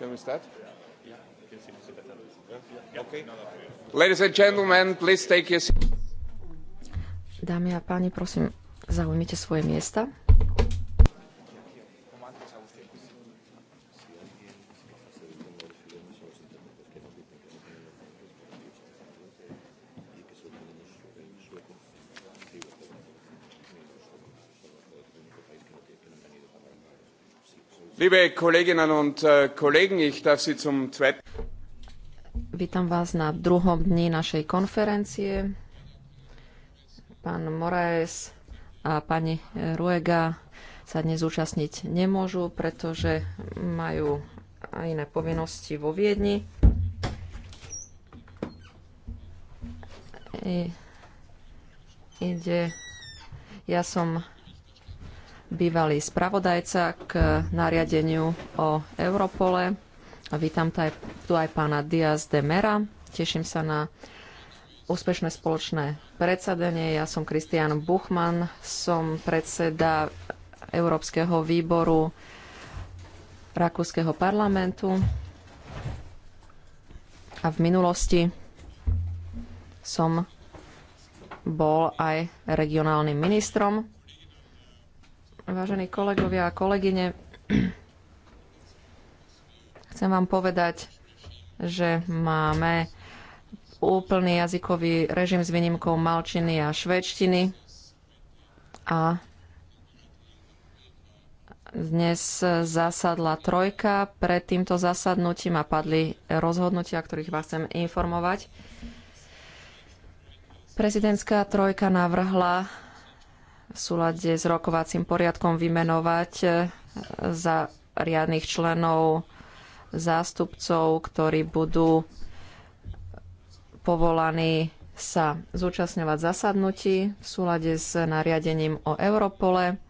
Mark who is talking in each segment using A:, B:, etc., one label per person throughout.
A: Shall we start? Ladies and gentlemen, please take your...
B: Dámy a páni, prosím, zaujmite svoje miesta.
A: Liebe Kolleginnen und äh, Kollegen, ich darf Sie zum zweiten...
B: Vítam vás na druhom dni našej konferencie. Pán Moraes a pani Ruega sa dnes zúčastniť nemôžu, pretože majú iné povinnosti vo Viedni. I, ide, ja som bývalý spravodajca k nariadeniu o Europole. Vítam tu aj pána Diaz de Mera. Teším sa na úspešné spoločné predsadenie. Ja som Kristian Buchman, som predseda Európskeho výboru Rakúskeho parlamentu a v minulosti som bol aj regionálnym ministrom Vážení kolegovia a kolegyne, chcem vám povedať, že máme úplný jazykový režim s výnimkou malčiny a švedštiny a dnes zasadla trojka, pred týmto zasadnutím a padli rozhodnutia, ktorých vás chcem informovať. Prezidentská trojka navrhla v súlade s rokovacím poriadkom vymenovať e, za riadných členov zástupcov, ktorí budú povolaní sa zúčastňovať zasadnutí v súlade s nariadením o Europole.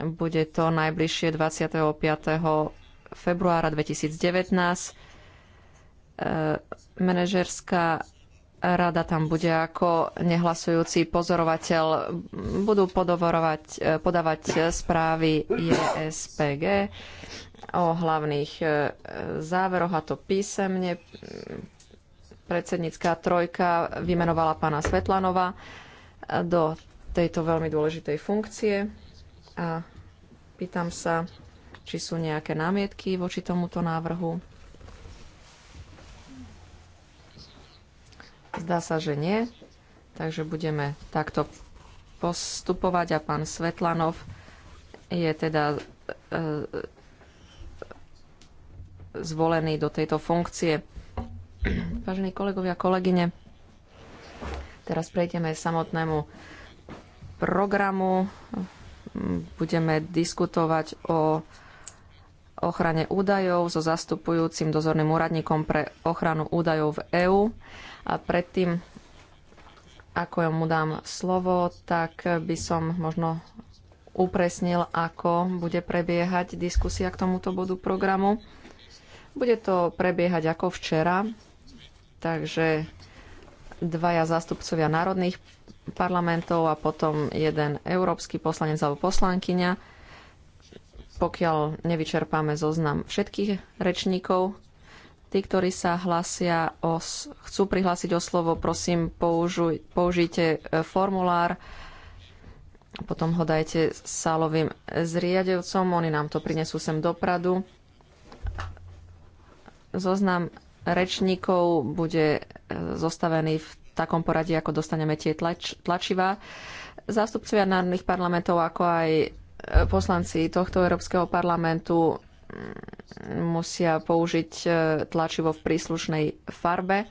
B: Bude to najbližšie 25. februára 2019. E, rada tam bude ako nehlasujúci pozorovateľ. Budú podávať správy ESPG o hlavných e, záveroch, a to písemne. Predsednická trojka vymenovala pána Svetlanova do tejto veľmi dôležitej funkcie a pýtam sa, či sú nejaké námietky voči tomuto návrhu. Zdá sa, že nie. Takže budeme takto postupovať a pán Svetlanov je teda e, e zvolený do tejto funkcie. Vážení kolegovia, kolegyne, teraz prejdeme samotnému programu. Budeme diskutovať o ochrane údajov so zastupujúcim dozorným úradníkom pre ochranu údajov v EÚ. A predtým, ako mu dám slovo, tak by som možno upresnil, ako bude prebiehať diskusia k tomuto bodu programu. Bude to prebiehať ako včera, takže dvaja zástupcovia národných parlamentov a potom jeden európsky poslanec alebo poslankyňa pokiaľ nevyčerpáme zoznam všetkých rečníkov. Tí, ktorí sa hlasia o, chcú prihlásiť o slovo, prosím, použuj, použite e, formulár, potom ho dajte sálovým zriadevcom, oni nám to prinesú sem dopradu. Zoznam rečníkov bude e, zostavený v takom poradí, ako dostaneme tie tlač, tlačivá. Zástupcovia národných parlamentov, ako aj poslanci tohto Európskeho parlamentu mm, musia použiť e, tlačivo v príslušnej farbe.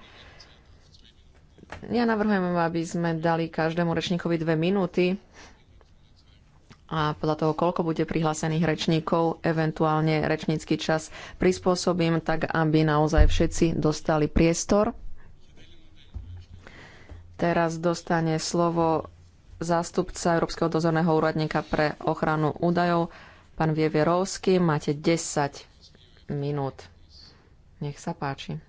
B: Ja navrhujem, aby sme dali každému rečníkovi dve minúty a podľa toho, koľko bude prihlásených rečníkov, eventuálne rečnícky čas prispôsobím tak, aby naozaj všetci dostali priestor. Teraz dostane slovo zástupca Európskeho dozorného úradníka pre ochranu údajov, pán Vievierovský. Máte 10 minút. Nech sa páči.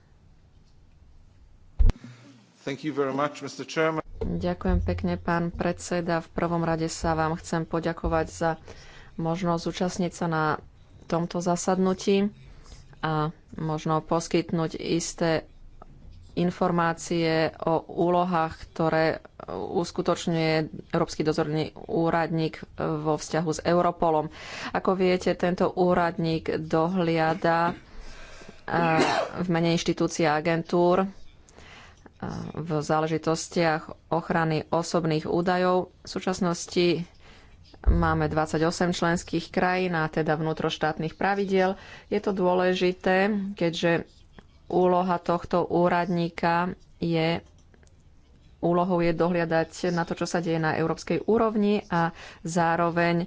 B: Much, Ďakujem pekne, pán predseda. V prvom rade sa vám chcem poďakovať za možnosť zúčastniť sa na tomto zasadnutí a možno poskytnúť isté informácie o úlohách, ktoré uskutočňuje Európsky dozorný úradník vo vzťahu s Europolom. Ako viete, tento úradník dohliada v mene inštitúcie agentúr v záležitostiach ochrany osobných údajov. V súčasnosti máme 28 členských krajín a teda vnútroštátnych pravidiel. Je to dôležité, keďže úloha tohto úradníka je úlohou je dohliadať na to, čo sa deje na európskej úrovni a zároveň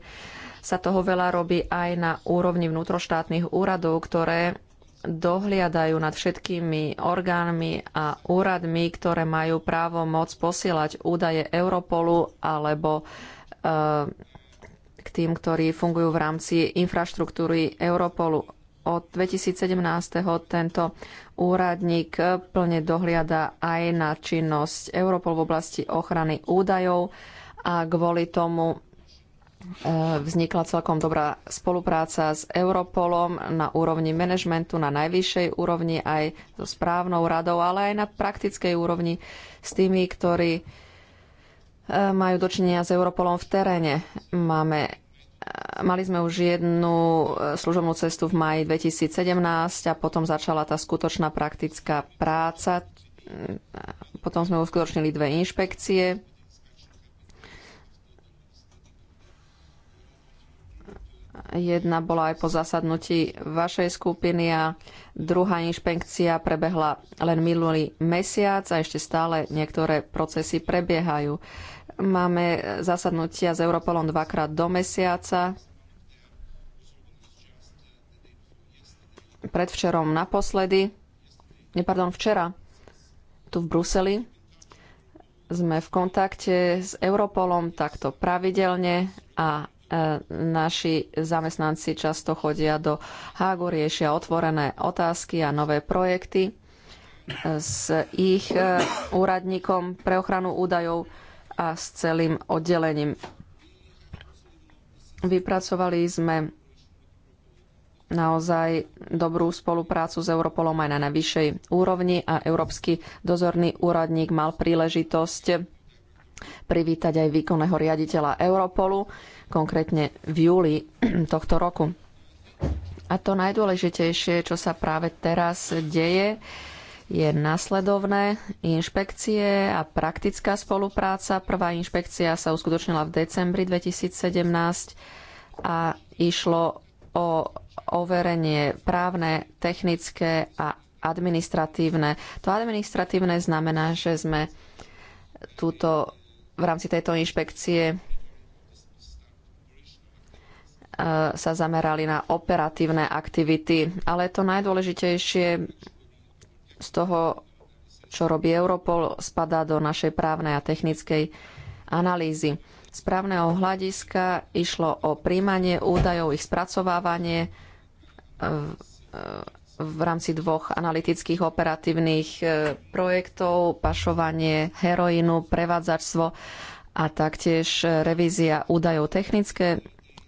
B: sa toho veľa robí aj na úrovni vnútroštátnych úradov, ktoré dohliadajú nad všetkými orgánmi a úradmi, ktoré majú právo moc posielať údaje Europolu alebo e, k tým, ktorí fungujú v rámci infraštruktúry Europolu od 2017. tento úradník plne dohliada aj na činnosť Europol v oblasti ochrany údajov a kvôli tomu e, vznikla celkom dobrá spolupráca s Europolom na úrovni manažmentu, na najvyššej úrovni aj so správnou radou, ale aj na praktickej úrovni s tými, ktorí e, majú dočinenia s Europolom v teréne. Máme Mali sme už jednu e, služobnú cestu v maji 2017 a potom začala tá skutočná praktická práca. Mm, potom sme uskutočnili dve inšpekcie. Jedna bola aj po zasadnutí vašej skupiny a druhá inšpekcia prebehla len minulý mesiac a ešte stále niektoré procesy prebiehajú. Máme zasadnutia s Europolom dvakrát do mesiaca. Predvčerom naposledy, ne, pardon, včera, tu v Bruseli, sme v kontakte s Europolom takto pravidelne a e, naši zamestnanci často chodia do Hágu, riešia otvorené otázky a nové projekty e, s ich e, úradníkom pre ochranu údajov a s celým oddelením. Vypracovali sme naozaj dobrú spoluprácu s Europolom aj na najvyššej úrovni a Európsky dozorný úradník mal príležitosť privítať aj výkonného riaditeľa Europolu, konkrétne v júli tohto roku. A to najdôležitejšie, čo sa práve teraz deje, je nasledovné. Inšpekcie a praktická spolupráca. Prvá inšpekcia sa uskutočnila v decembri 2017 a išlo o overenie právne, technické a administratívne. To administratívne znamená, že sme túto, v rámci tejto inšpekcie e, sa zamerali na operatívne aktivity. Ale to najdôležitejšie z toho, čo robí Europol, spadá do našej právnej a technickej analýzy. Z právneho hľadiska išlo o príjmanie údajov, ich spracovávanie v, e, e, v rámci dvoch analytických operatívnych e, projektov, pašovanie heroínu, prevádzačstvo a taktiež revízia údajov technické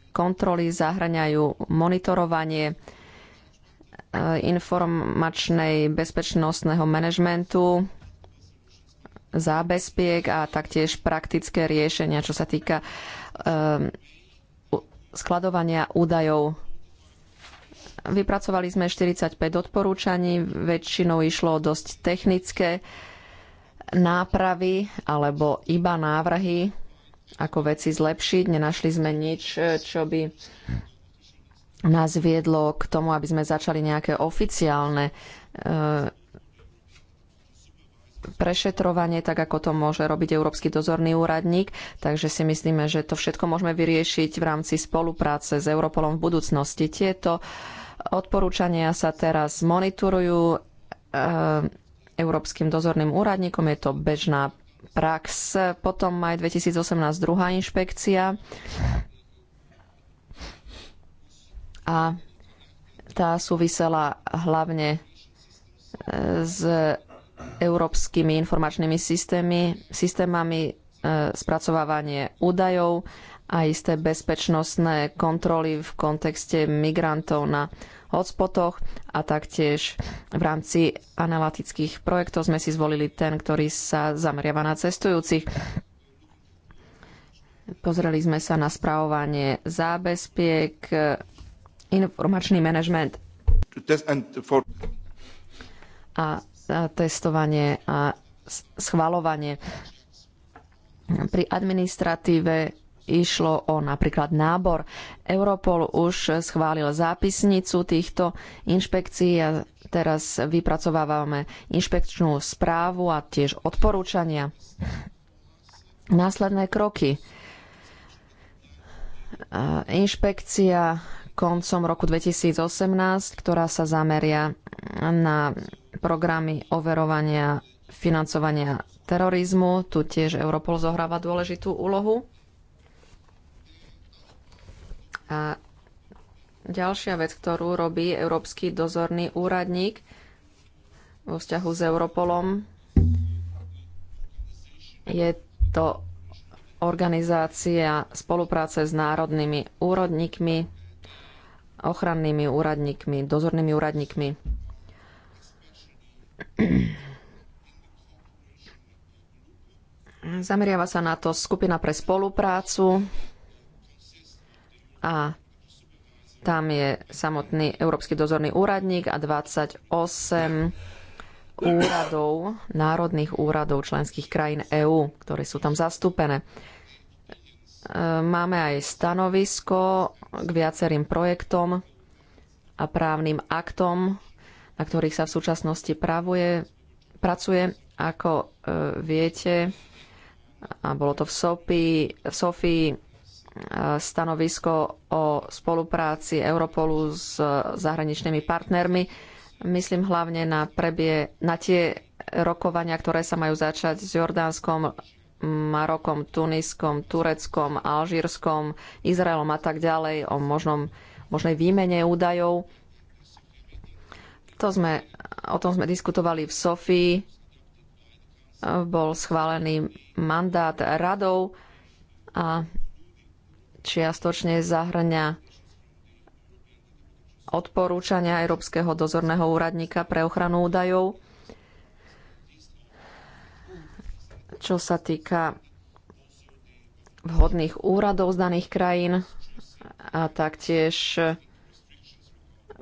B: kontroly zahraňajú monitorovanie informačnej bezpečnostného manažmentu, zábezpiek a taktiež praktické riešenia, čo sa týka ehm, skladovania údajov. Vypracovali sme 45 odporúčaní, väčšinou išlo o dosť technické nápravy alebo iba návrhy, ako veci zlepšiť. Nenašli sme nič, čo by nás viedlo k tomu, aby sme začali nejaké oficiálne e, prešetrovanie, tak ako to môže robiť Európsky dozorný úradník. Takže si myslíme, že to všetko môžeme vyriešiť v rámci spolupráce s Europolom v budúcnosti. Tieto odporúčania sa teraz monitorujú e, Európskym dozorným úradníkom. Je to bežná prax. Potom aj 2018 druhá inšpekcia a tá súvisela hlavne e, s európskymi informačnými systémy, systémami, e, spracovávanie údajov a isté bezpečnostné kontroly v kontexte migrantov na hotspotoch a taktiež v rámci analytických projektov sme si zvolili ten, ktorý sa zameriava na cestujúcich. Pozreli sme sa na správovanie zábezpiek, informačný manažment a testovanie a schvalovanie. Pri administratíve išlo o napríklad nábor. Europol už schválil zápisnicu týchto inšpekcií a teraz vypracovávame inšpekčnú správu a tiež odporúčania. Následné kroky. Inšpekcia koncom roku 2018, ktorá sa zameria na programy overovania financovania terorizmu. Tu tiež Europol zohráva dôležitú úlohu. A ďalšia vec, ktorú robí Európsky dozorný úradník vo vzťahu s Europolom, je to organizácia spolupráce s národnými úrodníkmi ochrannými úradníkmi, dozornými úradníkmi. Zameriava sa na to skupina pre spoluprácu a tam je samotný Európsky dozorný úradník a 28
C: úradov,
B: národných úradov členských krajín EÚ, ktoré sú tam zastúpené. Máme aj stanovisko k viacerým projektom a právnym aktom, na ktorých sa v súčasnosti pravuje, pracuje. Ako e, viete, a bolo to v, Sofii, v Sofii e, stanovisko o spolupráci Europolu s zahraničnými partnermi. Myslím hlavne na, prebie, na tie rokovania, ktoré sa majú začať s Jordánskom, Marokom, Tuniskom, Tureckom, Alžírskom, Izraelom a tak ďalej, o možnom, možnej výmene údajov. To sme, o tom sme diskutovali v Sofii. Bol schválený mandát radov a čiastočne zahrňa odporúčania Európskeho dozorného úradníka pre ochranu údajov čo sa týka vhodných úradov z daných krajín a taktiež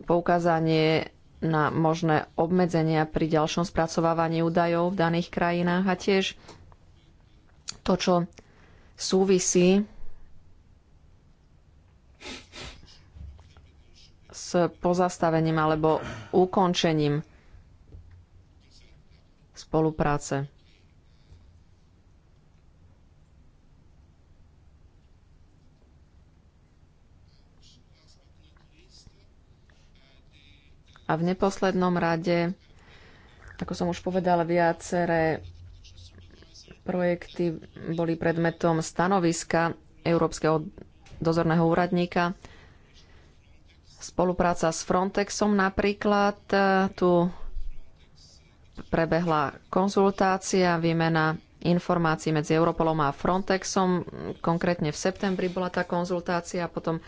B: poukázanie na možné obmedzenia pri ďalšom spracovávaní údajov v daných krajinách a tiež to, čo súvisí s pozastavením alebo ukončením spolupráce. A v neposlednom rade, ako som už povedala, viaceré projekty boli predmetom stanoviska Európskeho dozorného úradníka. Spolupráca s Frontexom napríklad. E, tu prebehla konzultácia, výmena informácií medzi Europolom a Frontexom. Konkrétne v septembri bola tá konzultácia a potom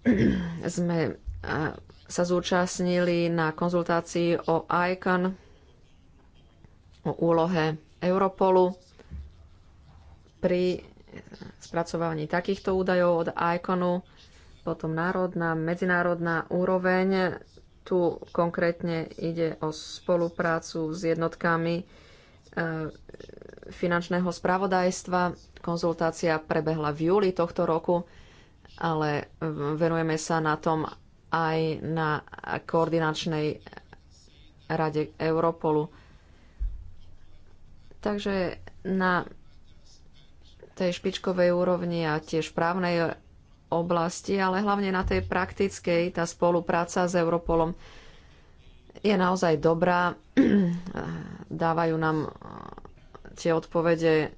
B: sme sa zúčastnili na konzultácii o ICON, o úlohe Europolu pri spracovaní takýchto údajov od ICONu, potom národná, medzinárodná úroveň. Tu konkrétne ide o spoluprácu s jednotkami eh, finančného spravodajstva. Konzultácia prebehla v júli tohto roku, ale venujeme sa na tom, aj na koordinačnej rade Europolu. Takže na tej špičkovej úrovni a tiež právnej oblasti, ale hlavne na tej praktickej, tá spolupráca s Europolom je naozaj dobrá. Dávajú nám uh, tie odpovede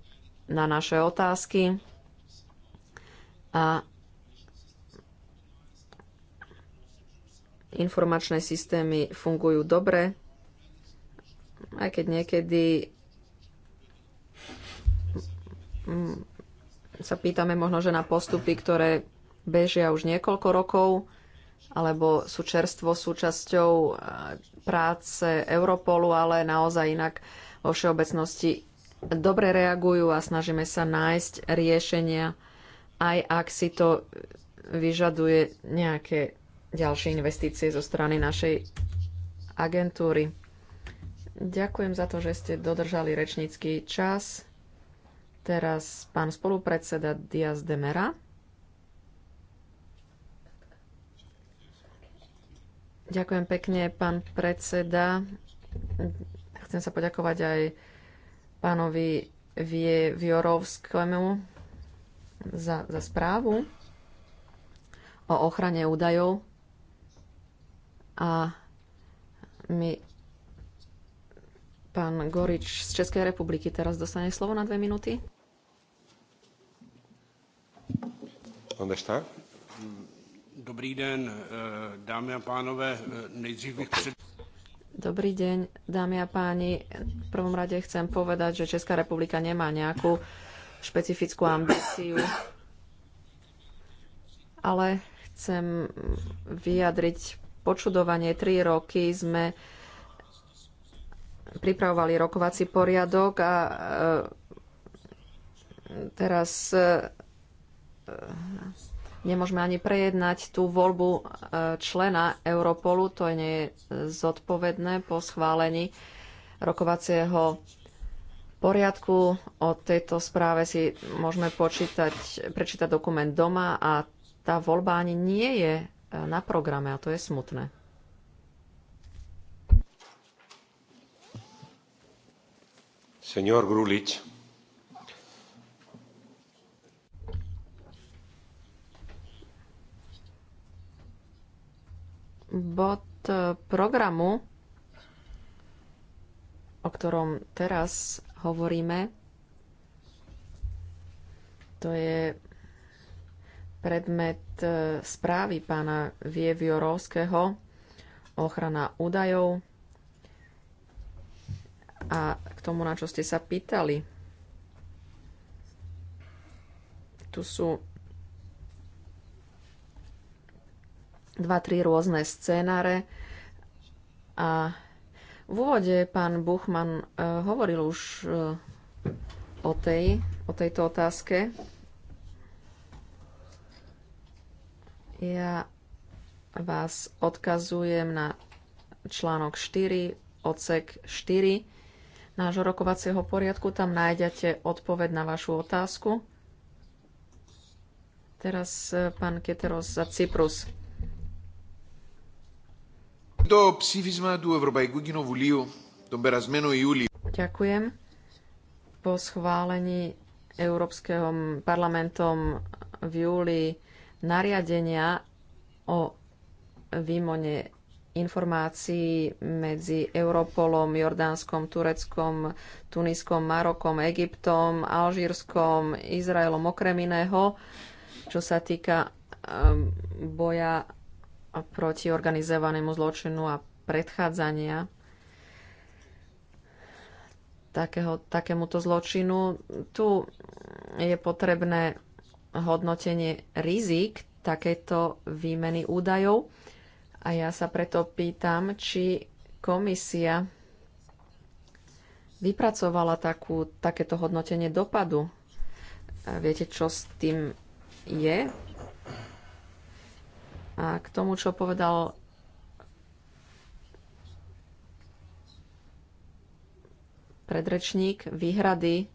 B: na naše otázky a informačné systémy fungujú dobre, aj keď niekedy sa pýtame možno, že na postupy, ktoré bežia už niekoľko rokov, alebo sú čerstvo súčasťou eh, práce Europolu, ale naozaj inak vo všeobecnosti dobre reagujú a snažíme sa nájsť riešenia, aj ak si to vyžaduje nejaké ďalšie investície zo strany našej agentúry. Ďakujem za to, že ste dodržali rečnícky čas. Teraz pán spolupredseda Diaz de Mera. Ďakujem pekne, pán predseda. Chcem sa poďakovať aj pánovi Vie Viorovskému za, za správu o ochrane údajov a my pán Gorič z Českej republiky teraz dostane slovo na dve minúty.
A: Dobrý deň, eh, dámy a pánové. Eh, nejdřív bych před...
B: Dobrý deň, dámy a páni. V prvom rade chcem povedať, že Česká republika nemá nejakú špecifickú ambíciu, ale chcem vyjadriť počudovanie. Tri roky sme pripravovali rokovací poriadok a e, teraz e, e, nemôžeme ani prejednať tú voľbu člena Europolu. To nie je zodpovedné po schválení rokovacieho poriadku. O tejto správe si môžeme počítať, prečítať dokument doma a tá voľba ani nie je na programe a to je smutné.
A: Senor Grulič.
B: Bod e, programu, o ktorom teraz hovoríme, to je predmet e, správy pána Vieviorovského ochrana údajov a k tomu, na čo ste sa pýtali. Tu sú dva, tri rôzne scénáre a v úvode pán Buchman e, hovoril už e, o, tej, o tejto otázke. Ja vás odkazujem na článok 4, odsek 4 nášho rokovacieho poriadku. Tam nájdete odpoveď na vašu otázku. Teraz e, pán Keteros za Cyprus.
A: To ψήφισμα του Ευρωπαϊκού Κοινοβουλίου τον περασμένο Ιούλιο.
B: Ďakujem. Po schválení Európskeho parlamentom v júli nariadenia o výmone informácií medzi Europolom, Jordánskom, Tureckom, Tuniskom, Marokom, Egyptom, Alžírskom, Izraelom okrem iného, čo sa týka ehm, boja proti organizovanému zločinu a predchádzania takého, takémuto zločinu. Tu je potrebné hodnotenie rizik takéto výmeny údajov. A ja sa preto pýtam, či komisia vypracovala takú, takéto hodnotenie dopadu. A viete, čo s tým je? A k tomu, čo povedal predrečník, výhrady,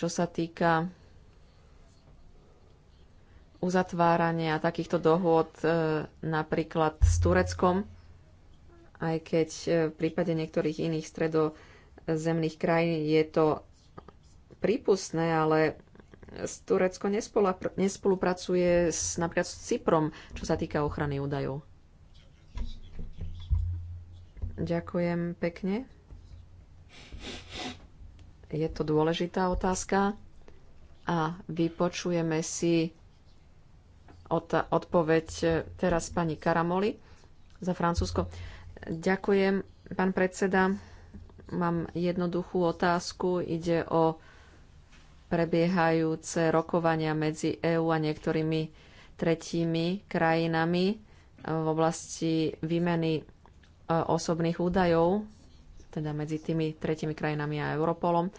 B: čo sa týka uzatvárania takýchto dohôd e, napríklad s Tureckom, aj keď e, v prípade niektorých iných stredozemných krajín je to prípustné, ale Turecko nespolupracuje s, napríklad s Cyprom, čo sa týka ochrany údajov. Ďakujem pekne. Je to dôležitá otázka a vypočujeme si odpoveď e, teraz pani Karamoli za Francúzsko. Ďakujem, pán predseda. Mám jednoduchú otázku. Ide o prebiehajúce rokovania medzi EÚ a niektorými tretími krajinami v oblasti výmeny e, osobných údajov, teda medzi tými tretími krajinami a Europolom.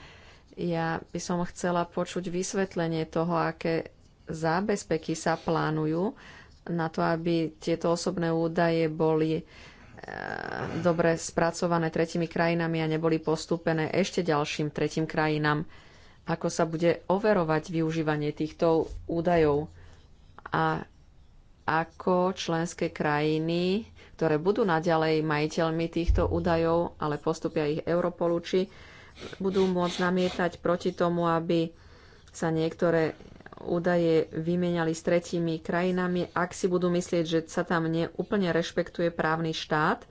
B: Ja by som chcela počuť vysvetlenie toho, aké zábezpeky sa plánujú na to, aby tieto osobné údaje boli e, dobre spracované tretimi krajinami a neboli postúpené ešte ďalším tretím krajinám, ako sa bude overovať využívanie týchto údajov a ako členské krajiny, ktoré budú naďalej majiteľmi týchto údajov, ale postupia ich Europolu, či budú môcť namietať proti tomu, aby sa niektoré údaje vymeniali s tretími krajinami, ak si budú myslieť, že sa tam neúplne rešpektuje právny štát.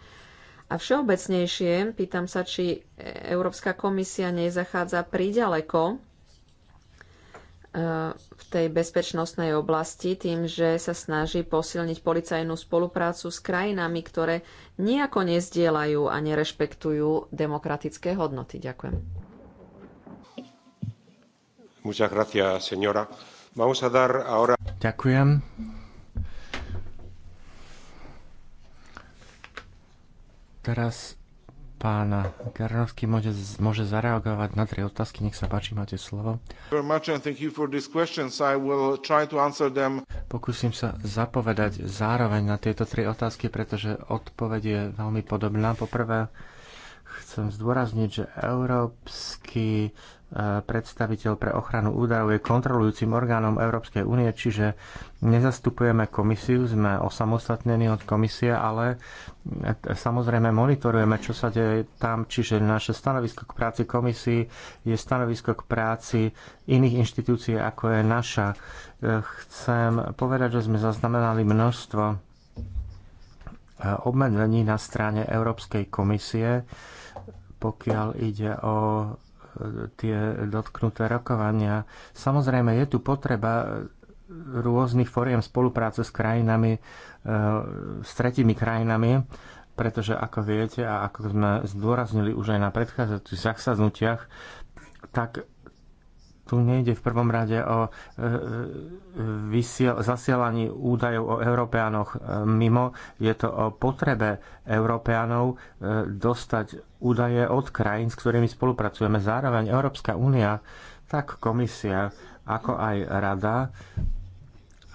B: A všeobecnejšie, pýtam sa, či Európska komisia nezachádza príďaleko e, v tej bezpečnostnej oblasti tým, že sa snaží posilniť policajnú spoluprácu s krajinami, ktoré nejako nezdielajú a nerešpektujú demokratické hodnoty. Ďakujem.
A: Muchas gracias, señora. Vamos a dar ahora...
B: Ďakujem.
D: Teraz pán Karnovský môže, môže zareagovať na tri otázky. Nech sa páči, máte slovo. Pokúsim sa zapovedať zároveň na tieto tri otázky, pretože odpoveď je veľmi podobná. Poprvé, chcem zdôrazniť, že európsky predstaviteľ pre ochranu údajov je kontrolujúcim orgánom Európskej únie, čiže nezastupujeme komisiu, sme osamostatnení od komisie, ale e, samozrejme monitorujeme, čo sa deje tam, čiže naše stanovisko k práci komisii je stanovisko k práci iných inštitúcií, ako je naša. E, chcem povedať, že sme zaznamenali množstvo e, obmedzení na strane Európskej komisie, pokiaľ ide o tie dotknuté rokovania. Samozrejme, je tu potreba rôznych foriem spolupráce s krajinami, e, s tretimi krajinami, pretože ako viete a ako sme zdôraznili už aj na predchádzajúcich zasadnutiach, tak tu nejde v prvom rade o e, e, vysiel, zasielaní údajov o Európeanoch e, mimo, je to o potrebe Európeánov dostať údaje od krajín, s ktorými spolupracujeme. Zároveň Európska únia, tak komisia, ako aj rada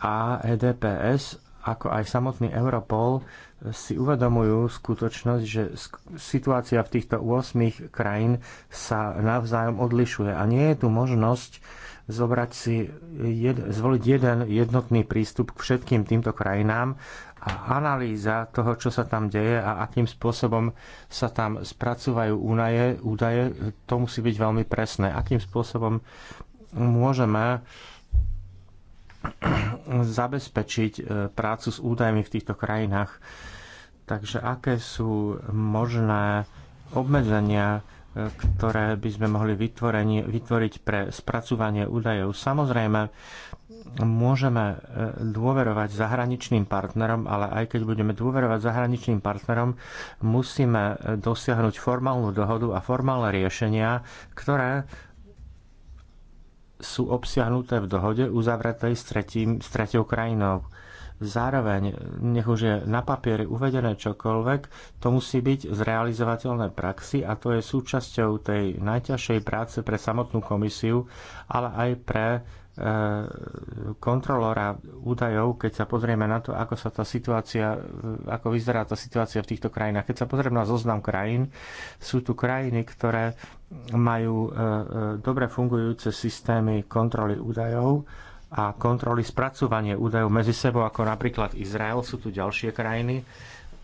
D: a EDPS, ako aj samotný Europol si uvedomujú skutočnosť, že situácia v týchto 8 krajín sa navzájom odlišuje a nie je tu možnosť zobrať si, jed, zvoliť jeden jednotný prístup k všetkým týmto krajinám a analýza toho, čo sa tam deje a akým spôsobom sa tam spracúvajú údaje, údaje to musí byť veľmi presné. Akým spôsobom môžeme uh, zabezpečiť e, prácu s údajmi v týchto krajinách. Takže aké sú možné obmedzenia, e, ktoré by sme mohli vytvoriť pre spracovanie údajov? Samozrejme, môžeme e, dôverovať zahraničným partnerom, ale aj keď budeme dôverovať zahraničným partnerom, musíme dosiahnuť formálnu dohodu a formálne riešenia, ktoré sú obsiahnuté v dohode uzavretej s, tretím, s tretiou krajinou. Zároveň, nech už je na papieri uvedené čokoľvek, to musí byť zrealizovateľné praxi a to je súčasťou tej najťažšej práce pre samotnú komisiu, ale aj pre e, kontrolora údajov, keď sa pozrieme na to, ako sa tá situácia, ako vyzerá tá situácia v týchto krajinách. Keď sa pozrieme na zoznam krajín, sú tu krajiny, ktoré majú e, e, dobre fungujúce systémy kontroly údajov a kontroly spracovania údajov medzi sebou, ako napríklad Izrael. Sú tu ďalšie krajiny,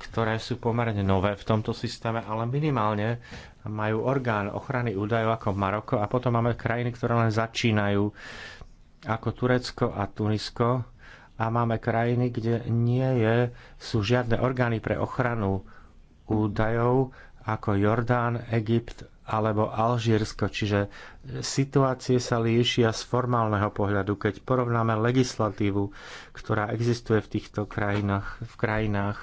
D: ktoré sú pomerne nové v tomto systéme, ale minimálne majú orgán ochrany údajov ako Maroko a potom máme krajiny, ktoré len začínajú ako Turecko a Tunisko a máme krajiny, kde nie je, sú žiadne orgány pre ochranu údajov ako Jordán, Egypt alebo Alžírsko. Čiže situácie sa líšia z formálneho pohľadu, keď porovnáme legislatívu, ktorá existuje v týchto krajinách, v krajinách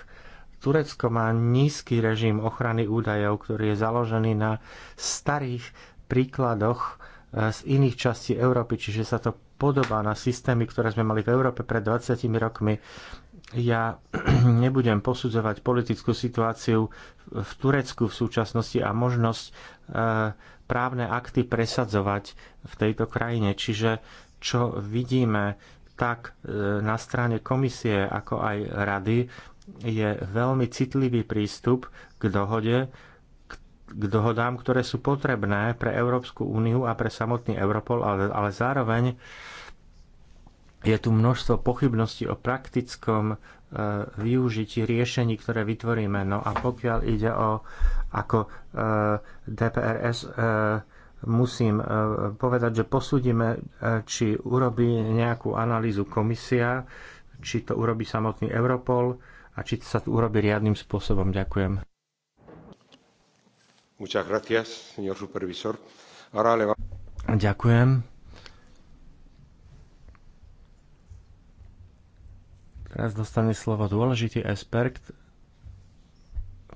D: Turecko má nízky režim ochrany údajov, ktorý je založený na starých príkladoch eh, z iných častí Európy, čiže sa to podobá na systémy, ktoré sme mali v Európe pred 20 rokmi ja nebudem posudzovať politickú situáciu v Turecku v súčasnosti a možnosť e, právne akty presadzovať v tejto krajine. Čiže čo vidíme tak e, na strane komisie, ako aj rady, je veľmi citlivý prístup k dohode, k dohodám, ktoré sú potrebné pre Európsku úniu a pre samotný Europol, ale, ale zároveň je tu množstvo pochybností o praktickom e, využití riešení, ktoré vytvoríme. No a pokiaľ ide o ako e, DPRS e, musím povedať, že posúdime, či urobí nejakú analýzu komisia, či to urobí samotný Europol a či sa to urobí riadnym spôsobom. Ďakujem.
A: Muchas gracias, señor supervisor.
D: Ďakujem. Teraz dostane slovo dôležitý expert,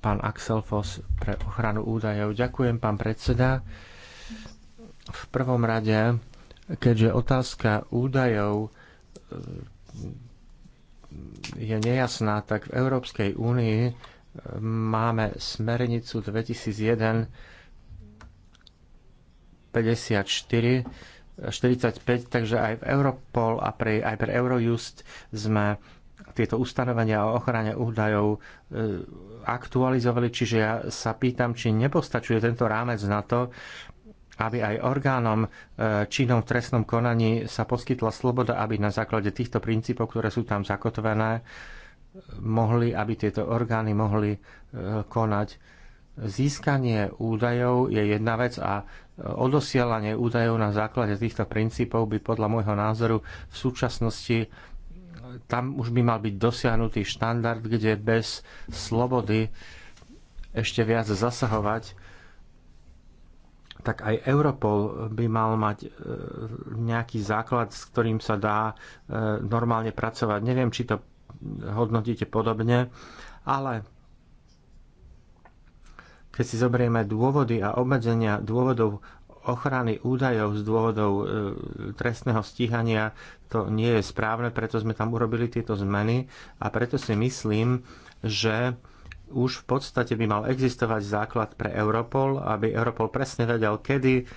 D: pán Axel Foss pre ochranu údajov. Ďakujem, pán predseda. V prvom rade, keďže otázka údajov e, je nejasná, tak v Európskej únii e, máme smernicu 2001 54 45, takže aj v Europol a pre, aj pre Eurojust sme tieto ustanovenia o ochrane údajov e, aktualizovali, čiže ja sa pýtam, či nepostačuje tento rámec na to, aby aj orgánom e, činom v trestnom konaní sa poskytla sloboda, aby na základe týchto princípov, ktoré sú tam zakotvené, mohli, aby tieto orgány mohli e, konať. Získanie údajov je jedna vec a odosielanie údajov na základe týchto princípov by podľa môjho názoru v súčasnosti tam už by mal byť dosiahnutý štandard, kde bez slobody ešte viac zasahovať, tak aj Europol by mal mať e, nejaký základ, s ktorým sa dá e, normálne pracovať. Neviem, či to hodnotíte podobne, ale keď si zoberieme dôvody a obmedzenia dôvodov ochrany údajov z dôvodov e, trestného stíhania to nie je správne, preto sme tam urobili tieto zmeny a preto si myslím, že už v podstate by mal existovať základ pre Europol, aby Europol presne vedel, kedy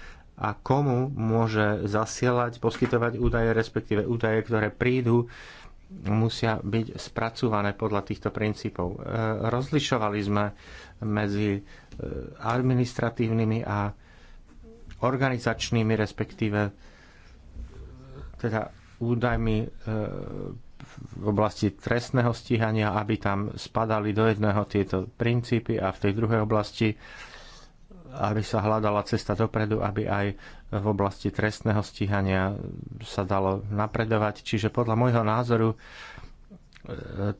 D: a komu môže zasielať, poskytovať údaje, respektíve údaje, ktoré prídu, musia byť spracované podľa týchto princípov. E, rozlišovali sme medzi e, administratívnymi a organizačnými, respektíve teda údajmi e, v oblasti trestného stíhania, aby tam spadali do jedného tieto princípy a v tej druhej oblasti, aby sa hľadala cesta dopredu, aby aj v oblasti trestného stíhania sa dalo napredovať. Čiže podľa môjho názoru e,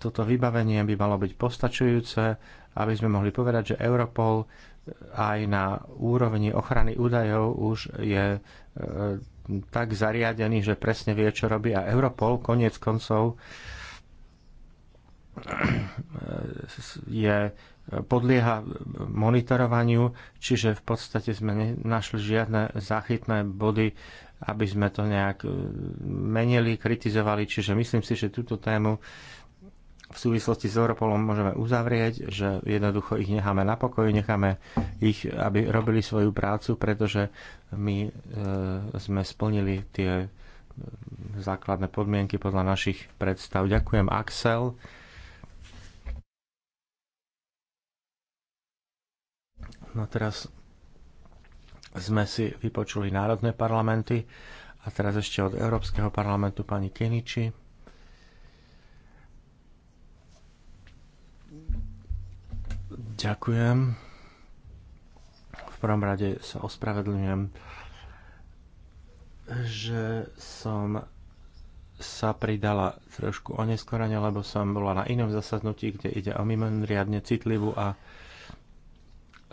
D: toto vybavenie by malo byť postačujúce, aby sme mohli povedať, že Europol aj na úrovni ochrany údajov už je e, tak zariadený, že presne vie, čo robí. A Europol koniec koncov je, podlieha monitorovaniu, čiže v podstate sme nenašli žiadne záchytné body, aby sme to nejak e, menili, kritizovali. Čiže myslím si, že túto tému v súvislosti s Europolom môžeme uzavrieť, že jednoducho ich necháme na pokoji, necháme ich, aby robili svoju prácu, pretože my e, sme splnili tie e, základné podmienky podľa našich predstav. Ďakujem Axel. No teraz sme si vypočuli národné parlamenty a teraz ešte od Európskeho parlamentu pani Keniči. Ďakujem. V prvom rade sa ospravedlňujem, že som sa pridala trošku oneskorene, lebo som bola na inom zasadnutí, kde ide o mimoriadne citlivú a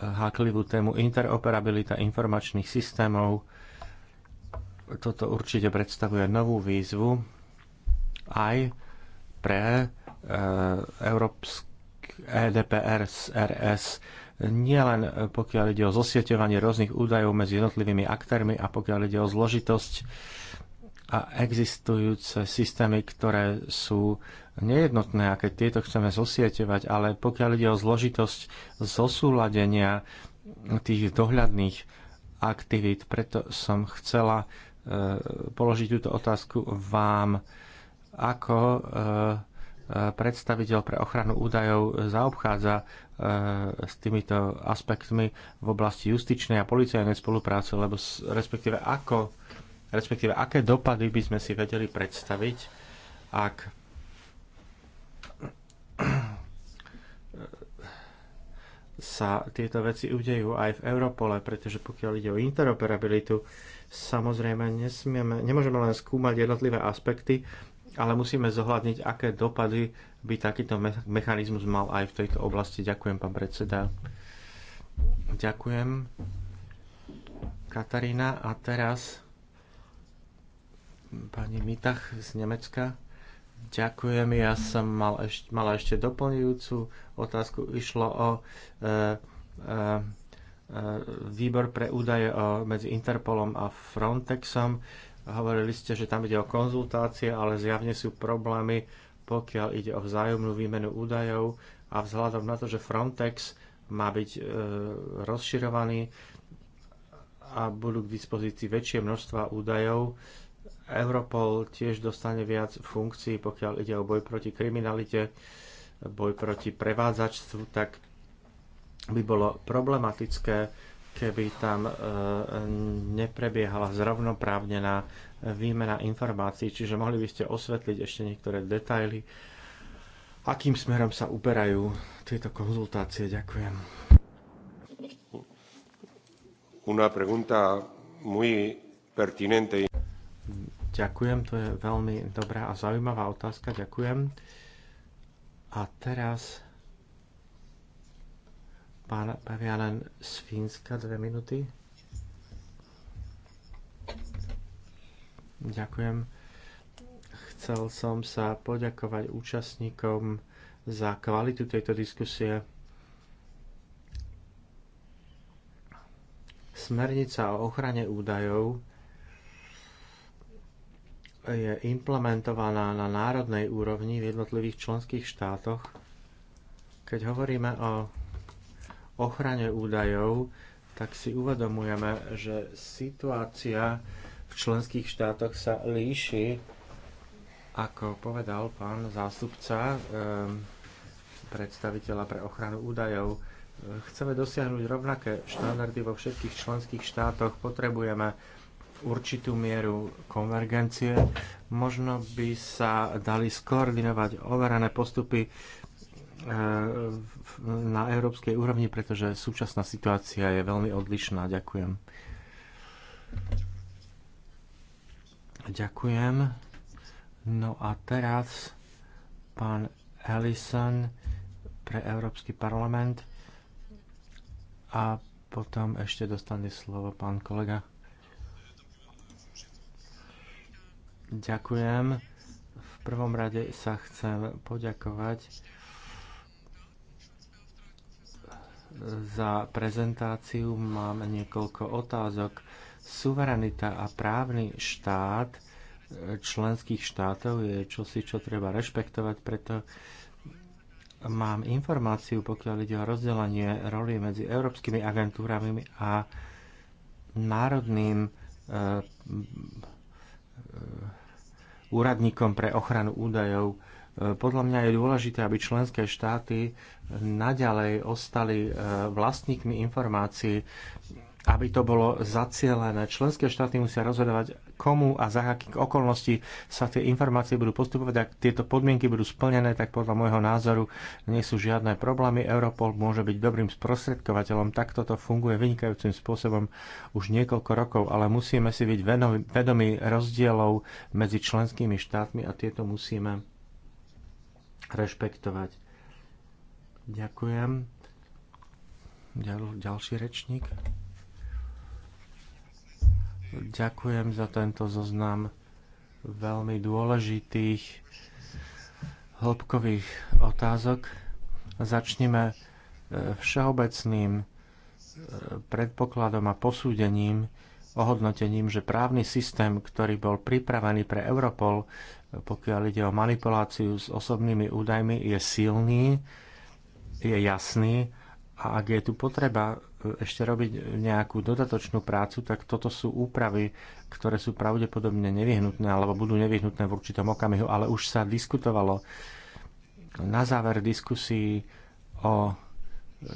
D: háklivú tému interoperabilita informačných systémov. Toto určite predstavuje novú výzvu aj pre e, európsku EDPR z RS, nielen pokiaľ ide o zosieťovanie rôznych údajov medzi jednotlivými aktérmi a pokiaľ ide o zložitosť a existujúce systémy, ktoré sú nejednotné a keď tieto chceme zosieťovať, ale pokiaľ ide o zložitosť zosúladenia tých dohľadných aktivít, preto som chcela e, položiť túto otázku vám, ako e, predstaviteľ pre ochranu údajov zaobchádza e, s týmito aspektmi v oblasti justičnej a policajnej spolupráce, lebo respektíve ako, respektíve aké dopady by sme si vedeli predstaviť, ak sa tieto veci udejú aj v Europole, pretože pokiaľ ide o interoperabilitu, samozrejme nesmieme, nemôžeme len skúmať jednotlivé aspekty, ale musíme zohľadniť, aké dopady by takýto mechanizmus mal aj v tejto oblasti. Ďakujem, pán predseda. Ďakujem. Katarína a teraz pani Mitach z Nemecka. Ďakujem, ja som mal ešte, mala ešte doplňujúcu otázku. Išlo o e, e, e výbor pre údaje medzi Interpolom a Frontexom. Hovorili ste, že tam ide o konzultácie, ale zjavne sú problémy, pokiaľ ide o vzájomnú výmenu údajov a vzhľadom na to, že Frontex má byť e, rozširovaný a budú k dispozícii väčšie množstva údajov. Europol tiež dostane viac funkcií, pokiaľ ide o boj proti kriminalite, boj proti prevádzačstvu, tak by bolo problematické keby tam e, neprebiehala zrovnoprávnená výmena informácií. Čiže mohli by ste osvetliť ešte niektoré detaily, akým smerom sa uberajú tieto konzultácie. Ďakujem.
A: Una pregunta muy pertinente.
D: Ďakujem, to je veľmi dobrá a zaujímavá otázka. Ďakujem. A teraz Pán len z Fínska, dve minúty. Ďakujem. Chcel som sa poďakovať účastníkom za kvalitu tejto diskusie. Smernica o ochrane údajov je implementovaná na národnej úrovni v jednotlivých členských štátoch. Keď hovoríme o ochrane údajov, tak si uvedomujeme, že situácia v členských štátoch sa líši, ako povedal pán zástupca ehm, predstaviteľa pre ochranu údajov. Chceme dosiahnuť rovnaké štandardy vo všetkých členských štátoch, potrebujeme určitú mieru konvergencie. Možno by sa dali skoordinovať overené postupy Eh, na európskej úrovni, pretože súčasná situácia je veľmi odlišná. Ďakujem. Ďakujem. No a teraz pán Ellison pre Európsky parlament a potom ešte dostane slovo pán kolega. Ďakujem. V prvom rade sa chcem poďakovať za prezentáciu. Mám niekoľko otázok. Suverenita a právny štát e, členských štátov je čosi, čo treba rešpektovať, preto mám informáciu, pokiaľ ide o rozdelenie roli medzi európskymi agentúrami a národným e, e, úradníkom pre ochranu údajov. E, podľa mňa je dôležité, aby členské štáty naďalej ostali e, vlastníkmi informácií, aby to bolo zacielené. Členské štáty musia rozhodovať, komu a za akých okolností sa tie informácie budú postupovať. Ak tieto podmienky budú splnené, tak podľa môjho názoru nie sú žiadne problémy. Europol môže byť dobrým sprostredkovateľom. Takto to funguje vynikajúcim spôsobom už niekoľko rokov, ale musíme si byť vedomi rozdielov medzi členskými štátmi a tieto musíme rešpektovať. Ďakujem. Ďal, ďalší rečník. Ďakujem za tento zoznam veľmi dôležitých hĺbkových otázok. Začneme e, všeobecným e, predpokladom a posúdením, ohodnotením, že právny systém, ktorý bol pripravený pre Europol, pokiaľ ide o manipuláciu s osobnými údajmi, je silný, je jasný a ak je tu potreba e, ešte robiť nejakú dodatočnú prácu, tak toto sú úpravy, ktoré sú pravdepodobne nevyhnutné alebo budú nevyhnutné v určitom okamihu, ale už sa diskutovalo na záver diskusí o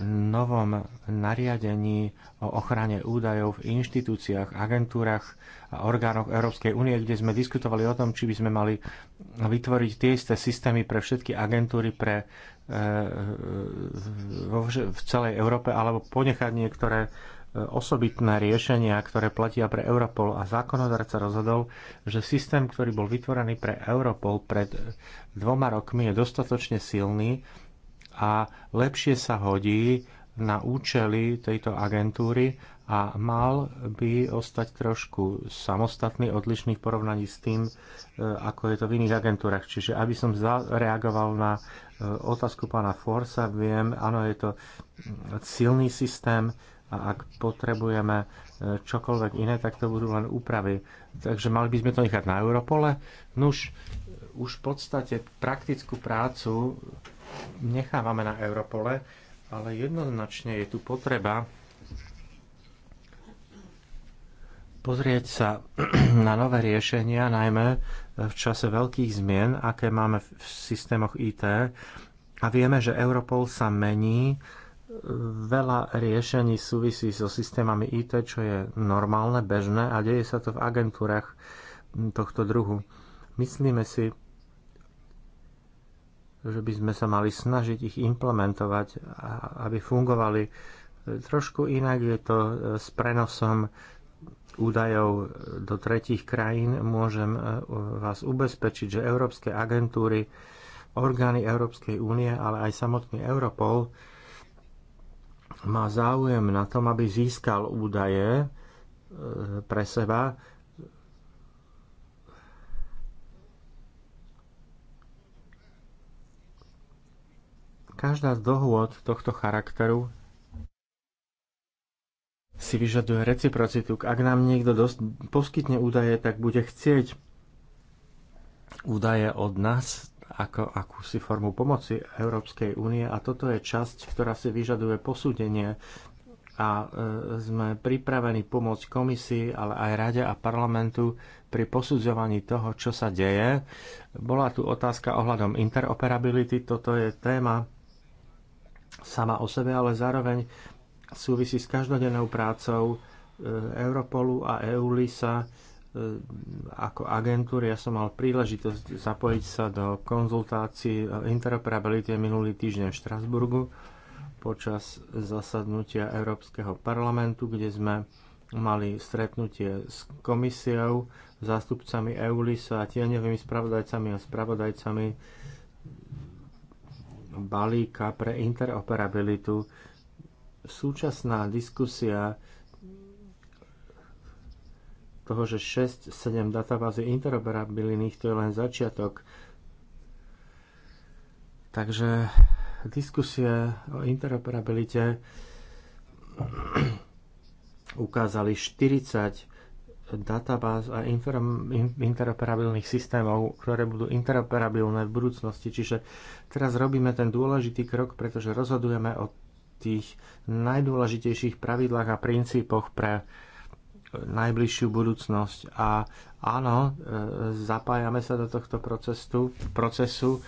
D: novom nariadení o ochrane údajov v inštitúciách, agentúrach a orgánoch Európskej únie, kde sme diskutovali o tom, či by sme mali vytvoriť tie isté systémy pre všetky agentúry pre, e, e v celej Európe alebo ponechať niektoré e, osobitné riešenia, ktoré platia pre Europol a zákonodarca rozhodol, že systém, ktorý bol vytvorený pre Europol pred dvoma rokmi je dostatočne silný, a lepšie sa hodí na účely tejto agentúry a mal by ostať trošku samostatný, odlišný v porovnaní s tým, e, ako je to v iných agentúrach. Čiže aby som zareagoval na e, otázku pána Forsa, viem, áno, je to silný systém a ak potrebujeme e, čokoľvek iné, tak to budú len úpravy. Takže mali by sme to nechať na Europole. Nuž, už v podstate praktickú prácu nechávame na Europole, ale jednoznačne je tu potreba pozrieť sa na nové riešenia, najmä v čase veľkých zmien, aké máme v systémoch IT. A vieme, že Europol sa mení, veľa riešení súvisí so systémami IT, čo je normálne, bežné a deje sa to v agentúrach tohto druhu. Myslíme si, že by sme sa mali snažiť ich implementovať, aby fungovali trošku inak. Je to e, s prenosom údajov do tretich krajín. Môžem e, vás ubezpečiť, že európske agentúry, orgány Európskej únie, ale aj samotný Europol má záujem na tom, aby získal údaje e, pre seba Každá z dohôd tohto charakteru si vyžaduje reciprocitu. Ak nám niekto dosť, poskytne údaje, tak bude chcieť údaje od nás ako akúsi formu pomoci Európskej únie a toto je časť, ktorá si vyžaduje posúdenie a e, sme pripravení pomôcť komisii, ale aj rade a parlamentu pri posudzovaní toho, čo sa deje. Bola tu otázka ohľadom interoperability, toto je téma, sama o sebe, ale zároveň súvisí s každodennou prácou e, Europolu a EULISA e, ako agentúry Ja som mal príležitosť zapojiť sa do konzultácií interoperability minulý týždeň v Štrasburgu počas zasadnutia Európskeho parlamentu, kde sme mali stretnutie s komisiou, zástupcami EULISA, a tieňovými spravodajcami a spravodajcami balíka pre interoperabilitu súčasná diskusia toho, že 6-7 databáz je interoperabilných, to je len začiatok. Takže diskusie o interoperabilite ukázali 40 databáz a interoperabilných systémov, ktoré budú interoperabilné v budúcnosti. Čiže teraz robíme ten dôležitý krok, pretože rozhodujeme o tých najdôležitejších pravidlách a princípoch pre najbližšiu budúcnosť. A áno, e, zapájame sa do tohto procesu, procesu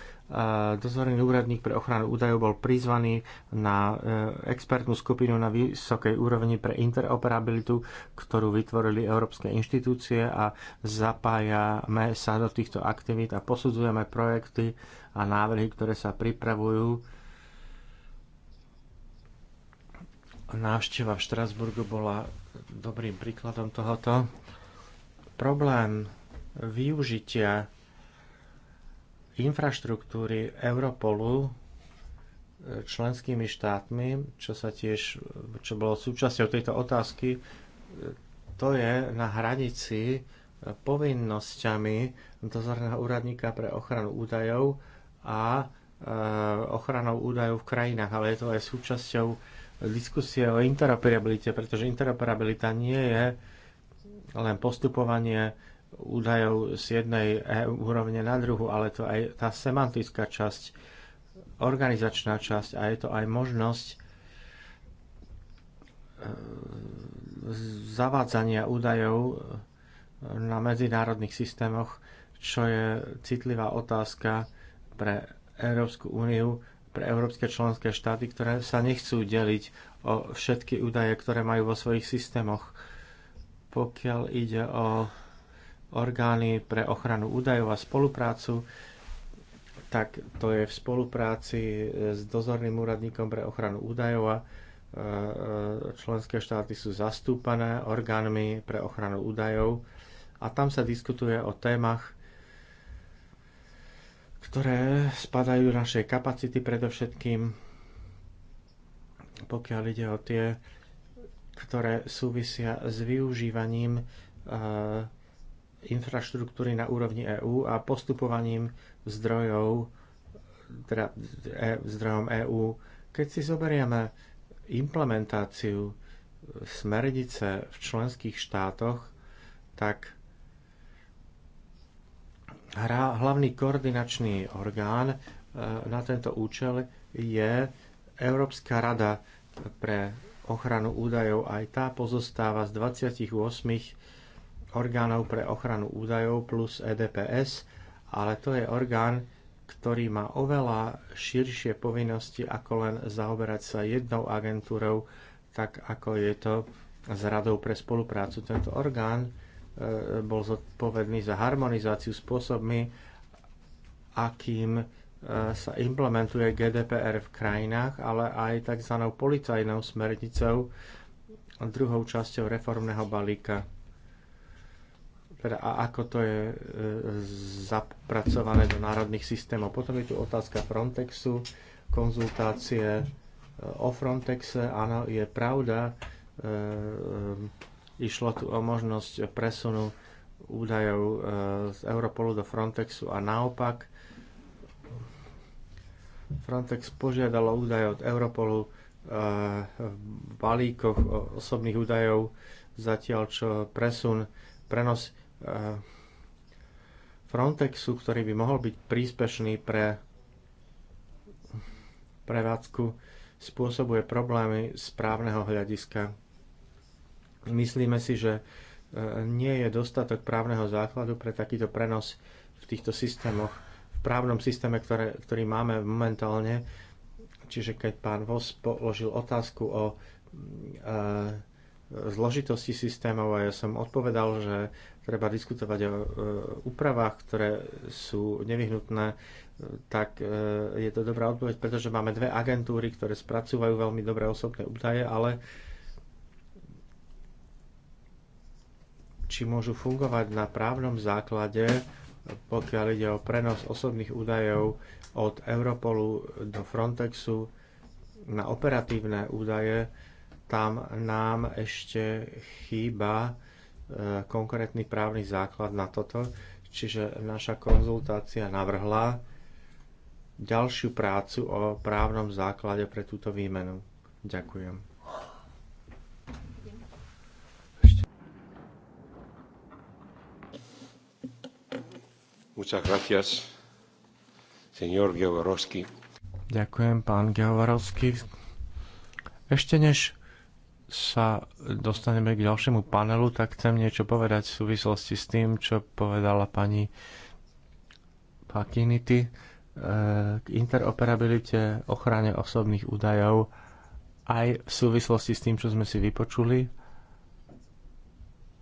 D: dozorný úradník pre ochranu údajov bol prizvaný na e, expertnú skupinu na vysokej úrovni pre interoperabilitu, ktorú vytvorili európske inštitúcie a zapájame sa do týchto aktivít a posudzujeme projekty a návrhy, ktoré sa pripravujú. Návšteva v Štrasburgu bola dobrým príkladom tohoto. Problém využitia infraštruktúry Europolu e, členskými štátmi, čo sa tiež, čo bolo súčasťou tejto otázky, e, to je na hranici e, povinnosťami dozorného úradníka pre ochranu údajov a ochranou údajov v krajinách, ale je to aj súčasťou diskusie o interoperabilite, pretože interoperabilita nie je len postupovanie údajov z jednej e, úrovne na druhu, ale to aj tá semantická časť, organizačná časť a je to aj možnosť e, zavádzania údajov e, na medzinárodných systémoch, čo je citlivá otázka pre Európsku úniu, pre európske členské štáty, ktoré sa nechcú deliť o všetky údaje, ktoré majú vo svojich systémoch. Pokiaľ ide o orgány pre ochranu údajov a spoluprácu, tak to je v spolupráci e, s dozorným úradníkom pre ochranu údajov a e, e, členské štáty sú zastúpané orgánmi pre ochranu údajov a tam sa diskutuje o témach, ktoré spadajú do našej kapacity predovšetkým, pokiaľ ide o tie, ktoré súvisia s využívaním infraštruktúry na úrovni EÚ a postupovaním zdrojov, teda e, zdrojom EÚ. Keď si zoberieme implementáciu smernice v členských štátoch, tak hra, hlavný koordinačný orgán e, na tento účel je Európska rada pre ochranu údajov. Aj tá pozostáva z 28 orgánov pre ochranu údajov plus EDPS, ale to je orgán, ktorý má oveľa širšie povinnosti, ako len zaoberať sa jednou agentúrou, tak ako je to s Radou pre spoluprácu. Tento orgán e, bol zodpovedný za harmonizáciu spôsobmi, akým e, sa implementuje GDPR v krajinách, ale aj tzv. policajnou smernicou, druhou časťou reformného balíka teda a ako to je e, zapracované do národných systémov. Potom je tu otázka Frontexu, konzultácie e, o Frontexe. Áno, je pravda, e, išlo tu o možnosť presunu údajov z Europolu do Frontexu a naopak. Frontex požiadalo údaje od Europolu v balíkoch osobných údajov, zatiaľ čo presun, prenos Eh, Frontexu, ktorý by mohol byť príspešný pre prevádzku, spôsobuje problémy z právneho hľadiska. Myslíme si, že eh, nie je dostatok právneho základu pre takýto prenos v týchto systémoch, v právnom systéme, ktoré, ktorý máme momentálne. Čiže keď pán Vos položil otázku o e, zložitosti systémov a ja som odpovedal, že treba diskutovať o e, úpravách, ktoré sú nevyhnutné, e, tak e, je to dobrá odpoveď, pretože máme dve agentúry, ktoré spracúvajú veľmi dobré osobné údaje, ale či môžu fungovať na právnom základe, pokiaľ ide o prenos osobných údajov od Europolu do Frontexu na operatívne údaje, tam nám ešte chýba e, konkrétny právny základ na toto, čiže naša konzultácia navrhla ďalšiu prácu o právnom základe pre túto výmenu. Ďakujem.
A: Muchas gracias, señor
D: Ďakujem, pán Geovorovský. Ešte než sa dostaneme k ďalšiemu panelu, tak chcem niečo povedať v súvislosti s tým, čo povedala pani Pakinity eh, k interoperabilite, ochrane osobných údajov aj v súvislosti s tým, čo sme si vypočuli.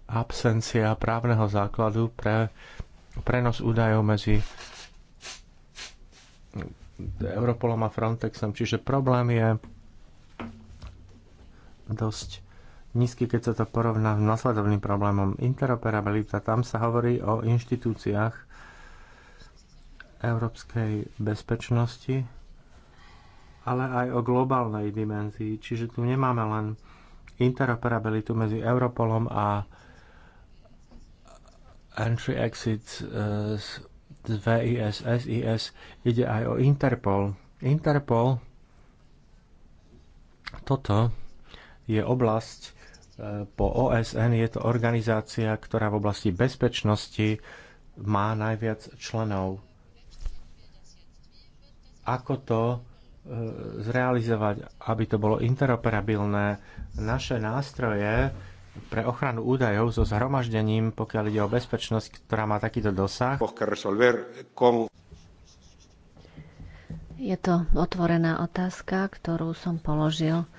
D: Absencia právneho základu pre prenos údajov medzi Europolom a Frontexom. Čiže problém je dosť nízky, keď sa to porovná s nasledovným problémom. Interoperabilita, tam sa hovorí o inštitúciách európskej bezpečnosti, ale aj o globálnej dimenzii. Čiže tu nemáme len interoperabilitu medzi Europolom a Entry-Exit z eh, VIS, SIS. Ide aj o Interpol. Interpol toto je oblasť e, po OSN, je to organizácia, ktorá v oblasti bezpečnosti má najviac členov. Ako to e, zrealizovať, aby to bolo interoperabilné? Naše nástroje pre ochranu údajov so zhromaždením, pokiaľ ide o bezpečnosť, ktorá má takýto dosah.
C: Je to otvorená otázka, ktorú som položil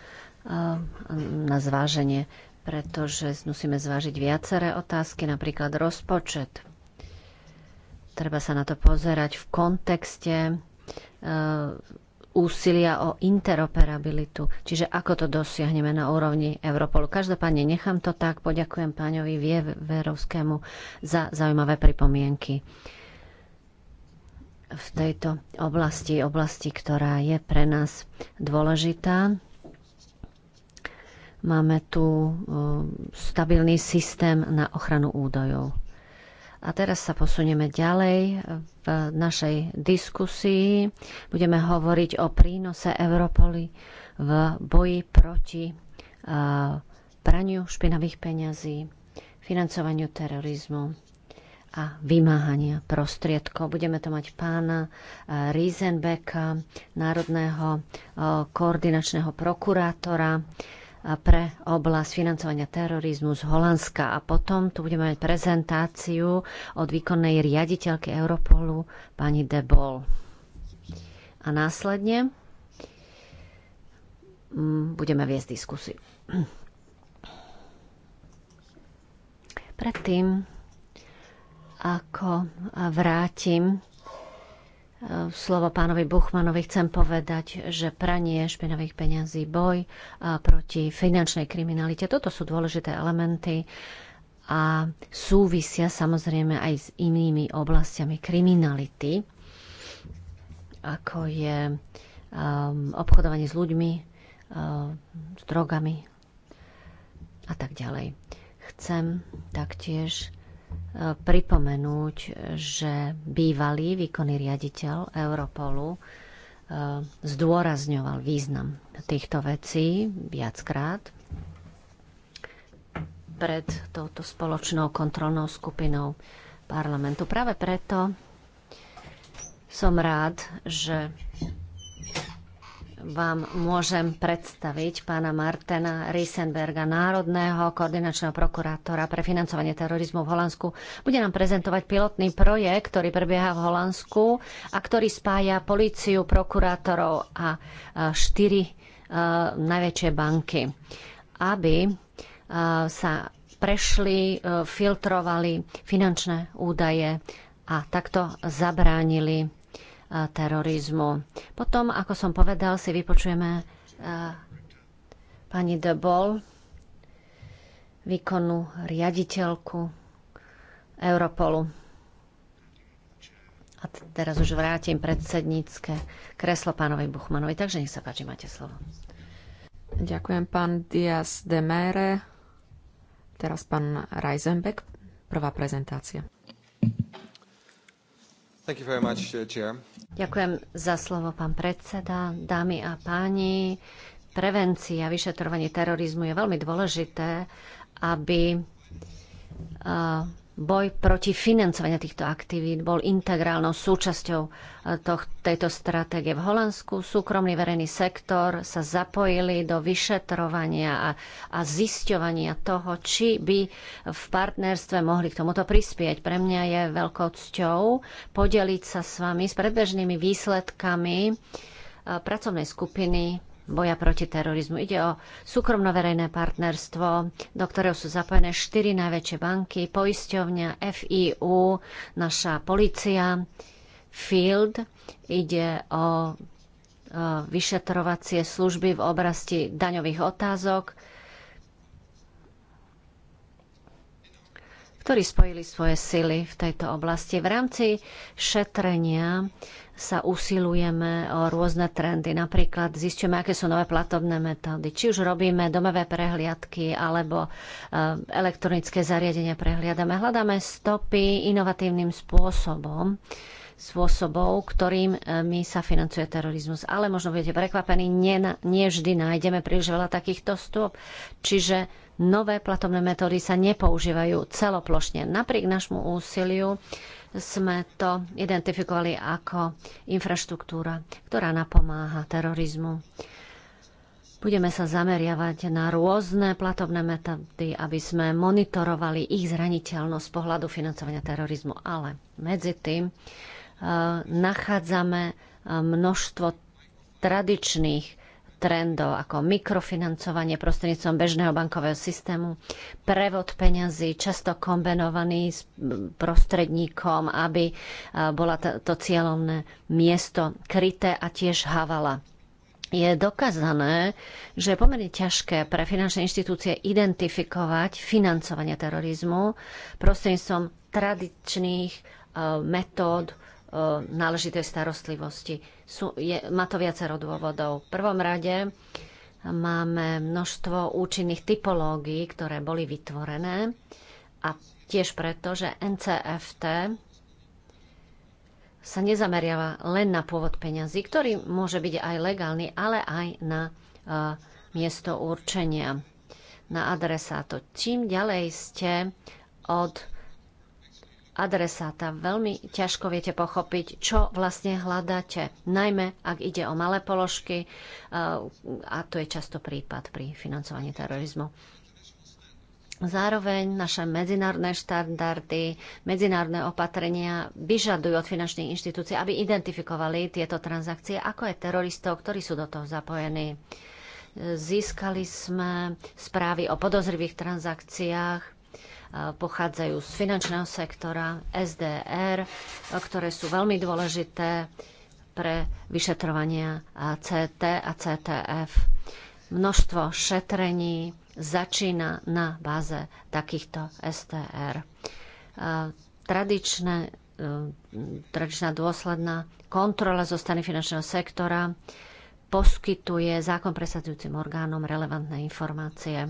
C: na zváženie, pretože musíme zvážiť viaceré otázky, napríklad rozpočet. Treba sa na to pozerať v kontexte e, úsilia o interoperabilitu, čiže ako to dosiahneme na úrovni Europolu. Každopádne nechám to tak, poďakujem páňovi Vierovskému za zaujímavé pripomienky v tejto oblasti, oblasti, ktorá je pre nás dôležitá. Máme tu e, stabilný systém na ochranu údajov. A teraz sa posunieme ďalej v našej diskusii. Budeme hovoriť o prínose Europoli v boji proti e, praniu špinavých peňazí, financovaniu terorizmu a vymáhania prostriedkov. Budeme to mať pána e, Riesenbecka, národného koordinačného prokurátora pre oblasť financovania terorizmu z Holandska. A potom tu budeme mať prezentáciu od výkonnej riaditeľky Europolu, pani De Bol. A následne mm, budeme viesť diskusiu. Predtým, ako vrátim slovo pánovi Buchmanovi chcem povedať, že pranie špinavých peňazí, boj proti finančnej kriminalite, toto sú dôležité elementy a súvisia samozrejme aj s inými oblastiami kriminality, ako je um, obchodovanie s ľuďmi, um, s drogami a tak ďalej. Chcem taktiež pripomenúť, že bývalý výkonný riaditeľ Europolu e, zdôrazňoval význam týchto vecí viackrát pred touto spoločnou kontrolnou skupinou parlamentu. Práve preto som rád, že vám môžem predstaviť pána Martena Risenberga, národného koordinačného prokurátora pre financovanie terorizmu v Holandsku. Bude nám prezentovať pilotný projekt, ktorý prebieha v Holandsku a ktorý spája políciu, prokurátorov a štyri najväčšie banky, aby sa prešli, e, filtrovali finančné údaje a takto zabránili terorizmu. Potom, ako som povedal, si vypočujeme pani de Bol, výkonnú riaditeľku Europolu. A teraz už vrátim predsednícke kreslo pánovi Buchmanovi. Takže nech sa páči, máte slovo.
B: Ďakujem, pán Dias de Mere. Teraz pán
C: Reisenbeck, prvá prezentácia.
A: Thank you very much, uh, Chair.
C: Ďakujem za slovo, pán predseda. Dámy a páni, prevencia, vyšetrovanie terorizmu je veľmi dôležité, aby Boj proti financovania týchto aktivít bol integrálnou súčasťou e, toh, tejto stratégie. V Holandsku súkromný verejný sektor sa zapojili do vyšetrovania a, a zisťovania toho, či by v partnerstve mohli k tomuto prispieť. Pre mňa je veľkou cťou podeliť sa s vami s predbežnými výsledkami e, pracovnej skupiny boja proti terorizmu. Ide o súkromno-verejné partnerstvo, do ktorého sú zapojené štyri najväčšie banky, poisťovňa, FIU, naša policia, Field. Ide o vyšetrovacie služby v oblasti daňových otázok, ktorí spojili svoje sily v tejto oblasti. V rámci šetrenia sa usilujeme o rôzne trendy. Napríklad zistíme, aké sú nové platobné metódy. Či už robíme domové prehliadky alebo e, elektronické zariadenia prehliadame. Hľadáme stopy inovatívnym spôsobom spôsobov, ktorým e, my sa financuje terorizmus. Ale možno budete prekvapení, nie, nie vždy nájdeme príliš veľa takýchto stôp. Čiže nové platobné metódy sa nepoužívajú celoplošne. Napriek našmu úsiliu sme to identifikovali ako infraštruktúra, ktorá napomáha terorizmu. Budeme sa zameriavať na rôzne platobné metódy, aby sme monitorovali ich zraniteľnosť z pohľadu financovania terorizmu. Ale medzi tým e, nachádzame eh, množstvo tradičných trendov ako mikrofinancovanie prostredníctvom bežného bankového systému, prevod peňazí často kombinovaný s prostredníkom, aby e, bola to cieľovné miesto kryté a tiež havala je dokázané, že je pomerne ťažké pre finančné inštitúcie identifikovať financovanie terorizmu prostredníctvom tradičných e, metód E, náležitej starostlivosti. Sú, je, má to viacero dôvodov. V prvom rade máme množstvo účinných typológií, ktoré boli vytvorené a tiež preto, že NCFT sa nezameriava len na pôvod peňazí, ktorý môže byť aj legálny, ale aj na uh, miesto určenia, na adresáto. Čím ďalej ste od adresáta veľmi ťažko viete pochopiť, čo vlastne hľadáte, najmä ak ide o malé položky eh, a to je často prípad pri financovaní terorizmu. Zároveň naše medzinárodné štandardy, medzinárodné opatrenia vyžadujú od finančných inštitúcií, aby identifikovali tieto transakcie, ako aj teroristov, ktorí sú do toho zapojení. Získali sme správy o podozrivých transakciách pochádzajú z finančného sektora, SDR, ktoré sú veľmi dôležité pre vyšetrovania CT a CTF. Množstvo šetrení začína na báze takýchto STR. Tradičné, e, tradičná dôsledná kontrola zo strany finančného sektora poskytuje zákon presadzujúcim orgánom relevantné informácie.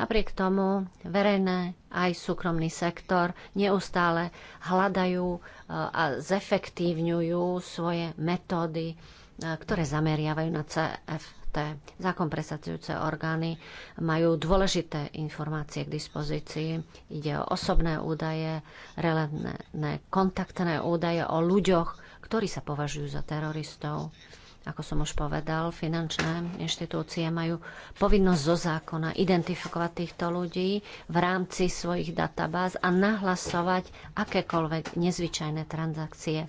C: Napriek tomu verejné aj súkromný sektor neustále hľadajú e, a zefektívňujú svoje metódy, e, ktoré zameriavajú na CFT. Zákon presadzujúce orgány majú dôležité informácie k dispozícii. Ide o osobné údaje, relevantné kontaktné údaje o ľuďoch, ktorí sa považujú za teroristov. Ako som už povedal, finančné inštitúcie majú povinnosť zo zákona identifikovať týchto ľudí v rámci svojich databáz a nahlasovať akékoľvek nezvyčajné transakcie e,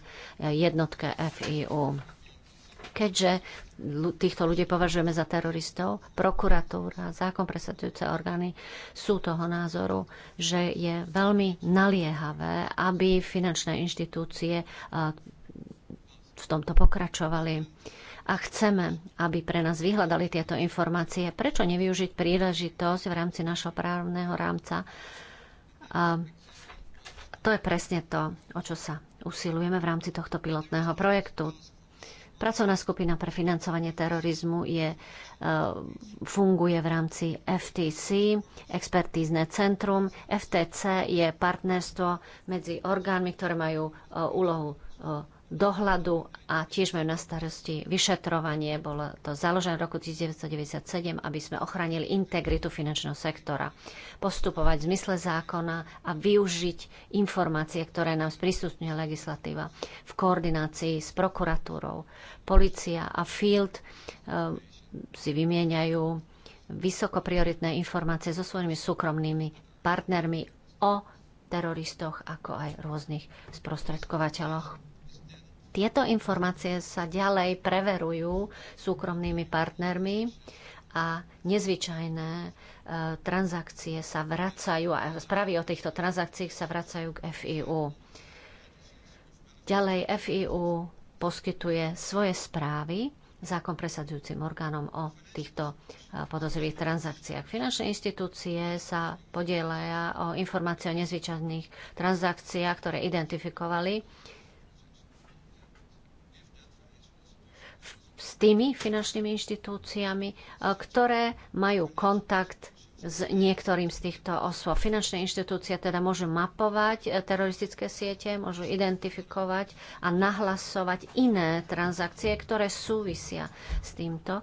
C: jednotke FIU. Keďže týchto ľudí považujeme za teroristov, prokuratúra, zákon presadzujúce orgány sú toho názoru, že je veľmi naliehavé, aby finančné inštitúcie e, v tomto pokračovali a chceme, aby pre nás vyhľadali tieto informácie. Prečo nevyužiť príležitosť v rámci našho právneho rámca? A to je presne to, o čo sa usilujeme v rámci tohto pilotného projektu. Pracovná skupina pre financovanie terorizmu je, e, funguje v rámci FTC, expertízne centrum. FTC je partnerstvo medzi orgánmi, ktoré majú e, úlohu e, dohľadu a tiež majú na starosti vyšetrovanie. Bolo to založené v roku 1997, aby sme ochránili integritu finančného sektora, postupovať v zmysle zákona a využiť informácie, ktoré nám sprístupňuje legislatíva v koordinácii s prokuratúrou. Polícia a Field eh, si vymieňajú vysokoprioritné informácie so svojimi súkromnými partnermi o teroristoch, ako aj rôznych sprostredkovateľoch. Tieto informácie sa ďalej preverujú súkromnými partnermi a nezvyčajné e, transakcie sa vracajú a správy o týchto transakciách sa vracajú k FIU. Ďalej FIU poskytuje svoje správy zákon presadzujúcim orgánom o týchto e, podozrivých transakciách. Finančné inštitúcie sa podielajú o informácie o nezvyčajných transakciách, ktoré identifikovali tými finančnými inštitúciami, e, ktoré majú kontakt s niektorým z týchto osôb. Finančné inštitúcie teda môžu mapovať e, teroristické siete, môžu identifikovať a nahlasovať iné transakcie, ktoré súvisia s týmto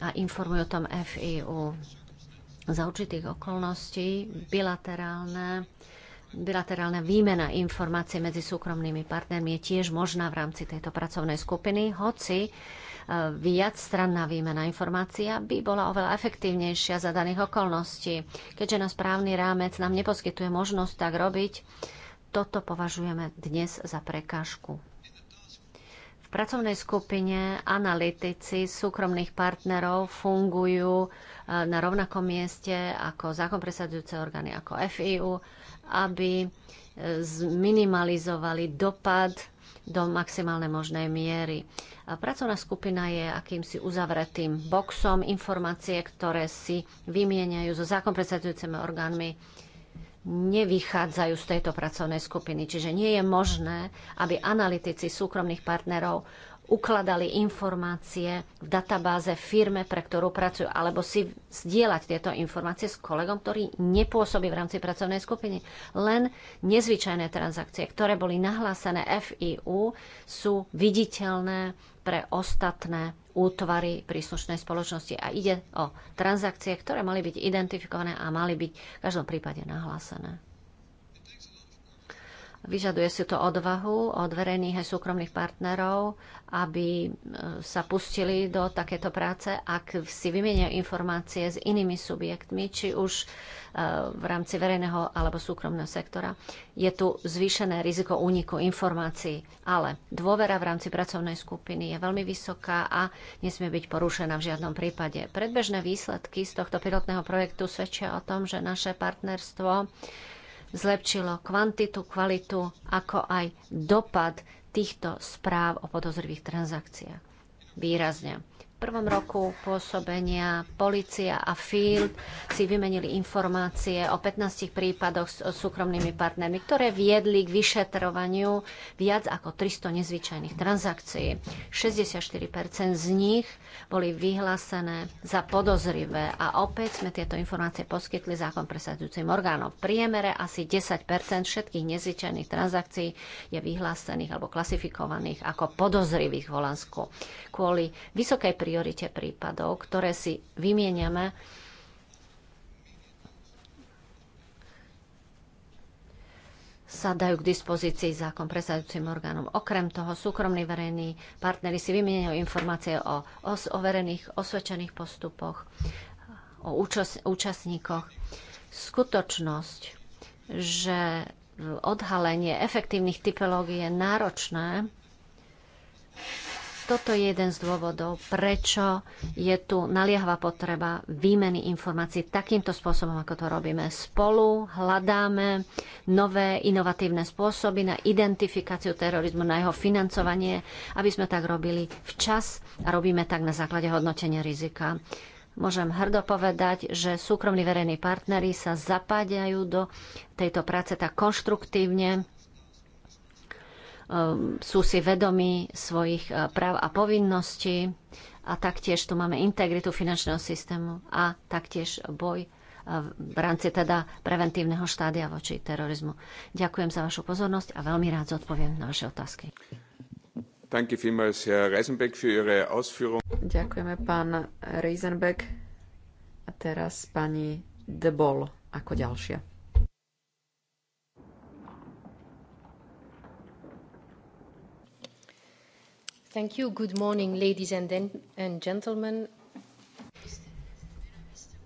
C: a informujú o tom FIU. Za určitých okolností bilaterálne bilaterálna výmena informácií medzi súkromnými partnermi je tiež možná v rámci tejto pracovnej skupiny, hoci viac stranná výmena informácia by bola oveľa efektívnejšia za daných okolností. Keďže nás právny rámec nám neposkytuje možnosť tak robiť, toto považujeme dnes za prekážku. V pracovnej skupine analytici súkromných partnerov fungujú e, na rovnakom mieste ako zákon presadzujúce orgány, ako FIU, aby e, zminimalizovali dopad do maximálnej možnej miery. Pracovná skupina je akýmsi uzavretým boxom informácie, ktoré si vymieňajú so zákon predsedujúcimi orgánmi nevychádzajú z tejto pracovnej skupiny. Čiže nie je možné, aby analytici súkromných partnerov ukladali informácie v databáze firme, pre ktorú pracujú, alebo si zdieľať tieto informácie s kolegom, ktorý nepôsobí v rámci pracovnej skupiny. Len nezvyčajné transakcie, ktoré boli nahlásené FIU, sú viditeľné pre ostatné útvary príslušnej spoločnosti a ide o transakcie, ktoré mali byť identifikované a mali byť v každom prípade nahlásené. Vyžaduje si to odvahu od verejných a súkromných partnerov, aby e, sa pustili do takéto práce, ak si vymenia informácie s inými subjektmi, či už e, v rámci verejného alebo súkromného sektora. Je tu zvýšené riziko úniku informácií, ale dôvera v rámci pracovnej skupiny je veľmi vysoká a nesmie byť porušená v žiadnom prípade. Predbežné výsledky z tohto pilotného projektu svedčia o tom, že naše partnerstvo zlepšilo kvantitu, kvalitu, ako aj dopad týchto správ o podozrivých transakciách. Výrazne prvom roku pôsobenia policia a Field si vymenili informácie o 15 prípadoch s súkromnými partnermi, ktoré viedli k vyšetrovaniu viac ako 300 nezvyčajných transakcií. 64% z nich boli vyhlásené za podozrivé a opäť sme tieto informácie poskytli zákon presadzujúcim orgánom. V priemere asi 10% všetkých nezvyčajných transakcií je vyhlásených alebo klasifikovaných ako podozrivých v Holandsku. Kvôli vysokej príležitosti priorite prípadov, ktoré si vymieniame. sa dajú k dispozícii zákon presadzujúcim orgánom. Okrem toho, súkromní verejní partnery si vymieňajú informácie o os- overených, osvedčených postupoch, o účas- účastníkoch. Skutočnosť, že odhalenie efektívnych typológií je náročné, toto je jeden z dôvodov, prečo je tu naliehavá potreba výmeny informácií takýmto spôsobom, ako to robíme. Spolu hľadáme nové inovatívne spôsoby na identifikáciu terorizmu, na jeho financovanie, aby sme tak robili včas a robíme tak na základe hodnotenia rizika. Môžem hrdo povedať, že súkromní verejní partnery sa zapádajú do tejto práce tak konštruktívne, Ehm, sú si vedomí svojich eh, práv a povinností a taktiež tu máme integritu finančného systému a taktiež boj eh, v rámci teda preventívneho štádia voči terorizmu. Ďakujem za vašu pozornosť a veľmi rád zodpoviem na vaše otázky. Ďakujeme pán Reisenbeck
B: a teraz pani Debol ako ďalšia.
C: Thank you. Good morning, ladies and, and gentlemen.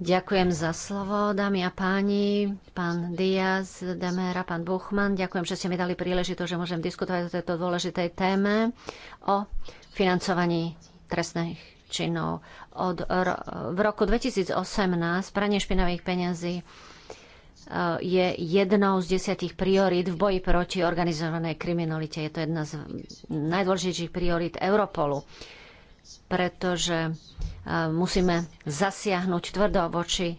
C: Ďakujem za slovo, dámy a páni, pán Diaz, Demera, pán Buchman. Ďakujem, že ste mi dali príležitosť, že môžem diskutovať o tejto dôležitej téme o financovaní trestných činov. Od, v roku 2018 pranie špinavých peňazí Eh, je jednou z desiatich priorít v boji proti organizovanej kriminalite. Je to jedna z najdôležitejších priorít Europolu, pretože eh, musíme zasiahnuť tvrdo voči eh,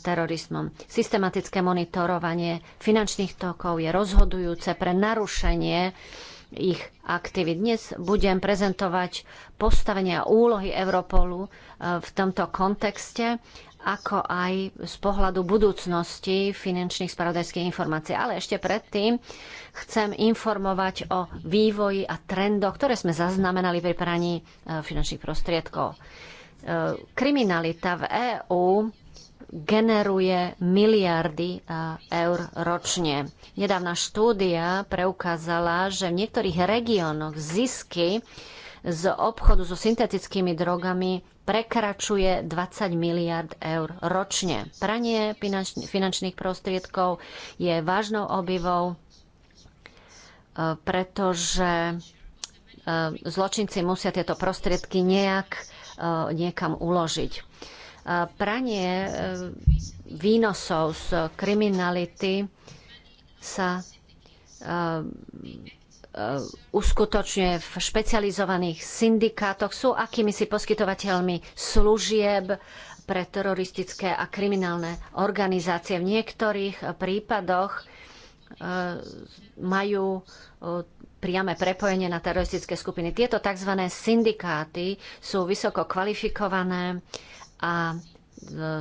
C: terorizmom. Systematické monitorovanie finančných tokov je rozhodujúce pre narušenie ich aktivít. Dnes budem prezentovať postavenia úlohy Europolu v tomto kontexte ako aj z pohľadu budúcnosti finančných spravodajských informácií. Ale ešte predtým chcem informovať o vývoji a trendoch, ktoré sme zaznamenali pri praní e, finančných prostriedkov. E, kriminalita v EÚ generuje miliardy e, eur ročne. Nedávna štúdia preukázala, že v niektorých regiónoch zisky z obchodu so syntetickými drogami prekračuje 20 miliard eur ročne. Pranie finančných prostriedkov je vážnou obivou, e, pretože e, zločinci musia tieto prostriedky nejak e, niekam uložiť. Pranie výnosov z kriminality sa Eh, uskutočňuje v špecializovaných syndikátoch, sú akýmisi poskytovateľmi služieb pre teroristické a kriminálne organizácie. V niektorých eh, prípadoch eh, majú priame prepojenie na teroristické skupiny. Tieto tzv. syndikáty sú vysoko kvalifikované a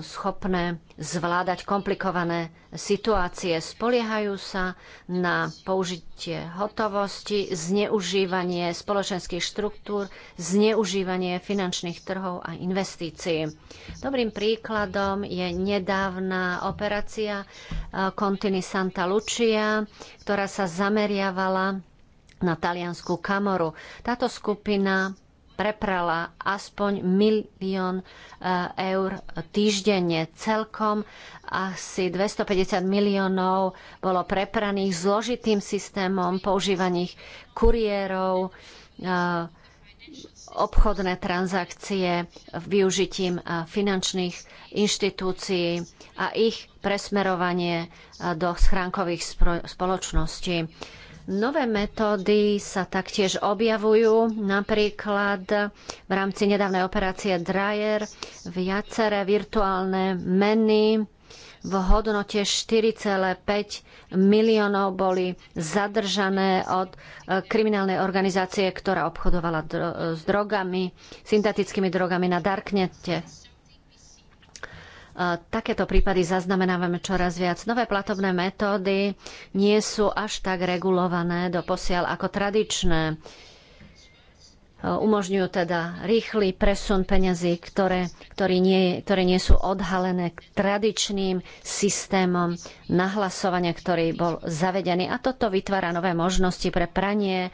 C: schopné zvládať komplikované situácie. Spoliehajú sa na použitie hotovosti, zneužívanie spoločenských štruktúr, zneužívanie finančných trhov a investícií. Dobrým príkladom je nedávna operácia eh, Contini Santa Lucia, ktorá sa zameriavala na taliansku kamoru. Táto skupina preprala aspoň milión eh, eur týždenne. Celkom asi 250 miliónov bolo prepraných zložitým systémom používaných kuriérov, eh, obchodné transakcie využitím eh, finančných inštitúcií a ich presmerovanie do schránkových spoločností. Nové metódy sa taktiež objavujú, napríklad v rámci nedávnej operácie Dryer viaceré virtuálne meny v hodnote 4,5 miliónov boli zadržané od e, kriminálnej organizácie, ktorá obchodovala dro s drogami, syntetickými drogami na Darknete. E, takéto prípady zaznamenávame čoraz viac. Nové platobné metódy nie sú až tak regulované do posiaľ ako tradičné Eh, umožňujú teda rýchly presun peňazí, ktoré, ktoré, nie, ktoré nie sú odhalené tradičným systémom nahlasovania, ktorý bol zavedený. A toto vytvára nové možnosti pre pranie eh,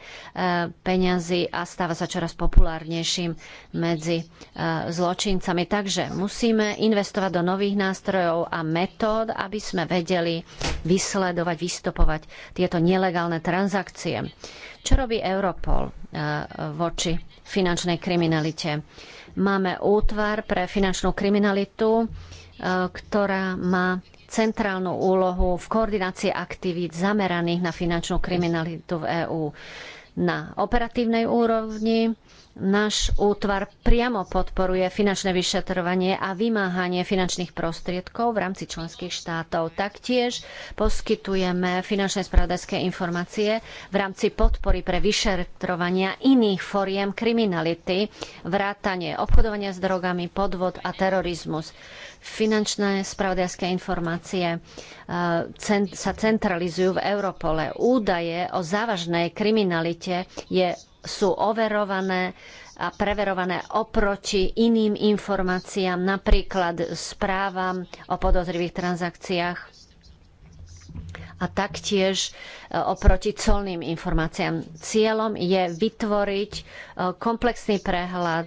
C: peňazí a stáva sa čoraz populárnejším medzi eh, zločincami. Takže musíme investovať do nových nástrojov a metód, aby sme vedeli vysledovať, vystopovať tieto nelegálne transakcie. Čo robí Europol eh, voči finančnej kriminalite? Máme útvar pre finančnú kriminalitu, eh, ktorá má centrálnu úlohu v koordinácii aktivít zameraných na finančnú kriminalitu v EÚ na operatívnej úrovni Náš útvar priamo podporuje finančné vyšetrovanie a vymáhanie finančných prostriedkov v rámci členských štátov. Taktiež poskytujeme finančné spravodajské informácie v rámci podpory pre vyšetrovania iných foriem kriminality, vrátanie obchodovania s drogami, podvod a terorizmus. Finančné spravodajské informácie e, sa centralizujú v Europole. Údaje o závažnej kriminalite je sú overované a preverované oproti iným informáciám, napríklad správam o podozrivých transakciách a taktiež e, oproti colným informáciám. Cieľom je vytvoriť e, komplexný prehľad,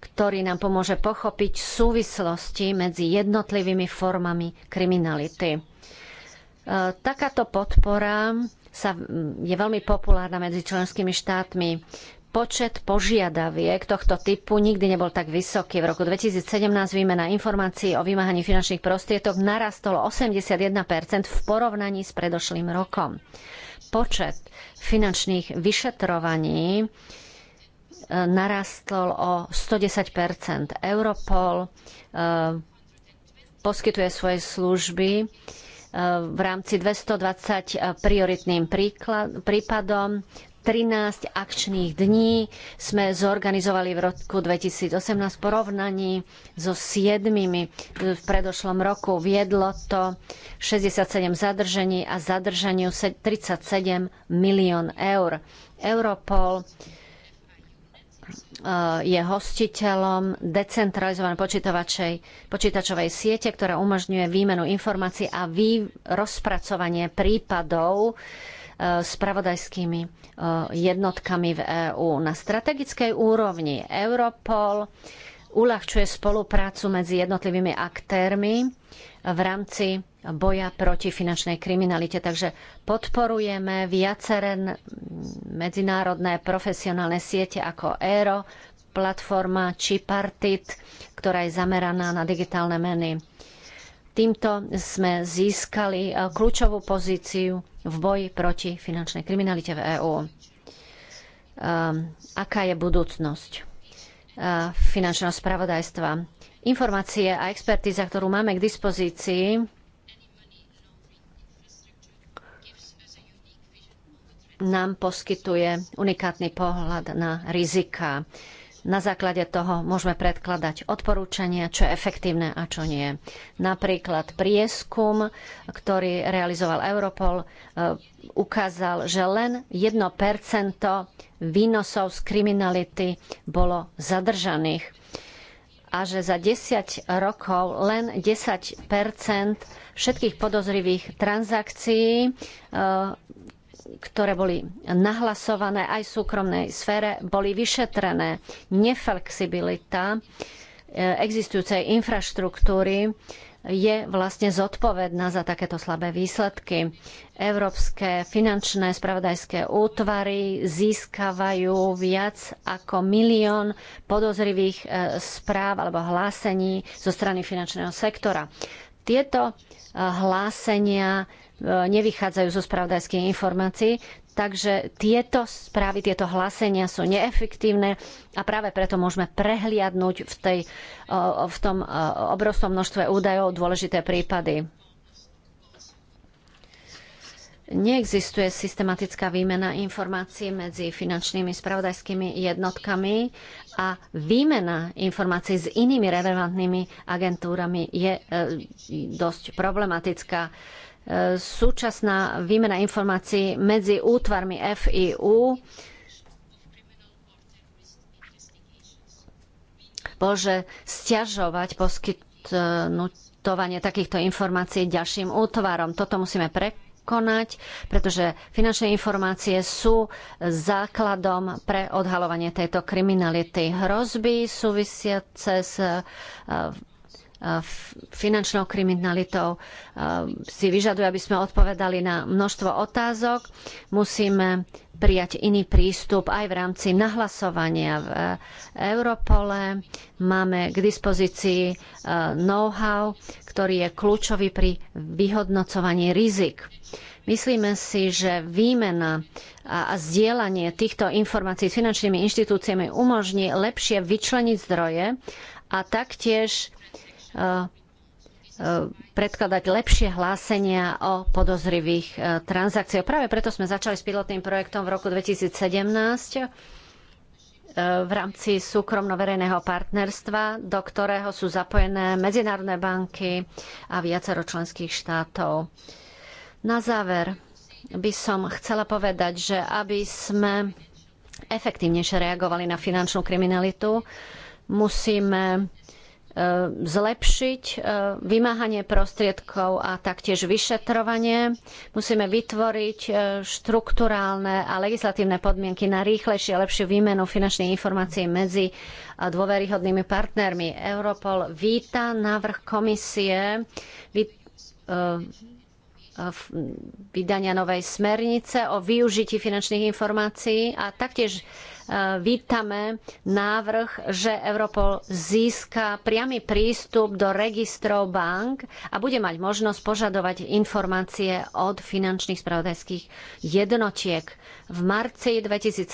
C: ktorý nám pomôže pochopiť súvislosti medzi jednotlivými formami kriminality. E, takáto podpora sa, je veľmi populárna medzi členskými štátmi. Počet požiadaviek tohto typu nikdy nebol tak vysoký. V roku 2017 výmena informácií o vymáhaní finančných prostriedok narastol 81 v porovnaní s predošlým rokom. Počet finančných vyšetrovaní e, narastol o 110 Europol e, poskytuje svoje služby v rámci 220 prioritným prípadom. 13 akčných dní sme zorganizovali v roku 2018 v porovnaní so 7 v predošlom roku. Viedlo to 67 zadržení a zadržaniu 37 milión eur. Europol Eh, je hostiteľom decentralizovanej počítačovej siete, ktorá umožňuje výmenu informácií a vý, rozpracovanie prípadov eh, spravodajskými eh, jednotkami v EÚ. Na strategickej úrovni Europol uľahčuje spoluprácu medzi jednotlivými aktérmi v rámci boja proti finančnej kriminalite. Takže podporujeme viaceré medzinárodné profesionálne siete ako ERO, platforma Chipartit, ktorá je zameraná na digitálne meny. Týmto sme získali e, kľúčovú pozíciu v boji proti finančnej kriminalite v EÚ. Um, ehm, aká je budúcnosť? finančného spravodajstva. Informácie a expertíza, ktorú máme k dispozícii, nám poskytuje unikátny pohľad na rizika. Na základe toho môžeme predkladať odporúčania, čo je efektívne a čo nie. Napríklad prieskum, ktorý realizoval Europol, e, ukázal, že len 1% výnosov z kriminality bolo zadržaných a že za 10 rokov len 10 všetkých podozrivých transakcií e, ktoré boli nahlasované aj v súkromnej sfére, boli vyšetrené. Neflexibilita e, existujúcej infraštruktúry je vlastne zodpovedná za takéto slabé výsledky. Európske finančné spravodajské útvary získavajú viac ako milión podozrivých e, správ alebo hlásení zo strany finančného sektora. Tieto e, hlásenia nevychádzajú zo spravodajských informácií. Takže tieto správy, tieto hlásenia sú neefektívne a práve preto môžeme prehliadnúť v, tej, v tom obrovskom množstve údajov dôležité prípady. Neexistuje systematická výmena informácií medzi finančnými spravodajskými jednotkami a výmena informácií s inými relevantnými agentúrami je e, dosť problematická súčasná výmena informácií medzi útvarmi FIU môže stiažovať poskytnutovanie takýchto informácií ďalším útvarom. Toto musíme prekonať, pretože finančné informácie sú základom pre odhalovanie tejto kriminality. Hrozby súvisiace s eh, finančnou kriminalitou si vyžaduje, aby sme odpovedali na množstvo otázok. Musíme prijať iný prístup aj v rámci nahlasovania v e, Europole. Máme k dispozícii e, know-how, ktorý je kľúčový pri vyhodnocovaní rizik. Myslíme si, že výmena a zdieľanie týchto informácií s finančnými inštitúciami umožní lepšie vyčleniť zdroje a taktiež predkladať lepšie hlásenia o podozrivých e, transakciách. Práve preto sme začali s pilotným projektom v roku 2017 e, v rámci súkromno-verejného partnerstva, do ktorého sú zapojené medzinárodné banky a viacero členských štátov. Na záver by som chcela povedať, že aby sme efektívnejšie reagovali na finančnú kriminalitu, musíme E, zlepšiť e, vymáhanie prostriedkov a taktiež vyšetrovanie. Musíme vytvoriť e, štruktúrálne a legislatívne podmienky na rýchlejšiu a lepšiu výmenu finančných informácií medzi dôveryhodnými partnermi. Europol víta návrh komisie vydania novej smernice o využití finančných informácií a taktiež Eh, vítame návrh, že Europol získa priamy prístup do registrov bank a bude mať možnosť požadovať informácie od finančných spravodajských jednotiek. V marci 2017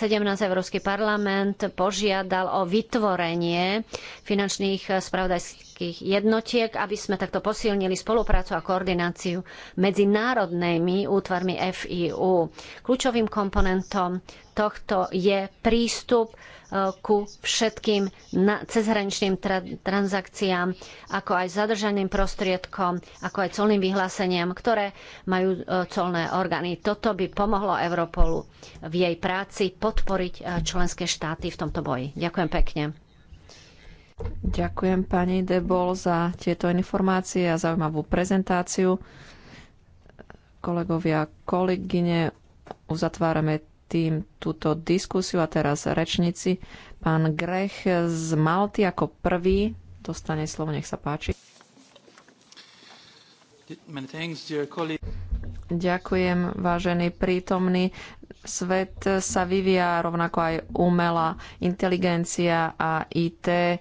C: Európsky parlament požiadal o vytvorenie finančných spravodajských jednotiek, aby sme takto posilnili spoluprácu a koordináciu medzi národnými útvarmi FIU. Kľúčovým komponentom tohto je prístup ku všetkým cezhraničným tra transakciám, ako aj zadržaným prostriedkom, ako aj colným vyhláseniam, ktoré majú e, colné orgány. Toto by pomohlo Europolu v jej práci podporiť e, členské štáty v tomto boji. Ďakujem pekne.
B: Ďakujem pani Debol za tieto informácie a zaujímavú prezentáciu. Kolegovia, kolegyne, uzatvárame predtým túto diskusiu a teraz rečníci. Pán Grech z Malty ako prvý dostane slovo, nech sa páči. Ďakujem, vážený prítomný. Svet sa vyvíja rovnako aj umelá inteligencia a IT eh,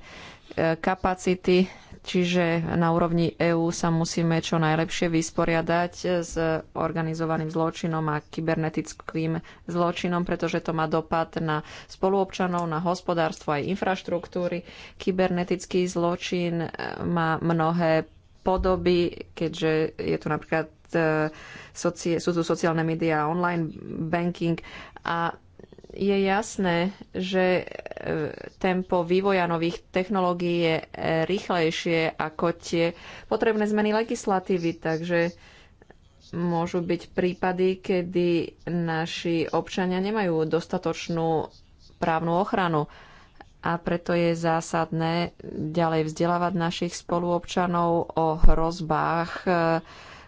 B: kapacity Čiže na úrovni EÚ sa musíme čo najlepšie vysporiadať s organizovaným zločinom a kybernetickým zločinom, pretože to má dopad na spoluobčanov, na hospodárstvo aj infraštruktúry. Kybernetický zločin e, má mnohé podoby, keďže je tu napríklad e, sú tu sociálne médiá, online banking a je jasné, že e, tempo vývoja nových technológií je e, rýchlejšie ako tie potrebné zmeny legislatívy, takže môžu byť prípady, kedy naši občania nemajú dostatočnú právnu ochranu a preto je zásadné ďalej vzdelávať našich spoluobčanov o hrozbách e,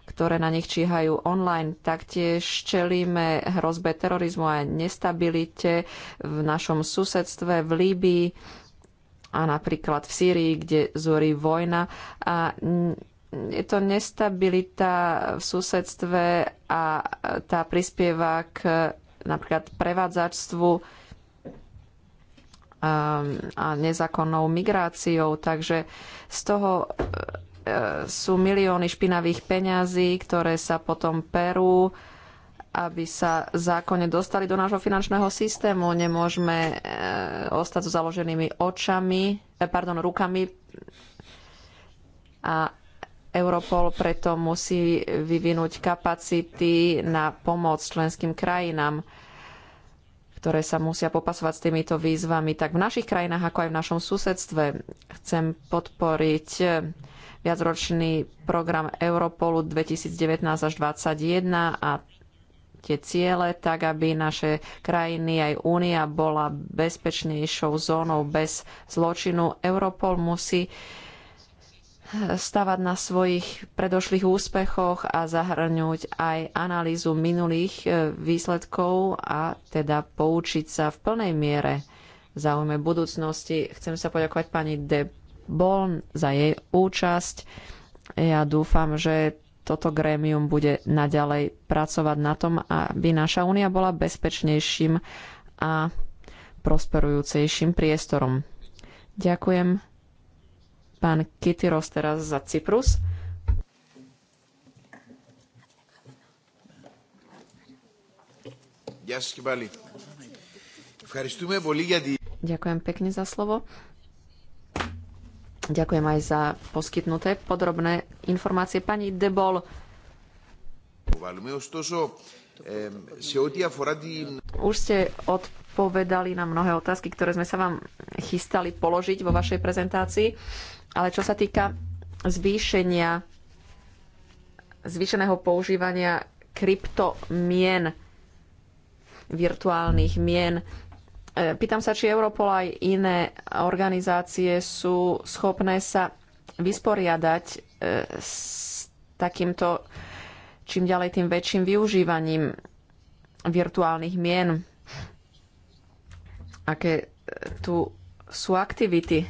B: ktoré na nich číhajú online. Taktiež čelíme hrozbe terorizmu a nestabilite v našom susedstve v Líbii a napríklad v Sýrii, kde zúri vojna. A je to nestabilita v susedstve a tá prispieva k napríklad prevádzačstvu um, a nezákonnou migráciou. Takže z toho E, sú milióny špinavých peňazí, ktoré sa potom perú, aby sa zákonne dostali do nášho finančného systému. Nemôžeme e, ostať so založenými očami, e, pardon, rukami. A Europol preto musí vyvinúť kapacity na pomoc členským krajinám, ktoré sa musia popasovať s týmito výzvami, tak v našich krajinách, ako aj v našom susedstve. Chcem podporiť viacročný program Europolu 2019 až 2021 a tie ciele, tak aby naše krajiny aj únia bola bezpečnejšou zónou bez zločinu. Europol musí stavať na svojich predošlých úspechoch a zahrňuť aj analýzu minulých e, výsledkov a teda poučiť sa v plnej miere v záujme budúcnosti. Chcem sa poďakovať pani De bol za jej účasť. Ja dúfam, že toto grémium bude naďalej pracovať na tom, aby naša únia bola bezpečnejším a prosperujúcejším priestorom. Ďakujem pán Kytyros teraz za Cyprus. Ďakujem pekne za slovo. Ďakujem aj za poskytnuté podrobné informácie. Pani Debol. Už ste odpovedali na mnohé otázky, ktoré sme sa vám chystali položiť vo vašej prezentácii, ale čo sa týka zvýšenia zvýšeného používania kryptomien, virtuálnych mien. E, pýtam sa, či Europol aj iné organizácie sú schopné sa vysporiadať e, s takýmto čím ďalej tým väčším využívaním virtuálnych mien. Aké e, tu sú aktivity.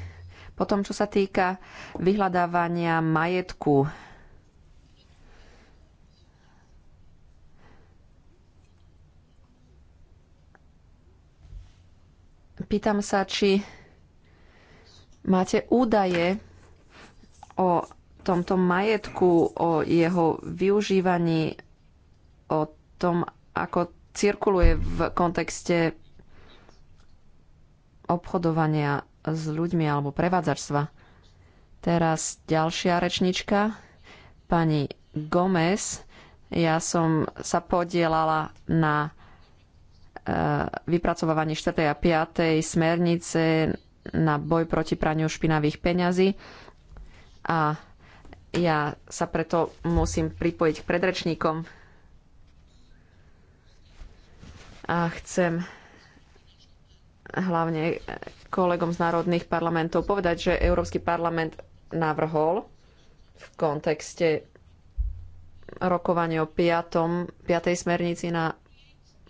B: Potom, čo sa týka vyhľadávania majetku, Pýtam sa, či máte údaje o tomto majetku, o jeho využívaní, o tom, ako cirkuluje v kontexte obchodovania s ľuďmi alebo prevádzačstva. Teraz ďalšia rečnička, pani Gomez. Ja som sa podielala na E, vypracovávanie 4. a 5. smernice na boj proti praniu špinavých peňazí. A ja sa preto musím pripojiť k predrečníkom a chcem hlavne kolegom z národných parlamentov povedať, že Európsky parlament navrhol v kontexte rokovania o 5. 5. smernici na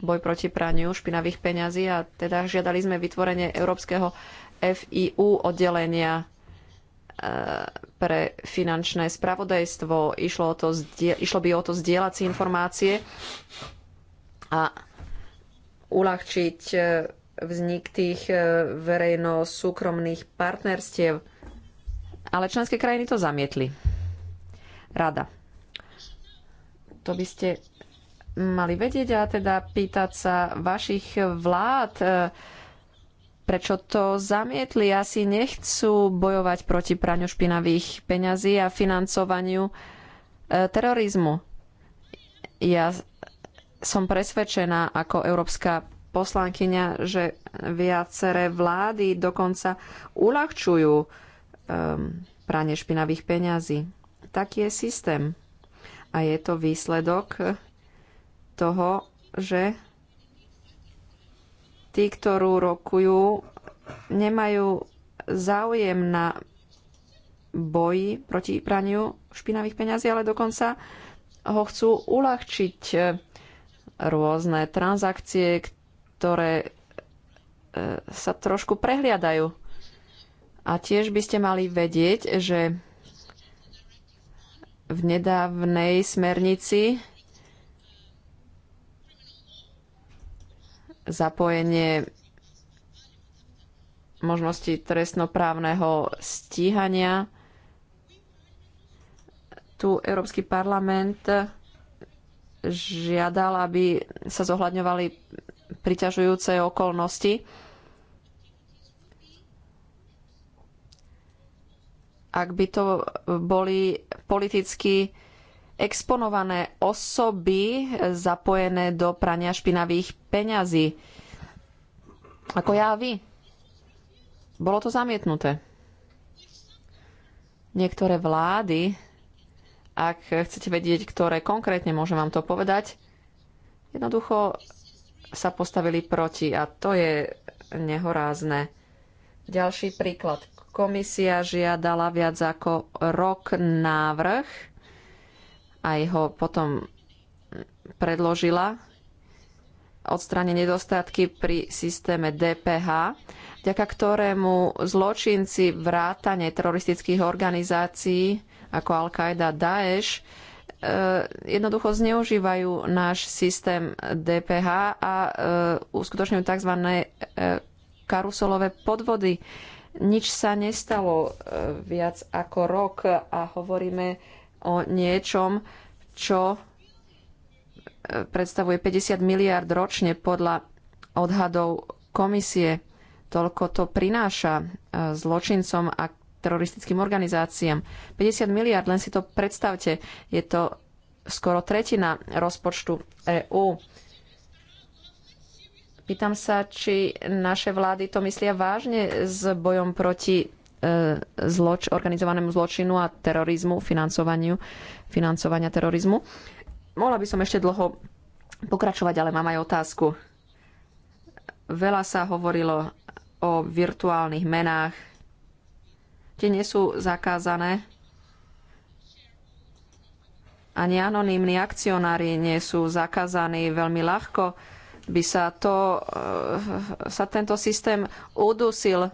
B: boj proti praniu špinavých peňazí a teda žiadali sme vytvorenie Európskeho FIU oddelenia e, pre finančné spravodajstvo. Išlo, o to, išlo by o to zdieľať si informácie a uľahčiť e, vznik tých e, verejno-súkromných partnerstiev. Ale členské krajiny to zamietli. Rada. To by ste mali vedieť a teda pýtať sa vašich vlád, e, prečo to zamietli. Asi nechcú bojovať proti praniu špinavých peňazí a financovaniu e, terorizmu. Ja som presvedčená ako európska poslankyňa, že viaceré vlády dokonca uľahčujú ehm, pranie špinavých peňazí. Taký je systém. A je to výsledok toho, že tí, ktorú rokujú, nemajú záujem na boji proti praniu špinavých peňazí, ale dokonca ho chcú uľahčiť eh, rôzne transakcie, ktoré eh, sa trošku prehliadajú. A tiež by ste mali vedieť, že v nedávnej smernici zapojenie možnosti trestnoprávneho stíhania. Tu Európsky parlament žiadal, aby sa zohľadňovali priťažujúce okolnosti. Ak by to boli politicky exponované osoby zapojené do prania špinavých peňazí. Ako ja a vy. Bolo to zamietnuté. Niektoré vlády, ak chcete vedieť, ktoré konkrétne, môžem vám to povedať, jednoducho sa postavili proti a to je nehorázne. Ďalší príklad. Komisia žiadala viac ako rok návrh aj ho potom predložila odstráne nedostatky pri systéme DPH, vďaka ktorému zločinci vrátane teroristických organizácií ako al Qaeda Daesh e, jednoducho zneužívajú náš systém DPH a e, uskutočňujú tzv. E, karuselové podvody. Nič sa nestalo viac ako rok a hovoríme o niečom, čo e, predstavuje 50 miliard ročne podľa odhadov komisie. Toľko to prináša e, zločincom a teroristickým organizáciám. 50 miliard, len si to predstavte, je to skoro tretina rozpočtu EÚ. Pýtam sa, či naše vlády to myslia vážne s bojom proti E, zloč, organizovanému zločinu a terorizmu, financovaniu, financovania terorizmu. Mohla by som ešte dlho pokračovať, ale mám aj otázku. Veľa sa hovorilo o virtuálnych menách. Tie nie sú zakázané. Ani anonimní akcionári nie sú zakázaní veľmi ľahko. By sa, to, e, sa tento systém udusil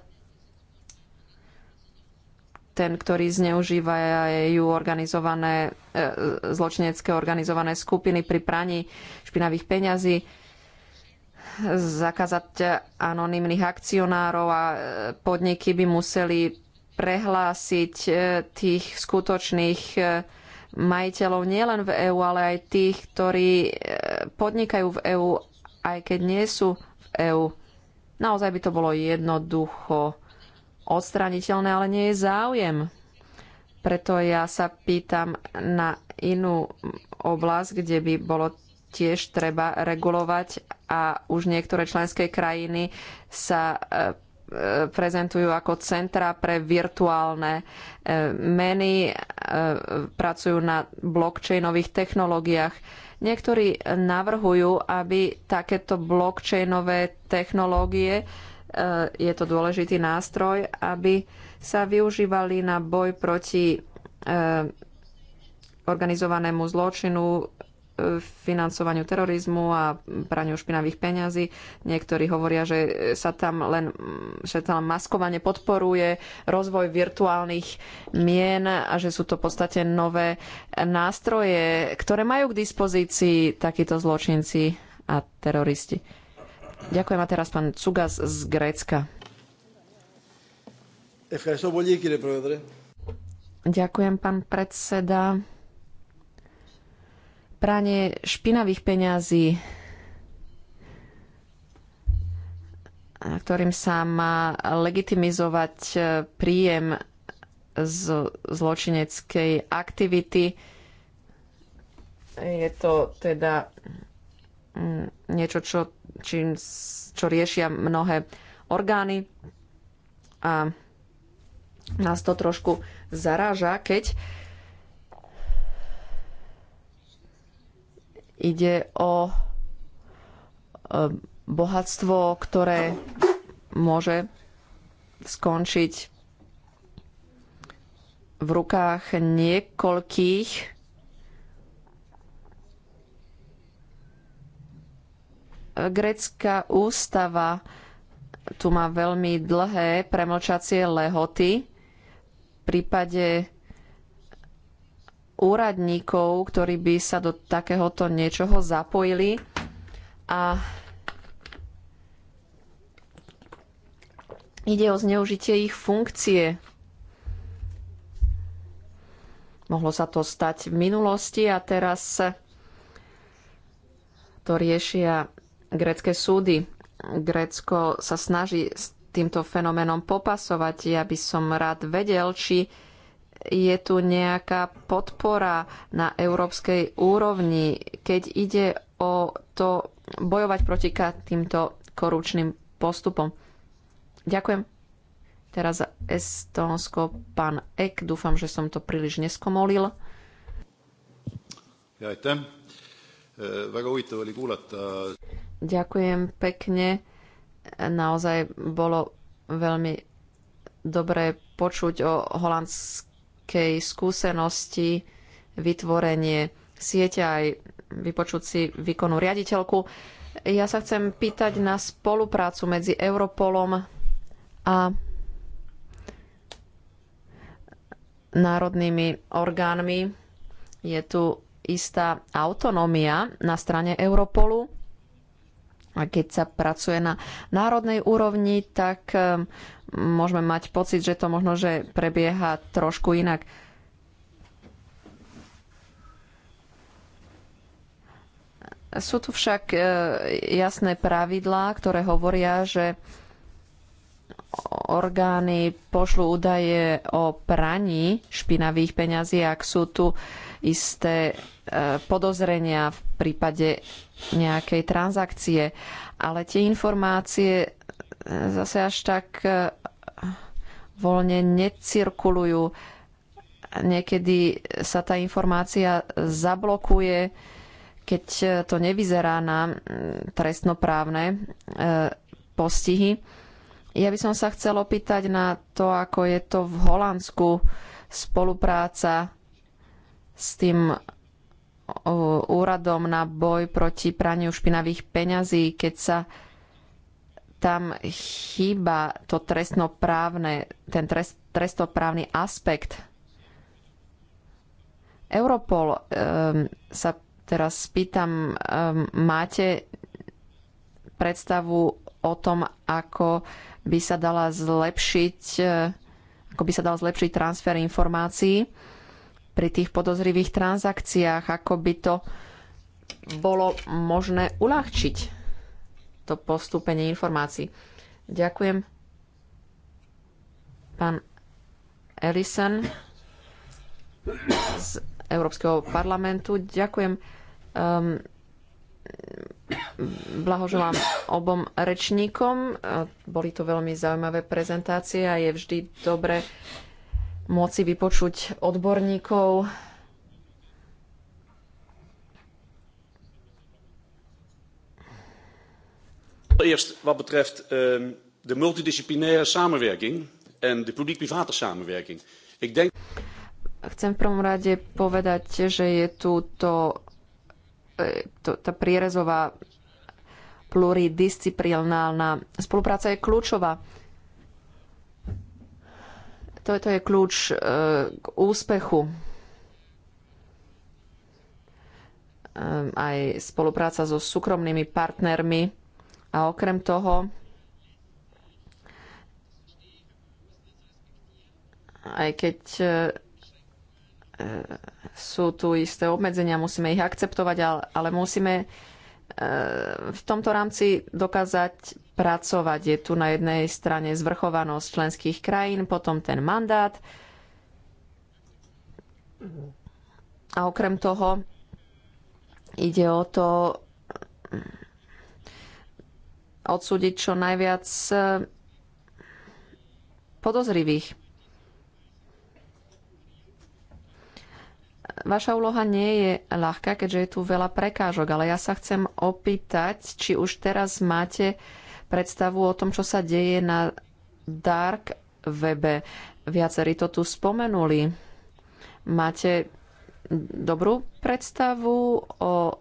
B: ten, ktorý zneužívajú organizované, e, zločinecké organizované skupiny pri praní špinavých peňazí, zakázať anonimných akcionárov a e, podniky by museli prehlásiť e, tých skutočných majiteľov nielen v EÚ, ale aj tých, ktorí podnikajú v EÚ, aj keď nie sú v EÚ. Naozaj by to bolo jednoducho odstraniteľné, ale nie je záujem. Preto ja sa pýtam na inú oblasť, kde by bolo tiež treba regulovať a už niektoré členské krajiny sa e, e, prezentujú ako centra pre virtuálne e, meny, pracujú na blockchainových technológiách. Niektorí navrhujú, aby takéto blockchainové technológie Eh, je to dôležitý nástroj, aby sa využívali na boj proti eh, organizovanému zločinu, eh, financovaniu terorizmu a praniu špinavých peňazí. Niektorí hovoria, že sa tam len mm, že tam maskovanie podporuje rozvoj virtuálnych mien a že sú to v podstate nové nástroje, ktoré majú k dispozícii takíto zločinci a teroristi. Ďakujem a teraz pán Cugas z Grécka. Ďakujem, pán predseda. Pranie špinavých peňazí, ktorým sa má legitimizovať eh, príjem z zločineckej aktivity. Je to teda mm, niečo, čo čím, čo riešia mnohé orgány. A nás to trošku zaráža, keď ide o e, bohatstvo, ktoré môže skončiť v rukách niekoľkých Grécka ústava tu má veľmi dlhé premlčacie lehoty. V prípade úradníkov, ktorí by sa do takéhoto niečoho zapojili. A ide o zneužitie ich funkcie. Mohlo sa to stať v minulosti a teraz to riešia Grécke súdy. Grécko sa snaží s týmto fenoménom popasovať. Ja by som rád vedel, či je tu nejaká podpora na európskej úrovni, keď ide o to bojovať proti týmto korupčným postupom. Ďakujem. Teraz za Estonsko pán Ek. Dúfam, že som to príliš neskomolil.
C: Ja, Väga huvitav oli kuulata
B: Ďakujem pekne. Naozaj bolo veľmi dobré počuť o holandskej skúsenosti, vytvorenie siete aj vypočuť si výkonu riaditeľku. Ja sa chcem pýtať na spoluprácu medzi Europolom a národnými orgánmi. Je tu istá autonómia na strane Europolu a keď sa pracuje na národnej úrovni, tak ehm, môžeme mať pocit, že to možno, že prebieha trošku inak. Sú tu však e, jasné pravidlá, ktoré hovoria, že orgány pošlú údaje o praní špinavých peňazí, ak sú tu uh, isté e, podozrenia v prípade nejakej transakcie. Ale tie informácie e, zase až tak e, voľne necirkulujú. Niekedy sa tá informácia zablokuje, keď to nevyzerá na trestnoprávne postihy. Ja by som sa chcel opýtať na to, ako je to v Holandsku spolupráca s tým úradom na boj proti praniu špinavých peňazí, keď sa tam chýba to trestnoprávne, ten trest, trestnoprávny aspekt. Europol, um, sa teraz spýtam, um, máte predstavu o tom, ako by sa dala zlepšiť, ako by sa dal zlepšiť transfer informácií? pri tých podozrivých transakciách, ako by to bolo možné uľahčiť to postúpenie informácií. Ďakujem. Pán Ellison z Európskeho parlamentu. Ďakujem. Um, blahoželám obom rečníkom. Boli to veľmi zaujímavé prezentácie a je vždy dobre môcť vypočuť odborníkov.
A: Eerst wat betreft ehm, de multidisciplinaire samenwerking en de publiek-private samenwerking. Ik denk...
B: Chcem v prvom rade povedať, že je tu to, e, to, tá prierezová pluridisciplinálna spolupráca je kľúčová. Toto je kľúč e, k úspechu. Ehm, aj spolupráca so súkromnými partnermi a okrem toho aj keď e, e, sú tu isté obmedzenia, musíme ich akceptovať, ale musíme Eh, v tomto rámci dokázať pracovať. Je tu na jednej strane zvrchovanosť členských krajín, potom ten mandát. A okrem toho ide o to eh, odsúdiť čo najviac eh, podozrivých. Vaša úloha nie je ľahká, keďže je tu veľa prekážok, ale ja sa chcem opýtať, či už teraz máte predstavu o tom, čo sa deje na dark webe. Viacerí to tu spomenuli. Máte dobrú predstavu o e,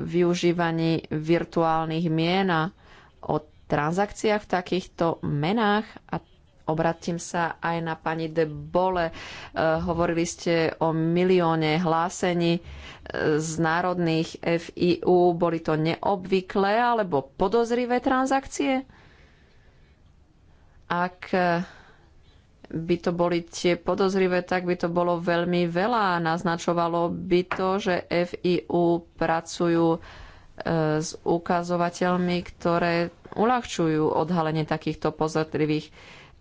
B: využívaní virtuálnych mien a o transakciách v takýchto menách a Obratím sa aj na pani de Bole. Eh, hovorili ste o milióne hlásení eh, z národných FIU. Boli to neobvyklé alebo podozrivé transakcie? Ak eh, by to boli tie podozrivé, tak by to bolo veľmi veľa. Naznačovalo by to, že FIU pracujú s ukazovateľmi, ktoré uľahčujú odhalenie takýchto pozorlivých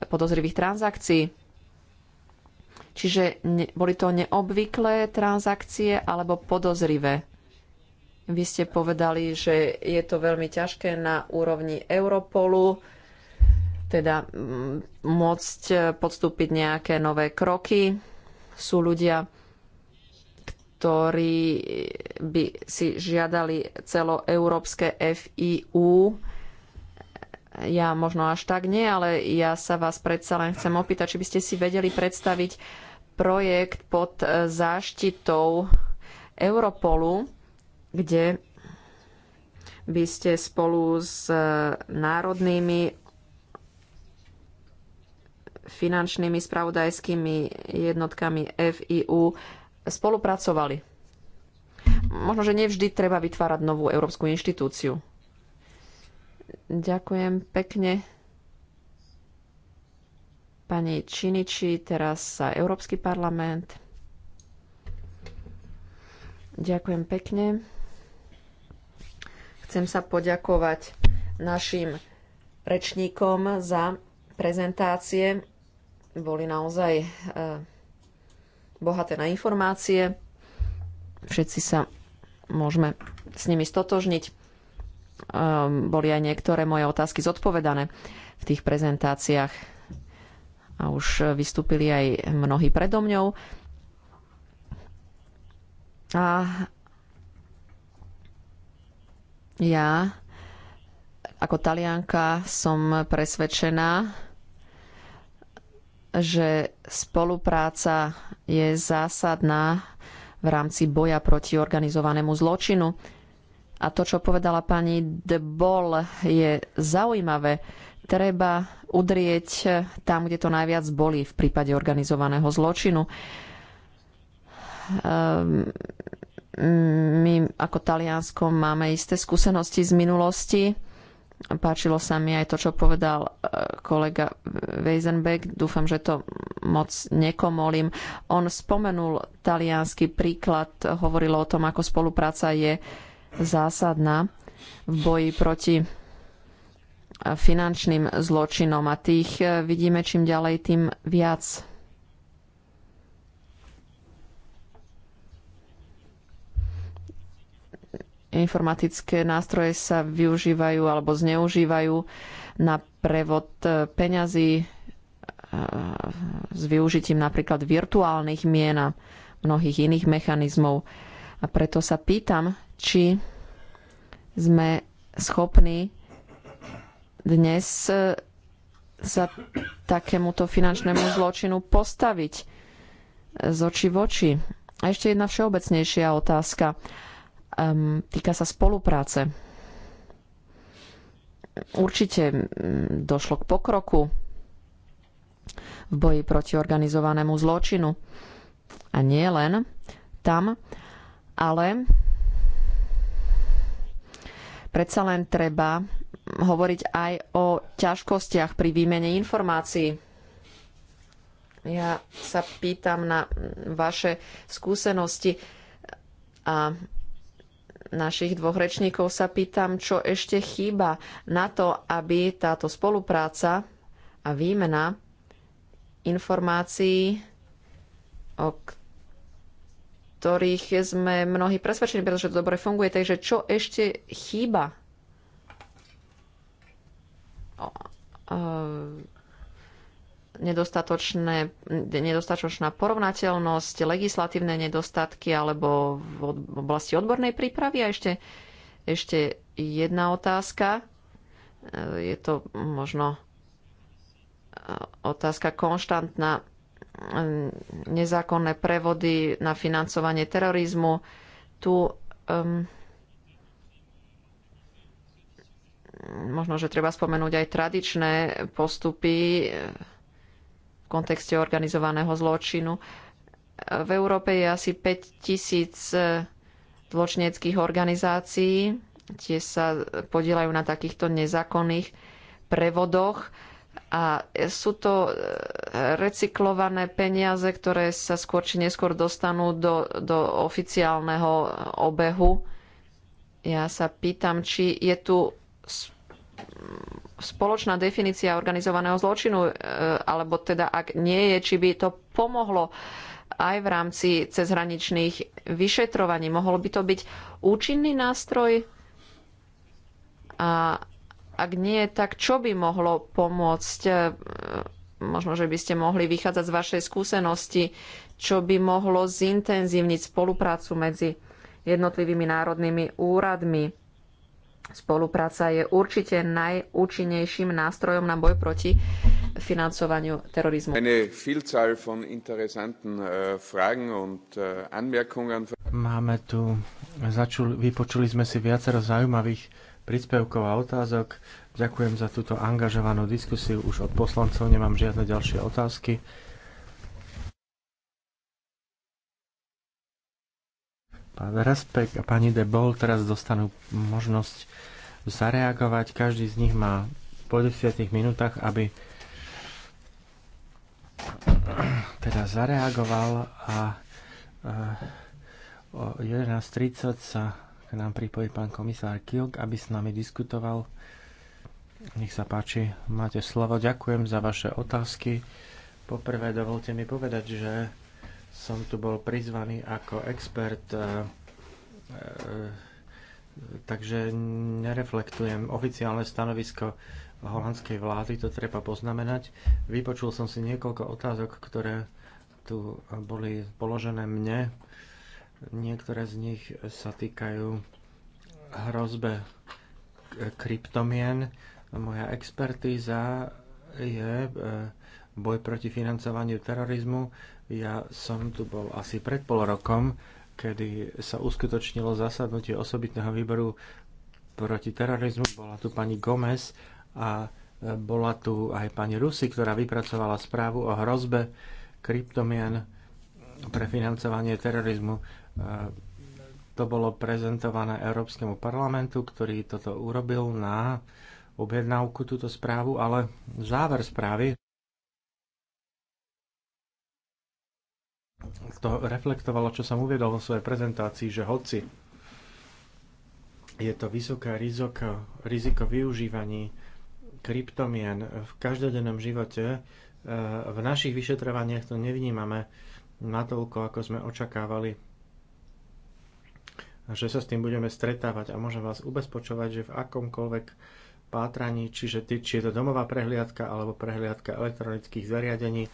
B: podozrivých transakcií. Čiže ne, boli to neobvyklé transakcie alebo podozrivé. Vy ste povedali, že je to veľmi ťažké na úrovni Europolu, teda mm, môcť e, podstúpiť nejaké nové kroky. Sú ľudia, ktorí by si žiadali celoeurópske FIU, ja možno až tak nie, ale ja sa vás predsa len chcem opýtať, či by ste si vedeli predstaviť projekt pod e, záštitou Europolu, kde by ste spolu s e, národnými finančnými spravodajskými jednotkami FIU spolupracovali. Možno, že nevždy treba vytvárať novú európsku inštitúciu. Ďakujem pekne. Pani Činiči, teraz sa Európsky parlament. Ďakujem pekne. Chcem sa poďakovať našim rečníkom za prezentácie. Boli naozaj e, bohaté na informácie. Všetci sa môžeme s nimi stotožniť. Ehm, boli aj niektoré moje otázky zodpovedané v tých prezentáciách. A už vystúpili aj mnohí predo mňou. A ja ako talianka som presvedčená, že spolupráca je zásadná v rámci boja proti organizovanému zločinu a to, čo povedala pani De Boll, je zaujímavé. Treba udrieť tam, kde to najviac boli v prípade organizovaného zločinu. Ehm, my ako Taliansko máme isté skúsenosti z minulosti. Páčilo sa mi aj to, čo povedal e, kolega Weisenbeck. Dúfam, že to moc nekomolím. On spomenul talianský príklad, hovorilo o tom, ako spolupráca je uh, zásadná v boji proti finančným zločinom a tých eh, vidíme čím ďalej, tým viac. Informatické nástroje sa využívajú alebo zneužívajú na prevod eh, peňazí eh, s využitím napríklad virtuálnych mien a mnohých iných mechanizmov. A preto sa pýtam, či sme schopní dnes sa e, takémuto finančnému zločinu postaviť e, z očí v oči. A ešte jedna všeobecnejšia otázka. Um, týka sa spolupráce. Určite došlo k pokroku v boji proti organizovanému zločinu. A nie len tam, ale predsa len treba hovoriť aj o ťažkostiach pri výmene informácií. Ja sa pýtam na vaše skúsenosti a našich dvoch rečníkov sa pýtam, čo ešte chýba na to, aby táto spolupráca a výmena informácií, o ktorých sme mnohí presvedčení, pretože to dobre funguje. Takže čo ešte chýba? E, nedostatočné, nedostatočná porovnateľnosť, legislatívne nedostatky alebo v oblasti odbornej prípravy. A ešte, ešte jedna otázka. E, je to možno e, otázka konštantná nezákonné prevody na financovanie terorizmu. Tu um, možno, že treba spomenúť aj tradičné postupy v kontexte organizovaného zločinu. V Európe je asi 5 tisíc e, zločineckých organizácií, tie sa podielajú na takýchto nezákonných prevodoch a sú to e, recyklované peniaze, ktoré sa skôr či neskôr dostanú do, do oficiálneho obehu. Ja sa pýtam, či je tu spoločná definícia organizovaného zločinu, e, alebo teda ak nie je, či by to pomohlo aj v rámci cezhraničných vyšetrovaní. Mohol by to byť účinný nástroj a ak nie, tak čo by mohlo pomôcť? E, možno, že by ste mohli vychádzať z vašej skúsenosti, čo by mohlo zintenzívniť spoluprácu medzi jednotlivými národnými úradmi. Spolupráca je určite najúčinnejším nástrojom na boj proti financovaniu terorizmu.
A: Äh, äh,
D: Máme tu, začul, vypočuli sme si viacero zaujímavých príspevkov a otázok. Ďakujem za túto angažovanú diskusiu. Už od poslancov nemám žiadne ďalšie otázky. Pán Respek a pani De Bol teraz dostanú možnosť zareagovať. Každý z nich má po 10 minútach, aby teda zareagoval a o 11.30 sa k nám pripojí pán komisár Kilk, aby s nami diskutoval. Nech sa páči, máte slovo. Ďakujem za vaše otázky. Poprvé dovolte mi povedať, že som tu bol prizvaný ako expert, e, e, takže nereflektujem oficiálne stanovisko holandskej vlády, to treba poznamenať. Vypočul som si niekoľko otázok, ktoré tu boli položené mne Niektoré z nich sa týkajú hrozbe kryptomien. Moja expertíza je e, boj proti financovaniu terorizmu. Ja som tu bol asi pred pol rokom, kedy sa uskutočnilo zasadnutie osobitného výboru proti terorizmu. Bola tu pani Gomez a e, bola tu aj pani Rusy, ktorá vypracovala správu o hrozbe kryptomien pre financovanie terorizmu. Eh, to bolo prezentované Európskemu parlamentu, ktorý toto urobil na objednávku túto správu, ale záver správy to reflektovalo, čo som uviedol vo svojej prezentácii, že hoci je to vysoké riziko, riziko využívaní kryptomien v každodennom živote, eh, v našich vyšetrovaniach to nevnímame natoľko, ako sme očakávali že sa s tým budeme stretávať a môžem vás ubezpočovať, že v akomkoľvek pátraní, čiže či je to domová prehliadka alebo prehliadka elektronických zariadení,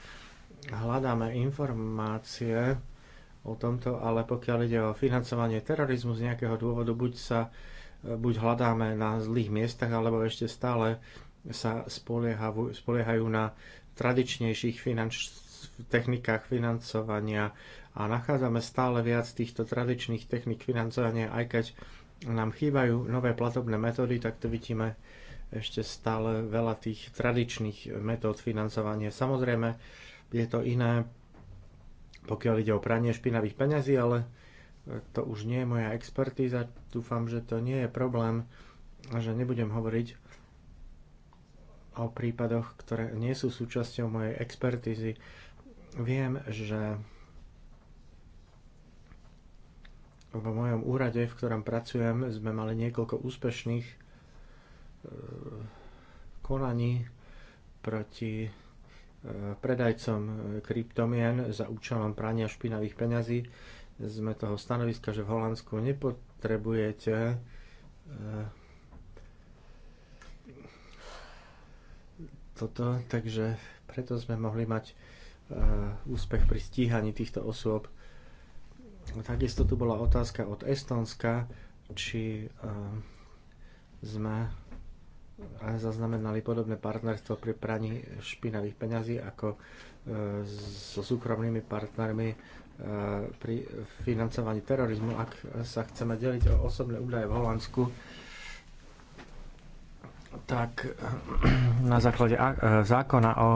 D: hľadáme informácie o tomto, ale pokiaľ ide o financovanie terorizmu z nejakého dôvodu, buď sa buď hľadáme na zlých miestach, alebo ešte stále sa spoliehajú, spoliehajú na tradičnejších finanč, technikách financovania a nachádzame stále viac týchto tradičných technik financovania, aj keď nám chýbajú nové platobné metódy, tak to vidíme ešte stále veľa tých tradičných metód financovania. Samozrejme, je to iné, pokiaľ ide o pranie špinavých peňazí, ale to už nie je moja expertíza. Dúfam, že to nie je problém a že nebudem hovoriť o prípadoch, ktoré nie sú súčasťou mojej expertízy. Viem, že V mojom úrade, v ktorom pracujem, sme mali niekoľko úspešných e, konaní proti e, predajcom e, kryptomien za účelom prania špinavých peňazí. Sme toho stanoviska, že v Holandsku nepotrebujete toto, takže preto sme mohli mať úspech pri stíhaní týchto osôb. Takisto tu bola otázka od Estonska, či eh, sme zaznamenali podobné partnerstvo pri praní špinavých peňazí ako eh, so súkromnými partnermi eh, pri financovaní terorizmu. Ak sa chceme deliť o osobné údaje v Holandsku, tak na základe zákona o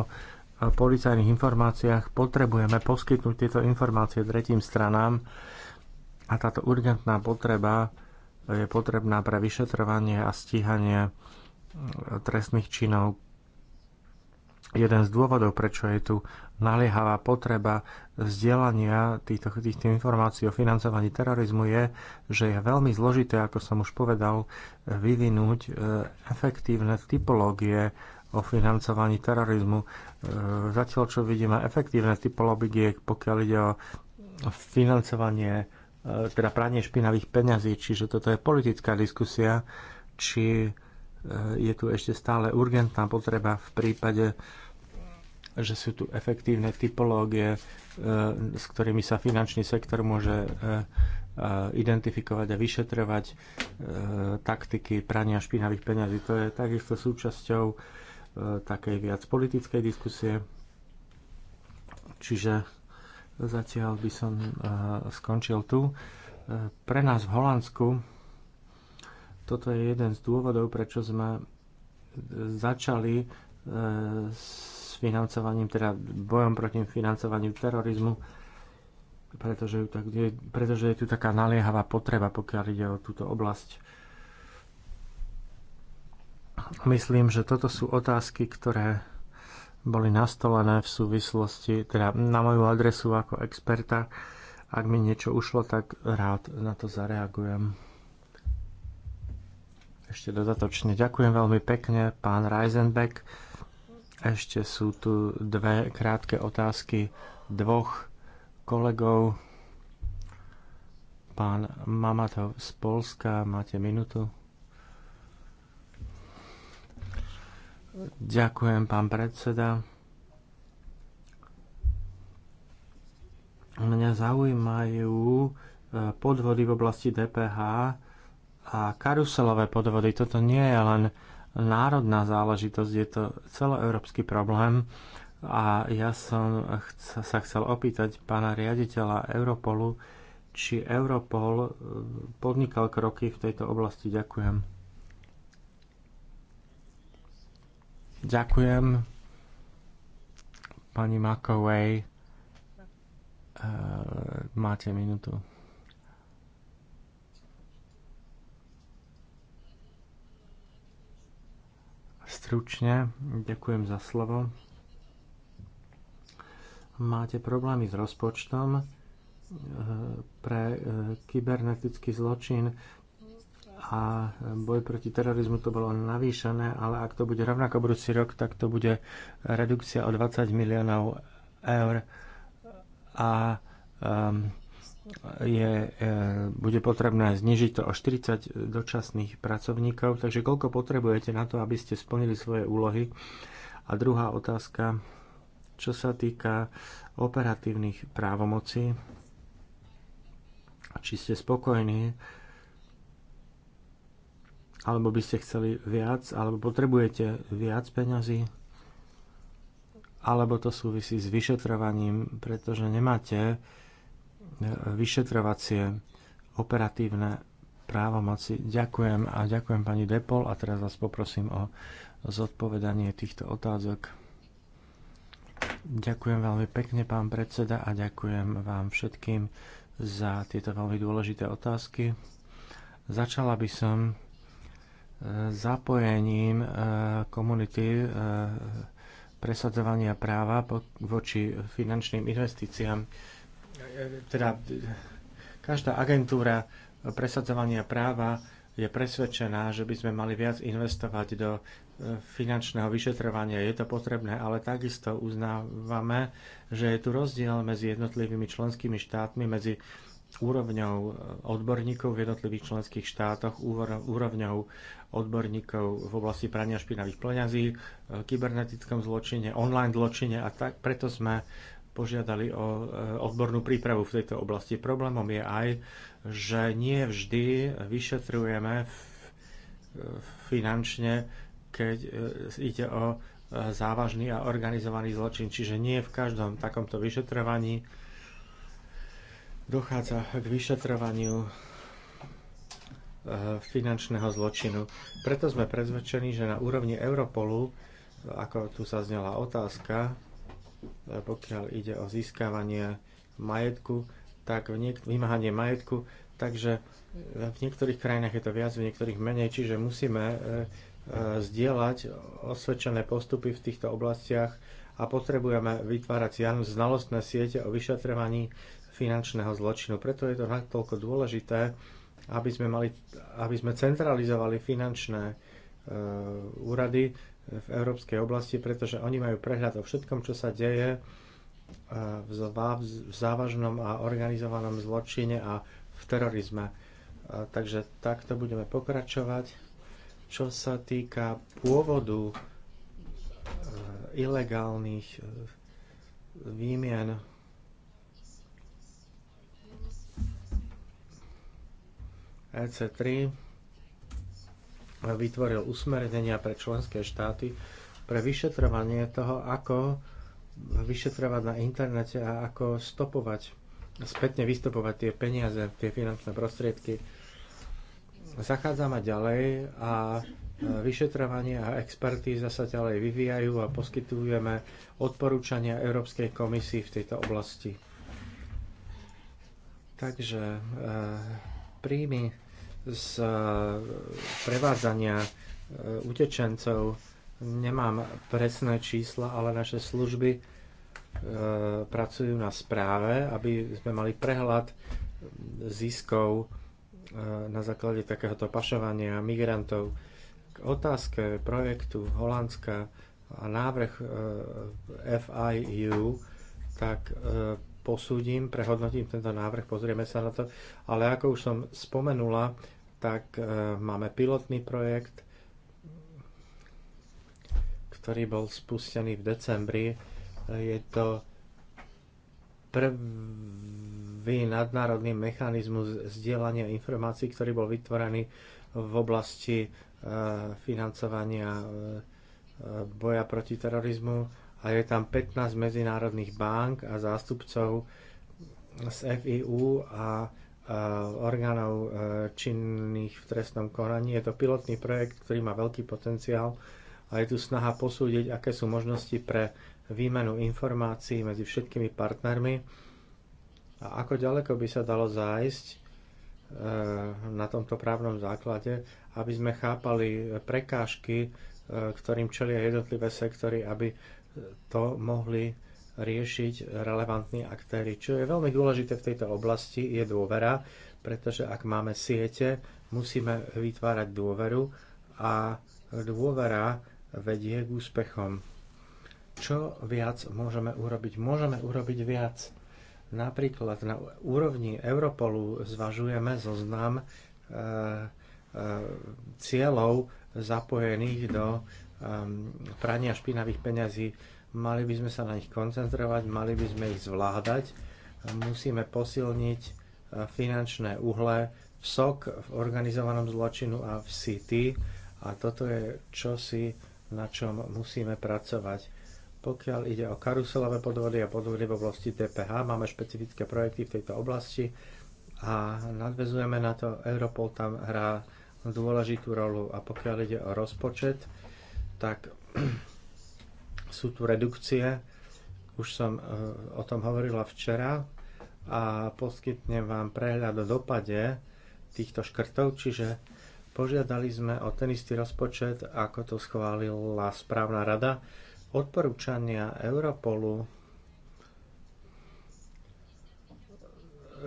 D: policajných informáciách potrebujeme poskytnúť tieto informácie tretím stranám a táto urgentná potreba je potrebná pre vyšetrovanie a stíhanie e, trestných činov. Jeden z dôvodov, prečo je tu naliehavá potreba vzdelania týchto, týchto informácií o financovaní terorizmu je, že je veľmi zložité, ako som už povedal, e, vyvinúť e, efektívne typológie o financovaní terorizmu. E, zatiaľ, čo vidíme efektívne typo lobbygiek, pokiaľ ide o financovanie, e, teda pranie špinavých peňazí, čiže toto je politická diskusia, či e, je tu ešte stále urgentná potreba v prípade, že sú tu efektívne typológie, s ktorými sa finančný sektor môže identifikovať a vyšetrovať taktiky prania špinavých peňazí. To je takisto súčasťou E, takej viac politickej diskusie. Čiže zatiaľ by som e, skončil tu. E, pre nás v Holandsku toto je jeden z dôvodov, prečo sme začali s financovaním, teda bojom proti financovaniu terorizmu, pretože, pretože je tu taká naliehavá potreba, pokiaľ ide o túto oblasť myslím, že toto sú otázky, ktoré boli nastolené v súvislosti, teda na moju adresu ako experta. Ak mi niečo ušlo, tak rád na to zareagujem. Ešte dodatočne ďakujem veľmi pekne, pán Reisenbeck. Ešte sú tu dve krátke otázky dvoch kolegov. Pán Mamatov z Polska, máte minútu. Ďakujem, pán predseda. Mňa zaujímajú e, podvody v oblasti DPH a karuselové podvody. Toto nie je len národná záležitosť, je to celoeurópsky problém. A ja som sa chcel opýtať pána riaditeľa Europolu, či Europol e, podnikal kroky v tejto oblasti. Ďakujem. Ďakujem pani Makovej. Eh, máte minútu. Stručne, ďakujem za slovo. Máte problémy s rozpočtom eh, pre eh, kybernetický zločin a boj proti terorizmu to bolo navýšené, ale ak to bude rovnako budúci rok, tak to bude redukcia o 20 miliónov eur a um, je, e, bude potrebné znižiť to o 40 dočasných pracovníkov. Takže koľko potrebujete na to, aby ste splnili svoje úlohy? A druhá otázka, čo sa týka operatívnych právomocí, či ste spokojní alebo by ste chceli viac, alebo potrebujete viac peňazí, alebo to súvisí s vyšetrovaním, pretože nemáte e, vyšetrovacie operatívne právomoci. Ďakujem a ďakujem pani Depol a teraz vás poprosím o zodpovedanie týchto otázok. Ďakujem veľmi pekne, pán predseda, a ďakujem vám všetkým za tieto veľmi dôležité otázky. Začala by som zapojením e, komunity e, presadzovania práva voči finančným investíciám. E, teda každá agentúra presadzovania práva je presvedčená, že by sme mali viac investovať do finančného vyšetrovania. Je to potrebné, ale takisto uznávame, že je tu rozdiel medzi jednotlivými členskými štátmi, medzi úrovňou eh, odborníkov v jednotlivých členských štátoch, úrovňou odborníkov v oblasti prania špinavých peňazí, eh, kybernetickom zločine, online zločine a tak preto sme požiadali o eh, odbornú prípravu v tejto oblasti. Problémom je aj, že nie vždy vyšetrujeme finančne, keď ide o závažný a organizovaný zločin. Čiže nie v každom takomto vyšetrovaní dochádza k vyšetrovaniu e, finančného zločinu. Preto sme prezvedčení, že na úrovni Europolu, ako tu sa znela otázka, e, pokiaľ ide o získavanie majetku, tak v niek- vymáhanie majetku, takže e, v niektorých krajinách je to viac, v niektorých menej, čiže musíme zdieľať osvedčené postupy v týchto oblastiach a potrebujeme vytvárať znalostné siete o vyšetrovaní finančného zločinu. Preto je to natoľko dôležité, aby sme, mali, aby sme centralizovali finančné e, úrady v európskej oblasti, pretože oni majú prehľad o všetkom, čo sa deje e, v, závažnom a organizovanom zločine a v terorizme. A e, takže takto budeme pokračovať. Čo sa týka pôvodu e, ilegálnych e, výmien EC3 vytvoril usmerenia pre členské štáty pre vyšetrovanie toho, ako vyšetrovať na internete a ako stopovať, spätne vystupovať tie peniaze, tie finančné prostriedky. Zachádzame ďalej a e, vyšetrovanie a expertíza sa ďalej vyvíjajú a poskytujeme odporúčania Európskej komisii v tejto oblasti. Takže e, príjmy z e, prevádzania e, utečencov. Nemám presné čísla, ale naše služby e, pracujú na správe, aby sme mali prehľad ziskov na základe takéhoto pašovania migrantov. K otázke projektu Holandska a návrh FIU, tak posúdim, prehodnotím tento návrh, pozrieme sa na to. Ale ako už som spomenula, tak e, máme pilotný projekt, ktorý bol spustený v decembri. Je to prvý nadnárodný mechanizmus zdieľania informácií, ktorý bol vytvorený v oblasti e, financovania e, boja proti terorizmu a je tam 15 medzinárodných bank a zástupcov z FIU a orgánov e, činných v trestnom konaní. Je to pilotný projekt, ktorý má veľký potenciál a je tu snaha posúdiť, aké sú možnosti pre výmenu informácií medzi všetkými partnermi a ako ďaleko by sa dalo zájsť e, na tomto právnom základe, aby sme chápali prekážky, e, ktorým čelia jednotlivé sektory, aby to mohli riešiť relevantní aktéry. Čo je veľmi dôležité v tejto oblasti je dôvera, pretože ak máme siete, musíme vytvárať dôveru a dôvera vedie k úspechom. Čo viac môžeme urobiť? Môžeme urobiť viac. Napríklad na úrovni Europolu zvažujeme zoznam e, e, cieľov zapojených do Ehm, prania špinavých peňazí, mali by sme sa na nich koncentrovať, mali by sme ich zvládať. Ehm, musíme posilniť e, finančné uhle v SOK, v organizovanom zločinu a v City. A toto je čosi, na čom musíme pracovať. Pokiaľ ide o karuselové podvody a podvody v oblasti DPH, máme špecifické projekty v tejto oblasti a nadvezujeme na to, Europol tam hrá dôležitú rolu. A pokiaľ ide o rozpočet, tak sú tu redukcie. Už som e, o tom hovorila včera a poskytnem vám prehľad o dopade týchto škrtov, čiže požiadali sme o ten istý rozpočet, ako to schválila správna rada. Odporúčania Europolu,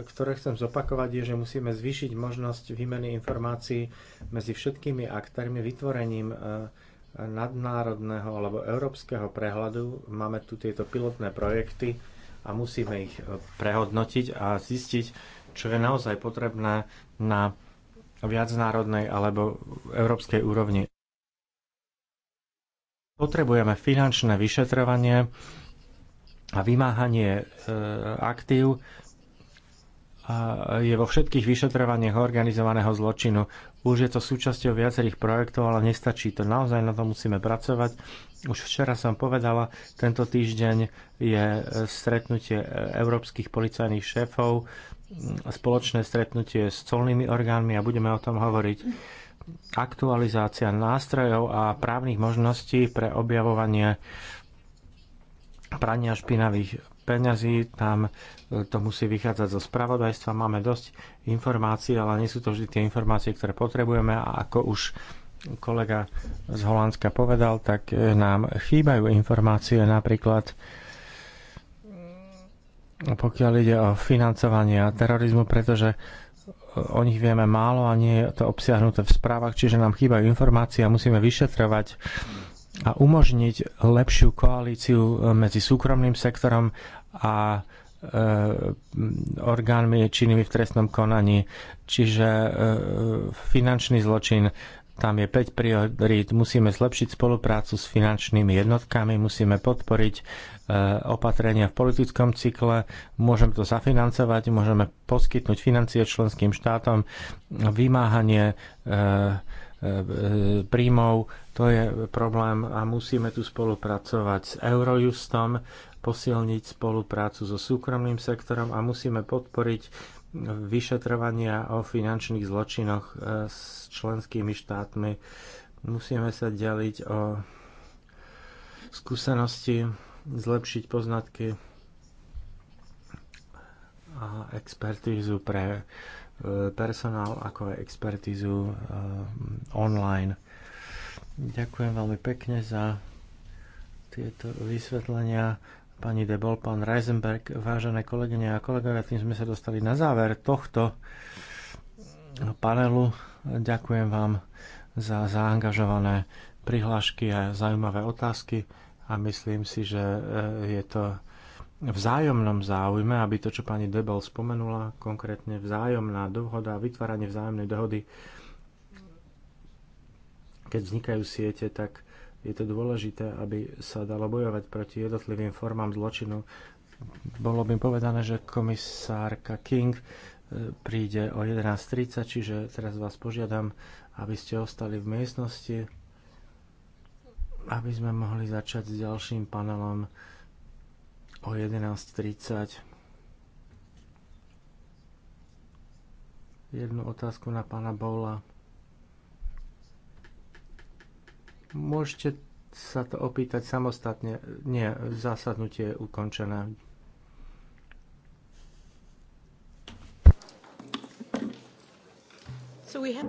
D: ktoré chcem zopakovať, je, že musíme zvýšiť možnosť výmeny informácií medzi všetkými aktérmi, vytvorením e, nadnárodného alebo európskeho prehľadu. Máme tu tieto pilotné projekty a musíme ich e, prehodnotiť a zistiť, čo je naozaj potrebné na viacnárodnej alebo európskej úrovni. Potrebujeme finančné vyšetrovanie a vymáhanie e, aktív je vo všetkých vyšetrovaniach organizovaného zločinu. Už je to súčasťou viacerých projektov, ale nestačí to. Naozaj na to musíme pracovať. Už včera som povedala, tento týždeň je stretnutie európskych policajných šéfov, spoločné stretnutie s colnými orgánmi a budeme o tom hovoriť. Aktualizácia nástrojov a právnych možností pre objavovanie prania špinavých peňazí, tam e, to musí vychádzať zo spravodajstva, máme dosť informácií, ale nie sú to vždy tie informácie, ktoré potrebujeme a ako už kolega z Holandska povedal, tak e, nám chýbajú informácie napríklad pokiaľ ide o financovanie a terorizmu, pretože e, o nich vieme málo a nie je to obsiahnuté v správach, čiže nám chýbajú informácie a musíme vyšetrovať a umožniť lepšiu koalíciu e, medzi súkromným sektorom a e, orgánmi činnými v trestnom konaní. Čiže e, finančný zločin, tam je 5 priorít. Musíme zlepšiť spoluprácu s finančnými jednotkami, musíme podporiť opatrenia v politickom cykle, môžeme to zafinancovať, môžeme poskytnúť financie členským štátom, vymáhanie E, príjmov. To je problém a musíme tu spolupracovať s Eurojustom, posilniť spoluprácu so súkromným sektorom a musíme podporiť vyšetrovania o finančných zločinoch e, s členskými štátmi. Musíme sa deliť o skúsenosti, zlepšiť poznatky a expertízu pre E, personál, ako aj expertizu e, online. Ďakujem veľmi pekne za tieto vysvetlenia pani Debol, pán Reisenberg, vážené kolegyne a kolegovia, tým sme sa dostali na záver tohto panelu. Ďakujem vám za zaangažované prihlášky a zaujímavé otázky a myslím si, že e, je to vzájomnom záujme, aby to, čo pani Debel spomenula, konkrétne vzájomná dohoda, vytváranie vzájomnej dohody, keď vznikajú siete, tak je to dôležité, aby sa dalo bojovať proti jednotlivým formám zločinu. Bolo by povedané, že komisárka King e, príde o 11.30, čiže teraz vás požiadam, aby ste ostali v miestnosti, aby sme mohli začať s ďalším panelom o 11.30. Jednu otázku na pána Boula. Môžete sa to opýtať samostatne. Nie, zásadnutie je ukončené.
B: So we have...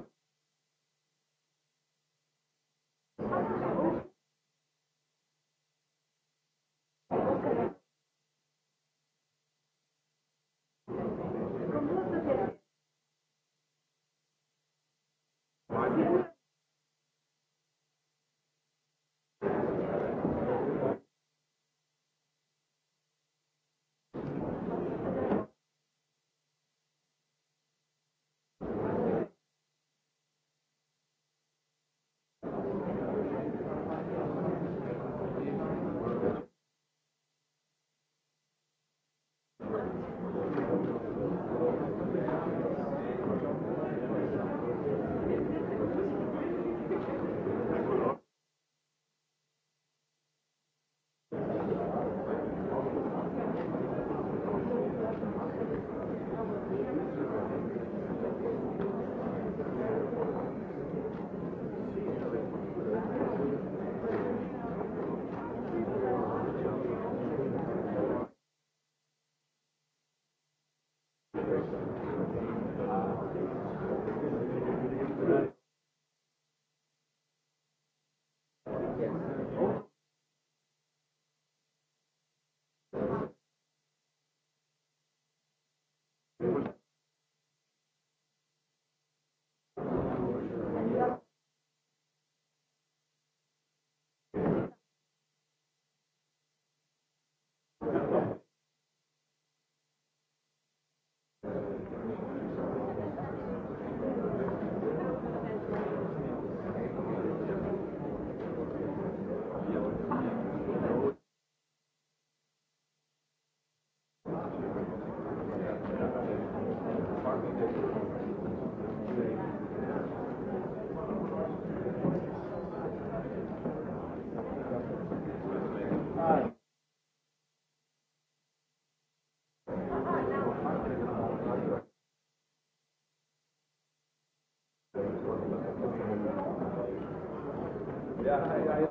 B: Thank you. Yeah, ja, ja.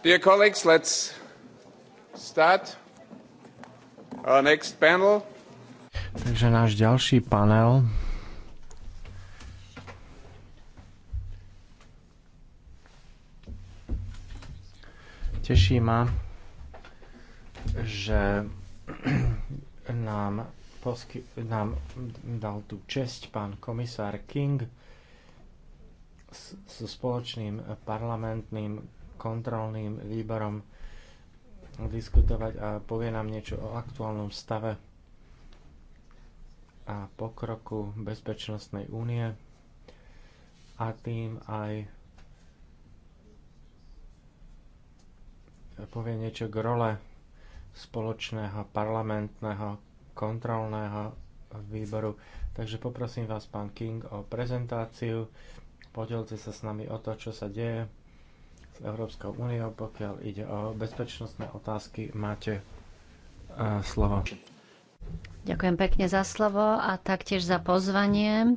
A: Dear colleagues, let's start our next panel.
D: Takže náš ďalší panel Teší ma, že nám, posky, nám dal tú česť pán komisár King so spoločným parlamentným kontrolným výborom diskutovať a povie nám niečo o aktuálnom stave a pokroku Bezpečnostnej únie a tým aj povie niečo k role spoločného parlamentného kontrolného výboru. Takže poprosím vás, pán King, o prezentáciu. Podelte sa s nami o to, čo sa deje Európskou úniou, pokiaľ ide o bezpečnostné otázky. Máte uh, slovo.
C: Ďakujem pekne za slovo a taktiež za pozvanie.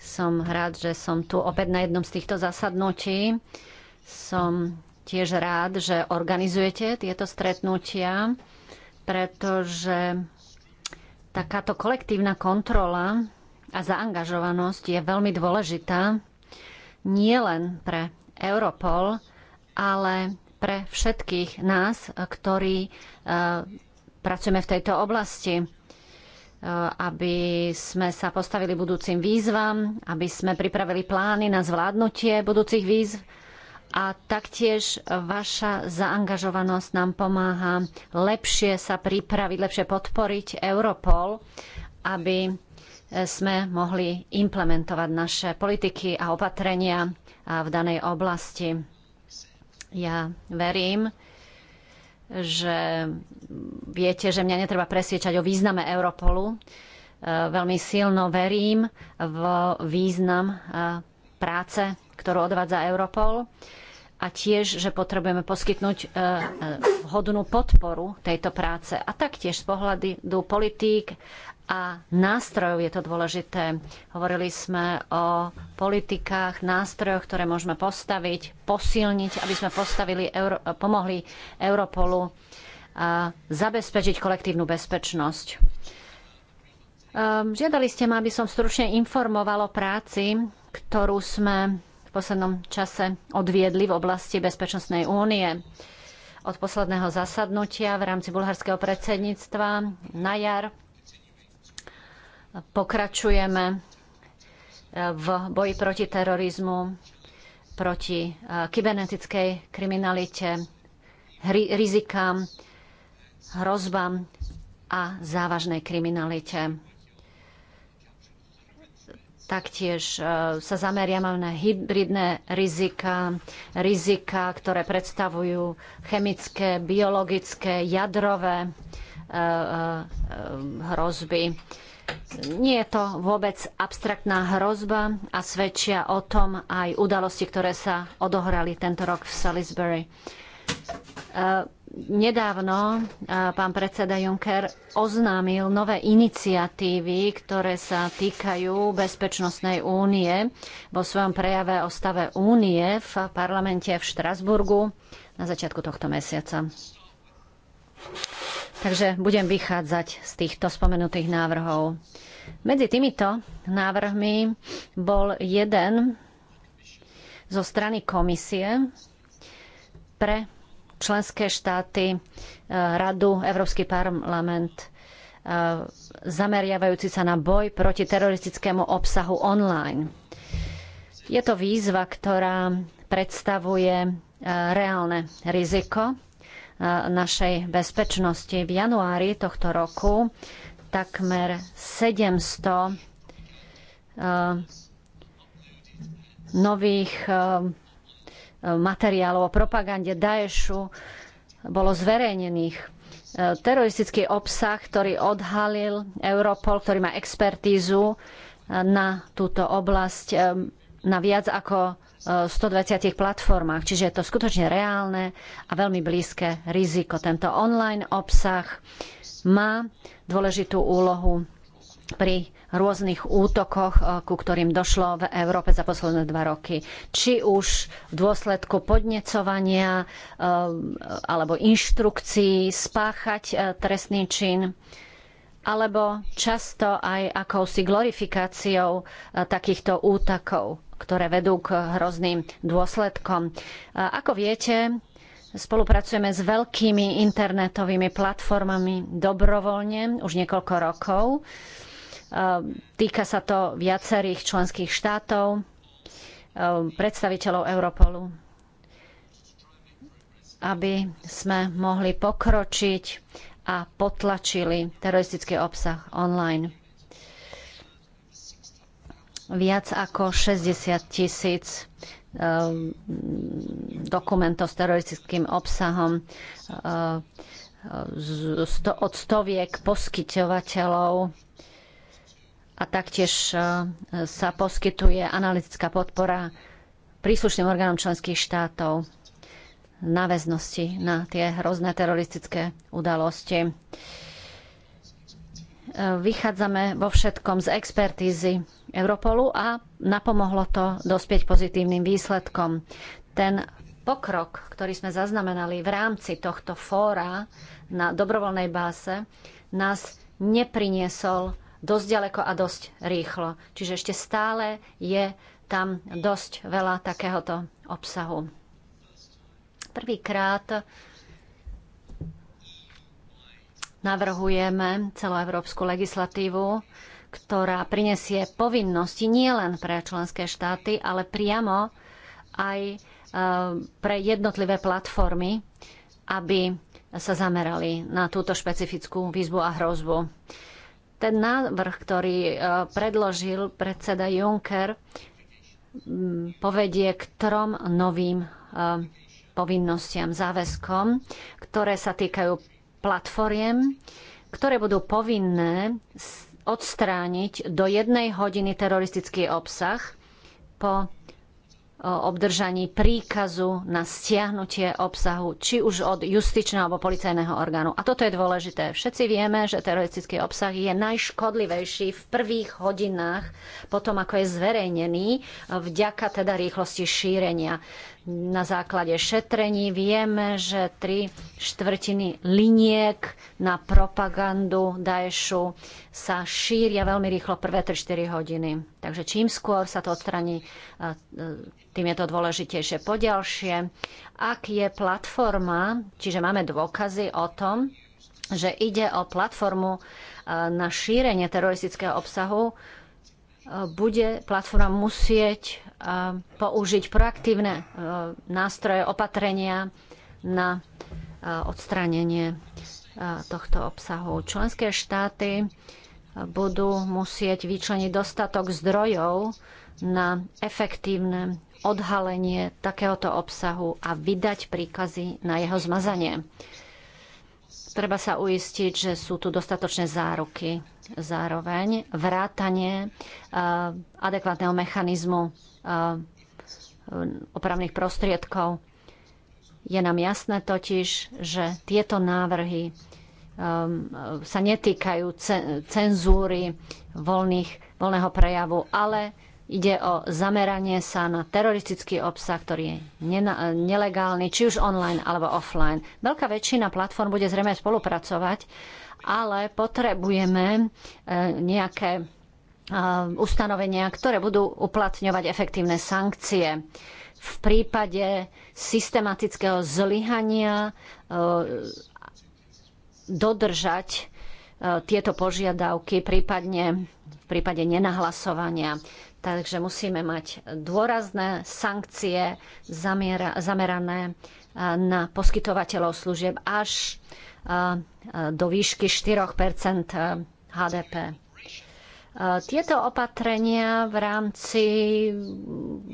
C: Som rád, že som tu opäť na jednom z týchto zasadnutí. Som tiež rád, že organizujete tieto stretnutia, pretože takáto kolektívna kontrola a zaangažovanosť je veľmi dôležitá nielen pre Europol, ale pre všetkých nás, ktorí e, pracujeme v tejto oblasti, e, aby sme sa postavili budúcim výzvam, aby sme pripravili plány na zvládnutie budúcich výzv a taktiež vaša zaangažovanosť nám pomáha lepšie sa pripraviť, lepšie podporiť Europol, aby e, sme mohli implementovať naše politiky a opatrenia v danej oblasti. Ja verím, že viete, že mňa netreba presviečať o význame Europolu. E, veľmi silno verím v význam e, práce, ktorú odvádza Europol a tiež, že potrebujeme poskytnúť e, e, hodnú podporu tejto práce. A taktiež z pohľadu politík a nástrojov je to dôležité. Hovorili sme o politikách, nástrojoch, ktoré môžeme postaviť, posilniť, aby sme postavili, pomohli Europolu e, zabezpečiť kolektívnu bezpečnosť. Žiadali ste ma, aby som stručne informovala o práci, ktorú sme poslednom čase odviedli v oblasti Bezpečnostnej únie. Od posledného zasadnutia v rámci bulharského predsedníctva na jar pokračujeme e, v boji proti terorizmu, proti e, kybernetickej kriminalite, rizikám, hrozbám a závažnej kriminalite. Taktiež e, sa zameriam na hybridné rizika, rizika, ktoré predstavujú chemické, biologické, jadrové e, e, hrozby. Nie je to vôbec abstraktná hrozba a svedčia o tom aj udalosti, ktoré sa odohrali tento rok v Salisbury. Eh, nedávno eh, pán predseda Juncker oznámil nové iniciatívy, ktoré sa týkajú Bezpečnostnej únie vo svojom prejave o stave únie v parlamente v Štrasburgu na začiatku tohto mesiaca. Takže budem vychádzať z týchto spomenutých návrhov. Medzi týmito návrhmi bol jeden zo strany komisie pre členské štáty, e, Radu, Európsky parlament e, zameriavajúci sa na boj proti teroristickému obsahu online. Je to výzva, ktorá predstavuje e, reálne riziko našej bezpečnosti. V januári tohto roku takmer 700 nových materiálov o propagande Daešu bolo zverejnených teroristický obsah, ktorý odhalil Europol, ktorý má expertízu na túto oblasť e, na viac ako 120 e, platformách. Čiže je to skutočne reálne a veľmi blízke riziko. Tento online obsah má dôležitú úlohu pri rôznych útokoch, eh, ku ktorým došlo v Európe za posledné dva roky. Či už v dôsledku podnecovania eh, alebo inštrukcií spáchať eh, trestný čin, alebo často aj akousi glorifikáciou takýchto útakov, ktoré vedú k hrozným dôsledkom. Ako viete, Spolupracujeme s veľkými internetovými platformami dobrovoľne už niekoľko rokov. Ehm, týka sa to viacerých členských štátov, ehm, predstaviteľov Europolu, aby sme mohli pokročiť a potlačili teroristický obsah online. Viac ako 60 tisíc ehm, dokumentov s teroristickým obsahom od stoviek poskytovateľov a taktiež e, sa poskytuje analytická podpora príslušným orgánom členských štátov náväznosti na tie hrozné teroristické udalosti. E, vychádzame vo všetkom z expertízy Europolu a napomohlo to dospieť pozitívnym výsledkom. Ten pokrok, ktorý sme zaznamenali v rámci tohto fóra na dobrovoľnej báse, nás nepriniesol dosť ďaleko a dosť rýchlo. Čiže ešte stále je tam dosť veľa takéhoto obsahu. Prvýkrát navrhujeme celoevropskú legislatívu, ktorá prinesie povinnosti nielen pre členské štáty, ale priamo aj e, pre jednotlivé platformy, aby sa zamerali na túto špecifickú výzvu a hrozbu. Ten návrh, ktorý e, predložil predseda Juncker, povedie k trom novým e, povinnostiam, záväzkom, ktoré sa týkajú platformiem, ktoré budú povinné odstrániť do jednej hodiny teroristický obsah po obdržaní príkazu na stiahnutie obsahu, či už od justičného alebo policajného orgánu. A toto je dôležité. Všetci vieme, že teroristický obsah je najškodlivejší v prvých hodinách potom, ako je zverejnený, vďaka teda rýchlosti šírenia na základe šetrení vieme, že tri štvrtiny liniek na propagandu Daešu sa šíria veľmi rýchlo prvé 3-4 hodiny. Takže čím skôr sa to odstraní, tým je to dôležitejšie. po ďalšie, ak je platforma, čiže máme dôkazy o tom, že ide o platformu na šírenie teroristického obsahu, bude platforma musieť e, použiť proaktívne e, nástroje, opatrenia na e, odstránenie tohto obsahu. Členské štáty budú musieť vyčleniť dostatok zdrojov na efektívne odhalenie takéhoto obsahu a vydať príkazy na jeho zmazanie. Treba sa uistiť, že sú tu dostatočné záruky zároveň, vrátanie eh, adekvátneho mechanizmu eh, opravných prostriedkov. Je nám jasné totiž, že tieto návrhy eh, sa netýkajú cenzúry voľných, voľného prejavu, ale Ide o zameranie sa na teroristický obsah, ktorý je nelegálny, či už online alebo offline. Veľká väčšina platform bude zrejme spolupracovať, ale potrebujeme e, nejaké e, ustanovenia, ktoré budú uplatňovať efektívne sankcie v prípade systematického zlyhania e, dodržať tieto požiadavky, prípadne v prípade nenahlasovania. Takže musíme mať dôrazné sankcie zamiera, zamerané e, na poskytovateľov služieb až e, e, do výšky 4 HDP. Tieto opatrenia v rámci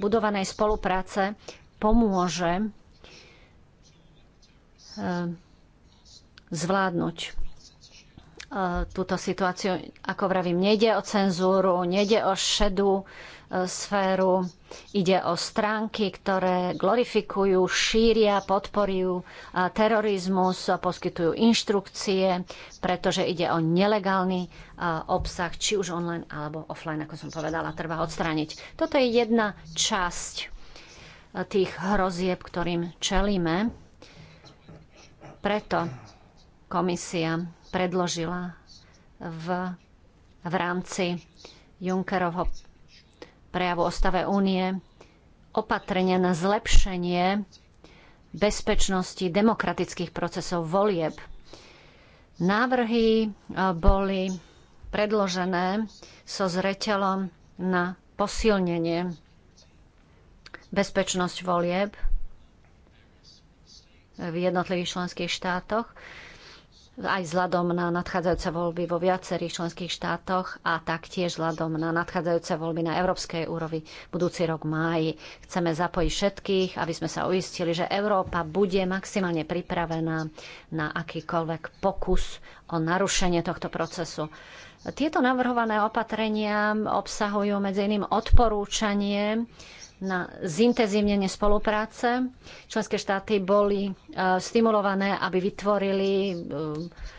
C: budovanej spolupráce pomôže zvládnuť E, túto situáciu. Ako vravím, nejde o cenzúru, nejde o šedú e, sféru, ide o stránky, ktoré glorifikujú, šíria, podporujú e, terorizmus, poskytujú inštrukcie, pretože ide o nelegálny obsah, či už online alebo offline, ako som povedala, treba odstrániť. Toto je jedna časť tých hrozieb, ktorým čelíme. Preto komisia predložila v, v rámci Junckerovho prejavu o stave únie opatrenia na zlepšenie bezpečnosti demokratických procesov volieb. Návrhy e, boli predložené so zreteľom na posilnenie bezpečnosť volieb v jednotlivých členských štátoch aj vzhľadom na nadchádzajúce voľby vo viacerých členských štátoch a taktiež vzhľadom na nadchádzajúce voľby na európskej úrovni budúci rok máji. Chceme zapojiť všetkých, aby sme sa uistili, že Európa bude maximálne pripravená na akýkoľvek pokus o narušenie tohto procesu. Tieto navrhované opatrenia obsahujú medzi iným odporúčanie, na zintenzívnenie spolupráce. Členské štáty boli e, stimulované, aby vytvorili e,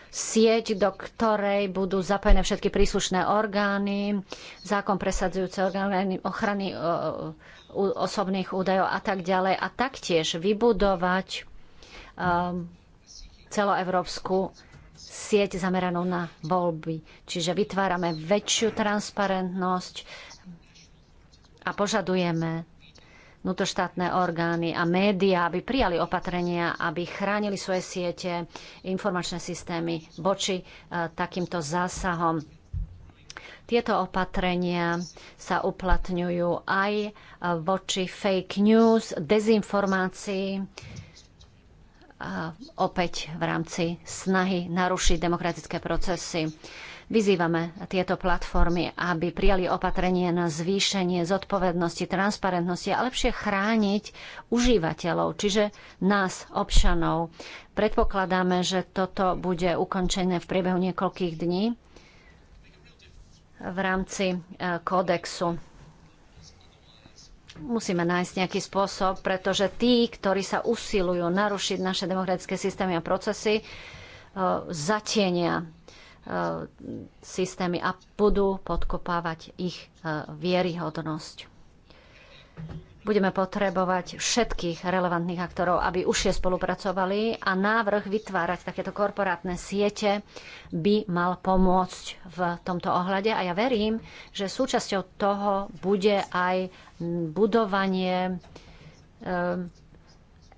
C: sieť, do ktorej budú zapojené všetky príslušné orgány, zákon presadzujúce orgány ochrany e, osobných údajov a tak ďalej. A taktiež vybudovať celoevropskú sieť zameranú na voľby. Čiže vytvárame väčšiu transparentnosť, a požadujeme vnútroštátne orgány a médiá, aby prijali opatrenia, aby chránili svoje siete, informačné systémy voči e, takýmto zásahom. Tieto opatrenia sa uplatňujú aj e, voči fake news, dezinformácií, e, opäť v rámci snahy narušiť demokratické procesy. Vyzývame tieto platformy, aby prijali opatrenie na zvýšenie zodpovednosti, transparentnosti a lepšie chrániť užívateľov, čiže nás, občanov. Predpokladáme, že toto bude ukončené v priebehu niekoľkých dní v rámci e, kódexu musíme nájsť nejaký spôsob, pretože tí, ktorí sa usilujú narušiť naše demokratické systémy a procesy, e, zatienia E, systémy a budú podkopávať ich e, vieryhodnosť. Budeme potrebovať všetkých relevantných aktorov, aby užšie spolupracovali a návrh vytvárať takéto korporátne siete by mal pomôcť v tomto ohľade. A ja verím, že súčasťou toho bude aj budovanie e,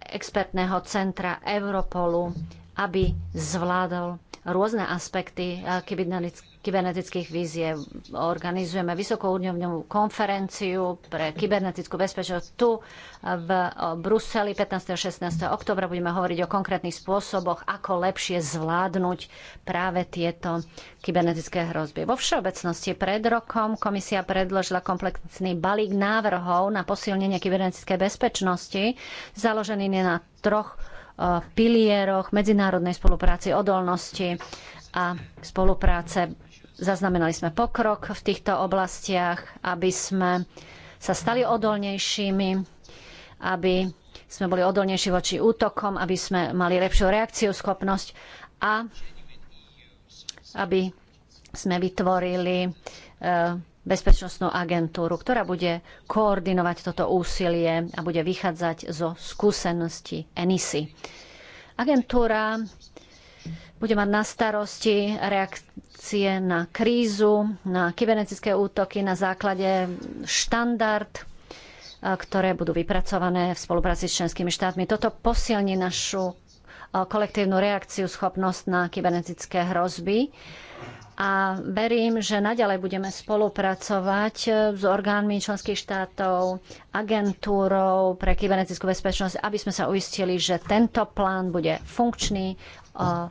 C: expertného centra Europolu, aby zvládol rôzne aspekty eh, kybernetických víziev. Organizujeme vysokoúrovňovú konferenciu pre kybernetickú bezpečnosť tu eh, v eh, Bruseli 15. a 16. oktobra. Budeme hovoriť o konkrétnych spôsoboch, ako lepšie zvládnuť práve tieto kybernetické hrozby. Vo všeobecnosti pred rokom komisia predložila komplexný balík návrhov na posilnenie kybernetickej bezpečnosti, založený na troch pilieroch medzinárodnej spolupráci, odolnosti a spolupráce. Zaznamenali sme pokrok v týchto oblastiach, aby sme sa stali odolnejšími, aby sme boli odolnejší voči útokom, aby sme mali lepšiu reakciu, schopnosť a aby sme vytvorili eh, bezpečnostnú agentúru, ktorá bude koordinovať toto úsilie a bude vychádzať zo skúsenosti ENISY. Agentúra bude mať na starosti reakcie na krízu, na kybernetické útoky na základe štandard, e, ktoré budú vypracované v spolupráci s členskými štátmi. Toto posilní našu e, kolektívnu reakciu, schopnosť na kybernetické hrozby a verím, že naďalej budeme spolupracovať eh, s orgánmi členských štátov, agentúrou pre kybernetickú bezpečnosť, aby sme sa uistili, že tento plán bude funkčný, eh, eh,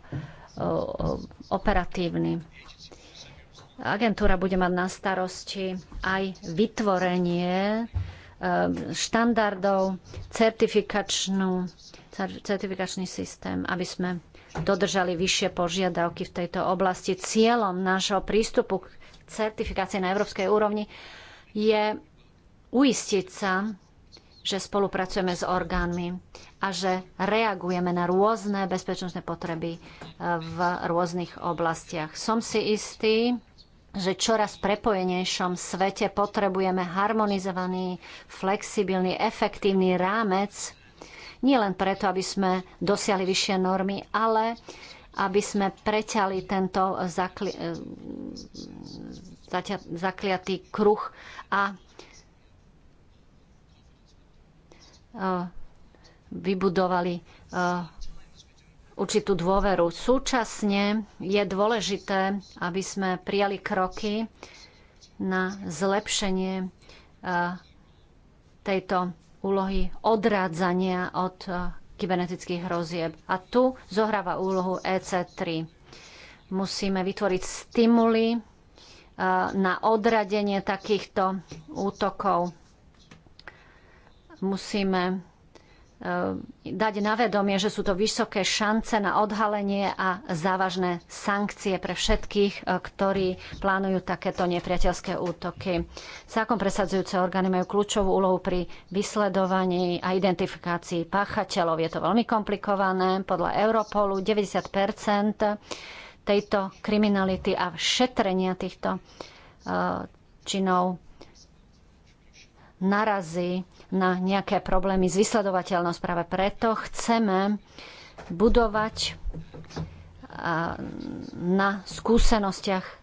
C: operatívny. Agentúra bude mať na starosti aj vytvorenie štandardov, certifikačnú, certifikačný systém, aby sme dodržali vyššie požiadavky v tejto oblasti. Cieľom nášho prístupu k certifikácii na európskej úrovni je uistiť sa, že spolupracujeme s orgánmi a že reagujeme na rôzne bezpečnostné potreby e, v rôznych oblastiach. Som si istý, že čoraz prepojenejšom svete potrebujeme harmonizovaný, flexibilný, efektívny rámec nie len preto, aby sme dosiahli vyššie normy, ale aby sme preťali tento zakli- zakliatý kruh a e, vybudovali e, určitú dôveru. Súčasne je dôležité, aby sme prijali kroky na zlepšenie e, tejto úlohy odrádzania od e, kybernetických hrozieb. A tu zohráva úlohu EC3. Musíme vytvoriť stimuly e, na odradenie takýchto útokov. Musíme E, dať na vedomie, že sú to vysoké šance na odhalenie a závažné sankcie pre všetkých, e, ktorí plánujú takéto nepriateľské útoky. Zákon presadzujúce orgány majú kľúčovú úlohu pri vysledovaní a identifikácii páchateľov. Je to veľmi komplikované. Podľa Europolu 90 tejto kriminality a šetrenia týchto e, činov narazí na nejaké problémy s vysledovateľnosť. Práve preto chceme budovať na skúsenostiach e,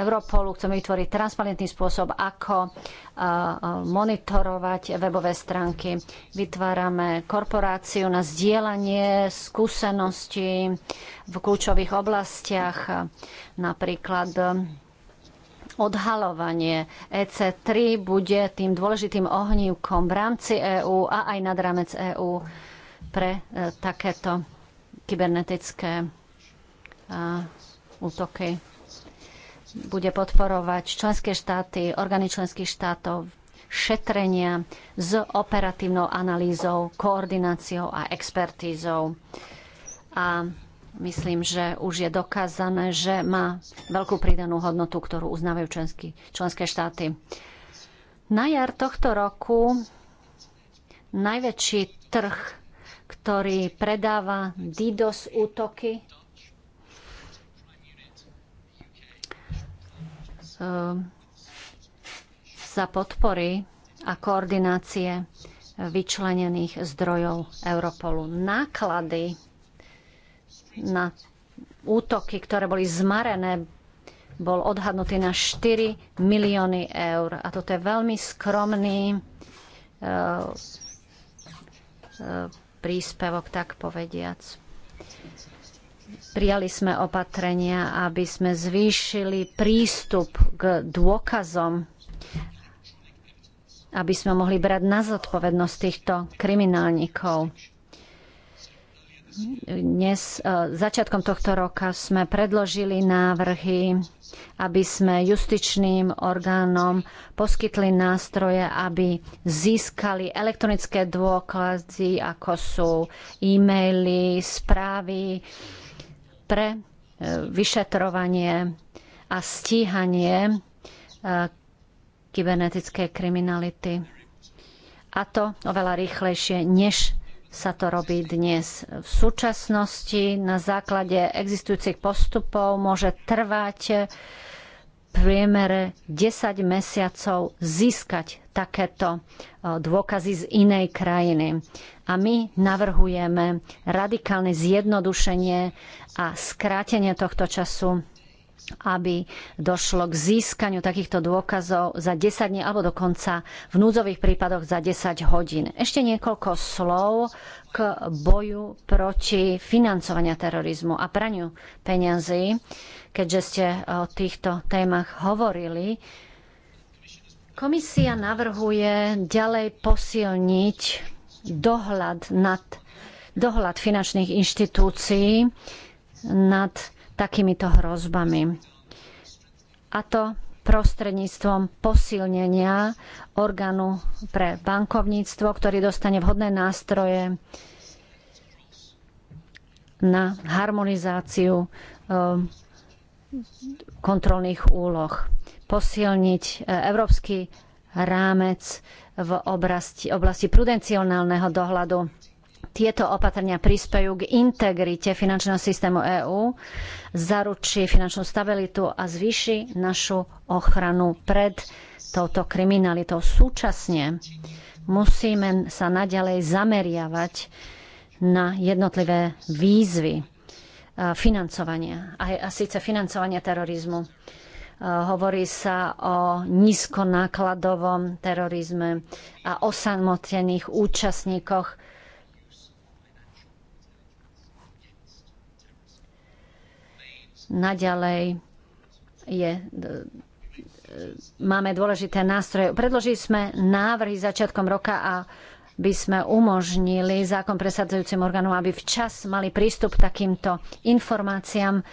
C: Europolu. Chceme vytvoriť transparentný spôsob, ako e, monitorovať webové stránky. Vytvárame korporáciu na zdieľanie skúseností v kľúčových oblastiach, e, napríklad odhalovanie EC3 bude tým dôležitým ohnívkom v rámci EÚ a aj nad rámec EÚ pre e, takéto kybernetické e, útoky. Bude podporovať členské štáty, orgány členských štátov, šetrenia s operatívnou analýzou, koordináciou a expertízou. A Myslím, že už je dokázané, že má veľkú pridanú hodnotu, ktorú uznávajú členský, členské štáty. Na jar tohto roku najväčší trh, ktorý predáva DDoS útoky, ehm, za podpory a koordinácie vyčlenených zdrojov Europolu. Náklady na útoky, ktoré boli zmarené, bol odhadnutý na 4 milióny eur. A toto je veľmi skromný e, e, príspevok, tak povediac. Prijali sme opatrenia, aby sme zvýšili prístup k dôkazom, aby sme mohli brať na zodpovednosť týchto kriminálnikov dnes, e, začiatkom tohto roka sme predložili návrhy, aby sme justičným orgánom poskytli nástroje, aby získali elektronické dôkazy, ako sú e-maily, správy pre e, vyšetrovanie a stíhanie e, kybernetickej kriminality. A to oveľa rýchlejšie, než sa to robí dnes v súčasnosti na základe existujúcich postupov môže trvať priemere 10 mesiacov získať takéto e, dôkazy z inej krajiny. A my navrhujeme radikálne zjednodušenie a skrátenie tohto času aby došlo k získaniu takýchto dôkazov za 10 dní alebo dokonca v núdzových prípadoch za 10 hodín. Ešte niekoľko slov k boju proti financovania terorizmu a praniu peňazí, keďže ste o týchto témach hovorili. Komisia navrhuje ďalej posilniť dohľad nad dohľad finančných inštitúcií nad takýmito hrozbami. A to prostredníctvom posilnenia orgánu pre bankovníctvo, ktorý dostane vhodné nástroje na harmonizáciu e, kontrolných úloh. Posilniť e, európsky rámec v oblasti, oblasti prudenciálneho dohľadu tieto opatrenia prispejú k integrite finančného systému EÚ, zaručí finančnú stabilitu a zvýši našu ochranu pred touto kriminalitou. Súčasne musíme sa naďalej zameriavať na jednotlivé výzvy financovania, a síce financovania terorizmu hovorí sa o nízkonákladovom terorizme a osamotených účastníkoch Naďalej je e, máme dôležité nástroje. Predložili sme návrhy začiatkom roka a by sme umožnili zákon presadzujúcim orgánom, aby včas mali prístup k takýmto informáciám e,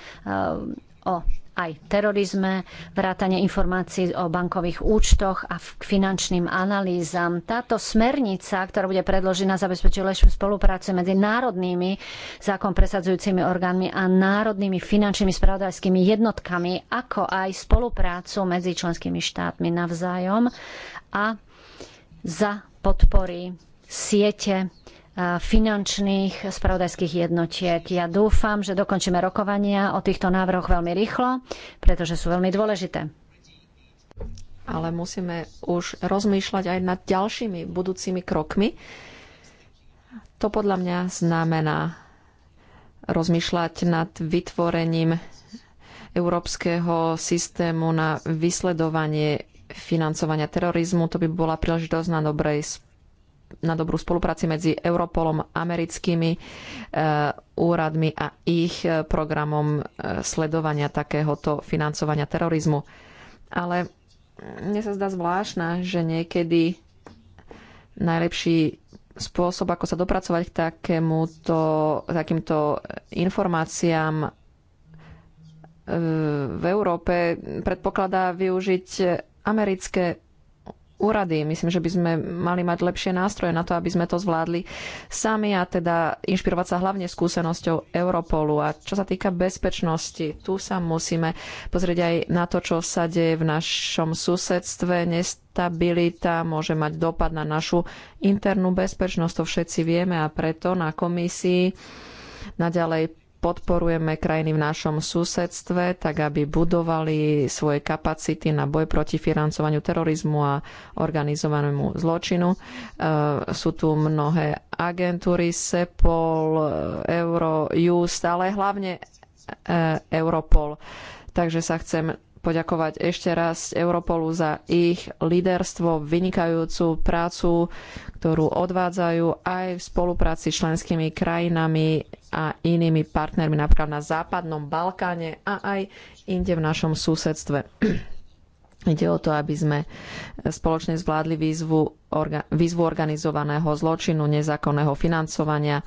C: o aj terorizme, vrátanie informácií o bankových účtoch a k finančným analýzam. Táto smernica, ktorá bude predložená, zabezpečí lepšiu spoluprácu medzi národnými zákon presadzujúcimi orgánmi a národnými finančnými spravodajskými jednotkami, ako aj spoluprácu medzi členskými štátmi navzájom a za podpory siete finančných spravodajských jednotiek. Ja dúfam, že dokončíme rokovania o týchto návrhoch veľmi rýchlo, pretože sú veľmi dôležité. Ale musíme už rozmýšľať aj nad ďalšími budúcimi krokmi.
B: To podľa mňa znamená rozmýšľať nad vytvorením európskeho systému na vysledovanie financovania terorizmu. To by bola príležitosť na dobrej spolupráci na dobrú spolupráci medzi Europolom, americkými e, úradmi a ich e, programom e, sledovania takéhoto financovania terorizmu. Ale mne sa zdá zvláštna, že niekedy najlepší spôsob, ako sa dopracovať k takémuto, takýmto informáciám v Európe predpokladá využiť americké úrady. Myslím, že by sme mali mať lepšie nástroje na to, aby sme to zvládli sami a teda inšpirovať sa hlavne skúsenosťou Europolu. A čo sa týka bezpečnosti, tu sa musíme pozrieť aj na to, čo sa deje v našom susedstve. Nestabilita môže mať dopad na našu internú bezpečnosť, to všetci vieme a preto na komisii naďalej podporujeme krajiny v našom susedstve, tak aby budovali svoje kapacity na boj proti financovaniu terorizmu a organizovanému zločinu. E, sú tu mnohé agentúry, SEPOL, e, Eurojust, ale hlavne e, Europol. Takže sa chcem poďakovať ešte raz Europolu za ich líderstvo, vynikajúcu prácu, ktorú odvádzajú aj v spolupráci s členskými krajinami a inými partnermi, napríklad na Západnom Balkáne a aj inde v našom susedstve. Ide o to, aby sme spoločne zvládli výzvu, orga, výzvu organizovaného zločinu, nezákonného financovania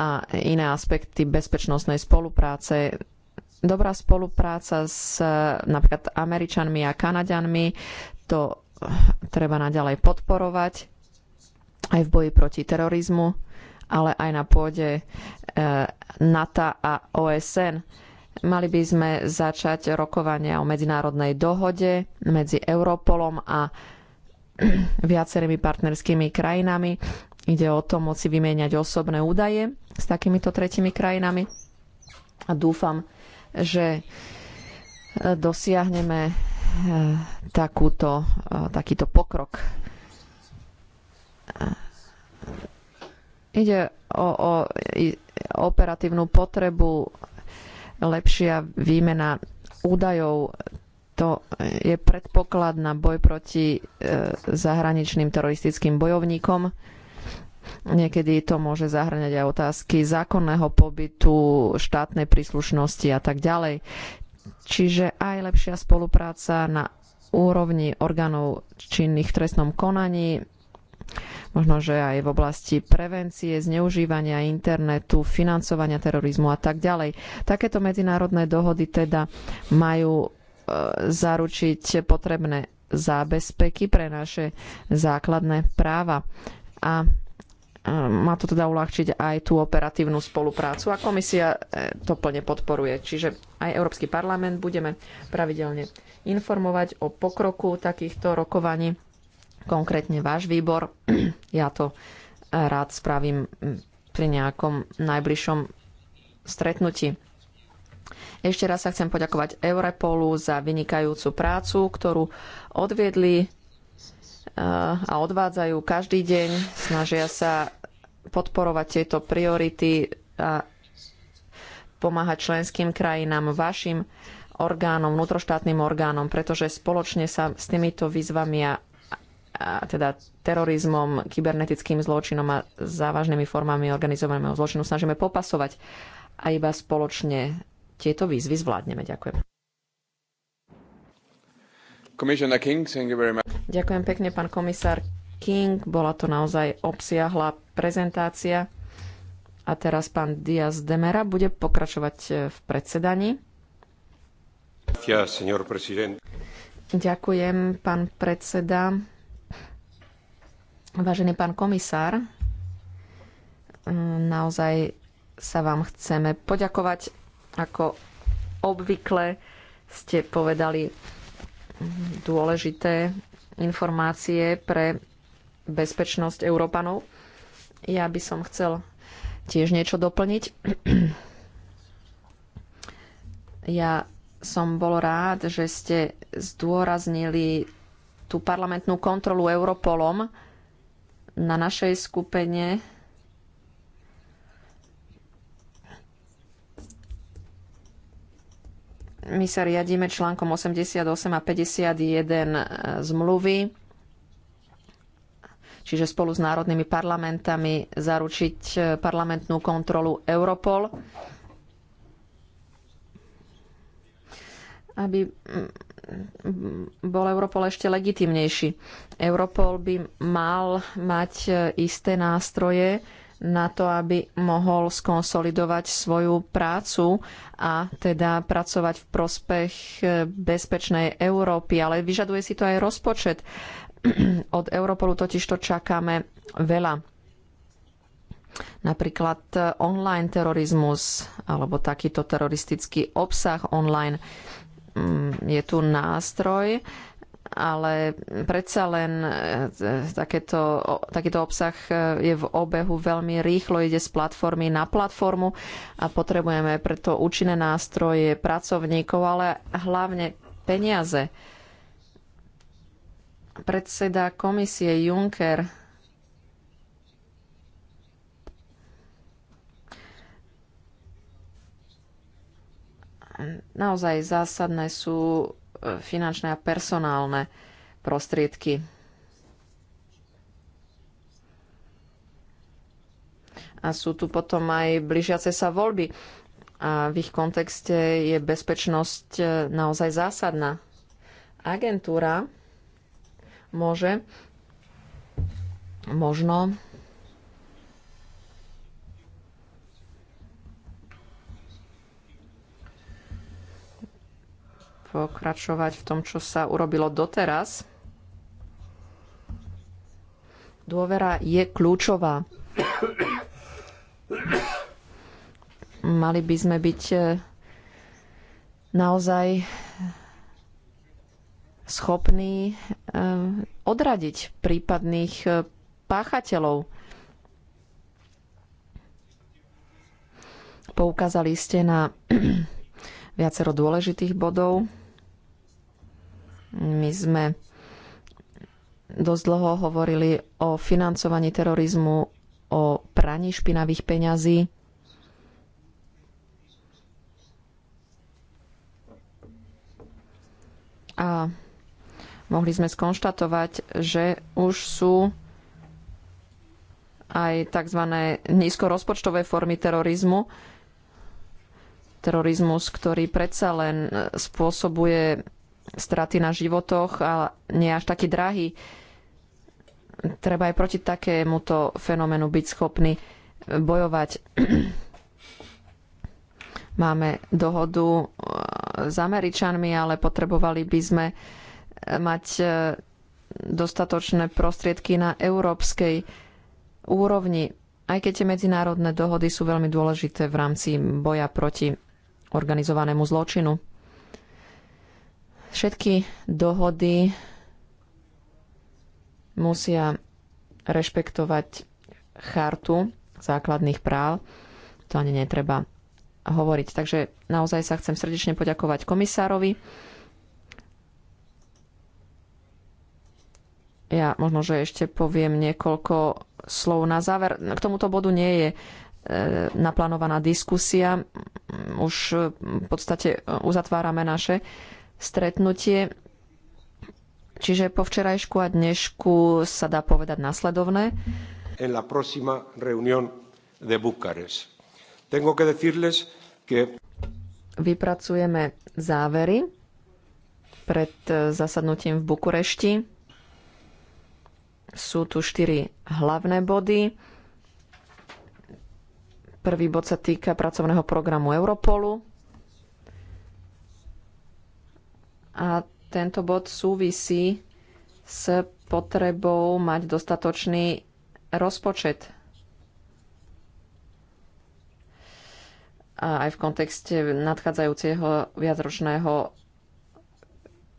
B: a iné aspekty bezpečnostnej spolupráce dobrá spolupráca s e, napríklad Američanmi a Kanaďanmi, to e, treba naďalej podporovať aj v boji proti terorizmu, ale aj na pôde e, NATO a OSN. Mali by sme začať rokovania o medzinárodnej dohode medzi Europolom a viacerými partnerskými krajinami. Ide o to moci vymieňať osobné údaje s takýmito tretimi krajinami. A dúfam, že e, dosiahneme e, takúto, e, takýto pokrok. Ide o, o operatívnu potrebu, lepšia výmena údajov. To je predpoklad na boj proti zahraničným teroristickým bojovníkom. Niekedy to môže zahrňať aj otázky zákonného pobytu, štátnej príslušnosti a tak ďalej. Čiže aj lepšia spolupráca na úrovni orgánov činných v trestnom konaní, možno, že aj v oblasti prevencie, zneužívania internetu, financovania terorizmu a tak ďalej. Takéto medzinárodné dohody teda majú e, zaručiť potrebné zábezpeky pre naše základné práva. A Ehm, má to teda uľahčiť aj tú operatívnu spoluprácu a komisia e, to plne podporuje. Čiže aj Európsky parlament budeme pravidelne informovať o pokroku takýchto rokovaní, konkrétne váš výbor. Ja to e, rád spravím pri nejakom najbližšom stretnutí. Ešte raz sa chcem poďakovať Europolu za vynikajúcu prácu, ktorú odviedli a odvádzajú každý deň, snažia sa podporovať tieto priority a pomáhať členským krajinám, vašim orgánom, vnútroštátnym orgánom, pretože spoločne sa s týmito výzvami a, a teda terorizmom, kybernetickým zločinom a závažnými formami organizovaného zločinu snažíme popasovať a iba spoločne tieto výzvy zvládneme. Ďakujem.
A: Ďakujem
B: pekne, pán komisár King. Bola to naozaj obsiahla prezentácia. A teraz pán Diaz Demera bude pokračovať eh, v predsedaní. Ďakujem, pán predseda. Vážený pán komisár, eh, naozaj sa vám chceme poďakovať. Ako obvykle ste povedali dôležité informácie pre bezpečnosť Európanov. Ja by som chcel tiež niečo doplniť. Ja som bol rád, že ste zdôraznili tú parlamentnú kontrolu Europolom. Na našej skupine My sa riadíme článkom 88 a 51 e, zmluvy, čiže spolu s národnými parlamentami zaručiť e, parlamentnú kontrolu Europol, aby bol Europol ešte legitimnejší. Europol by mal mať e, isté nástroje, na to, aby mohol skonsolidovať svoju prácu a teda pracovať v prospech e, bezpečnej Európy. Ale vyžaduje si to aj rozpočet. Od Europolu totiž to čakáme veľa. Napríklad e, online terorizmus alebo takýto teroristický obsah online. Mm, je tu nástroj, ale predsa len e, e, takéto, takýto obsah e, je v obehu veľmi rýchlo, ide z platformy na platformu a potrebujeme preto účinné nástroje pracovníkov, ale hlavne peniaze. Predseda komisie Juncker naozaj zásadné sú finančné a personálne prostriedky. A sú tu potom aj blížiace sa voľby. A v ich kontexte je bezpečnosť e, naozaj zásadná. Agentúra môže možno pokračovať v tom, čo sa urobilo doteraz. Dôvera je kľúčová. Mali by sme byť e, naozaj schopní e, odradiť prípadných e, páchateľov. Poukázali ste na viacero dôležitých bodov. My sme dosť dlho hovorili o financovaní terorizmu, o praní špinavých peňazí. A mohli sme skonštatovať, že už sú aj tzv. nízkorozpočtové formy terorizmu. Terorizmus, ktorý predsa len spôsobuje straty na životoch, a nie až taký drahý. Treba aj proti takémuto fenoménu byť schopný bojovať. Máme dohodu e, s Američanmi, ale potrebovali by sme e, mať e, dostatočné prostriedky na európskej úrovni, aj keď tie medzinárodné dohody sú veľmi dôležité v rámci boja proti organizovanému zločinu. Všetky dohody musia rešpektovať chartu základných práv. To ani netreba hovoriť. Takže naozaj sa chcem srdečne poďakovať komisárovi. Ja možno, že ešte poviem niekoľko slov na záver. K tomuto bodu nie je e, naplánovaná diskusia. Už e, v podstate e, uzatvárame naše stretnutie. Čiže po včerajšku a dnešku sa dá povedať nasledovné.
A: En la próxima reunión de Bucares. Tengo que decirles que...
B: Vypracujeme závery pred eh, zasadnutím v Bukurešti. Sú tu štyri hlavné body. Prvý bod sa týka pracovného programu Europolu. A tento bod súvisí s potrebou mať dostatočný rozpočet. A aj v kontexte nadchádzajúceho viacročného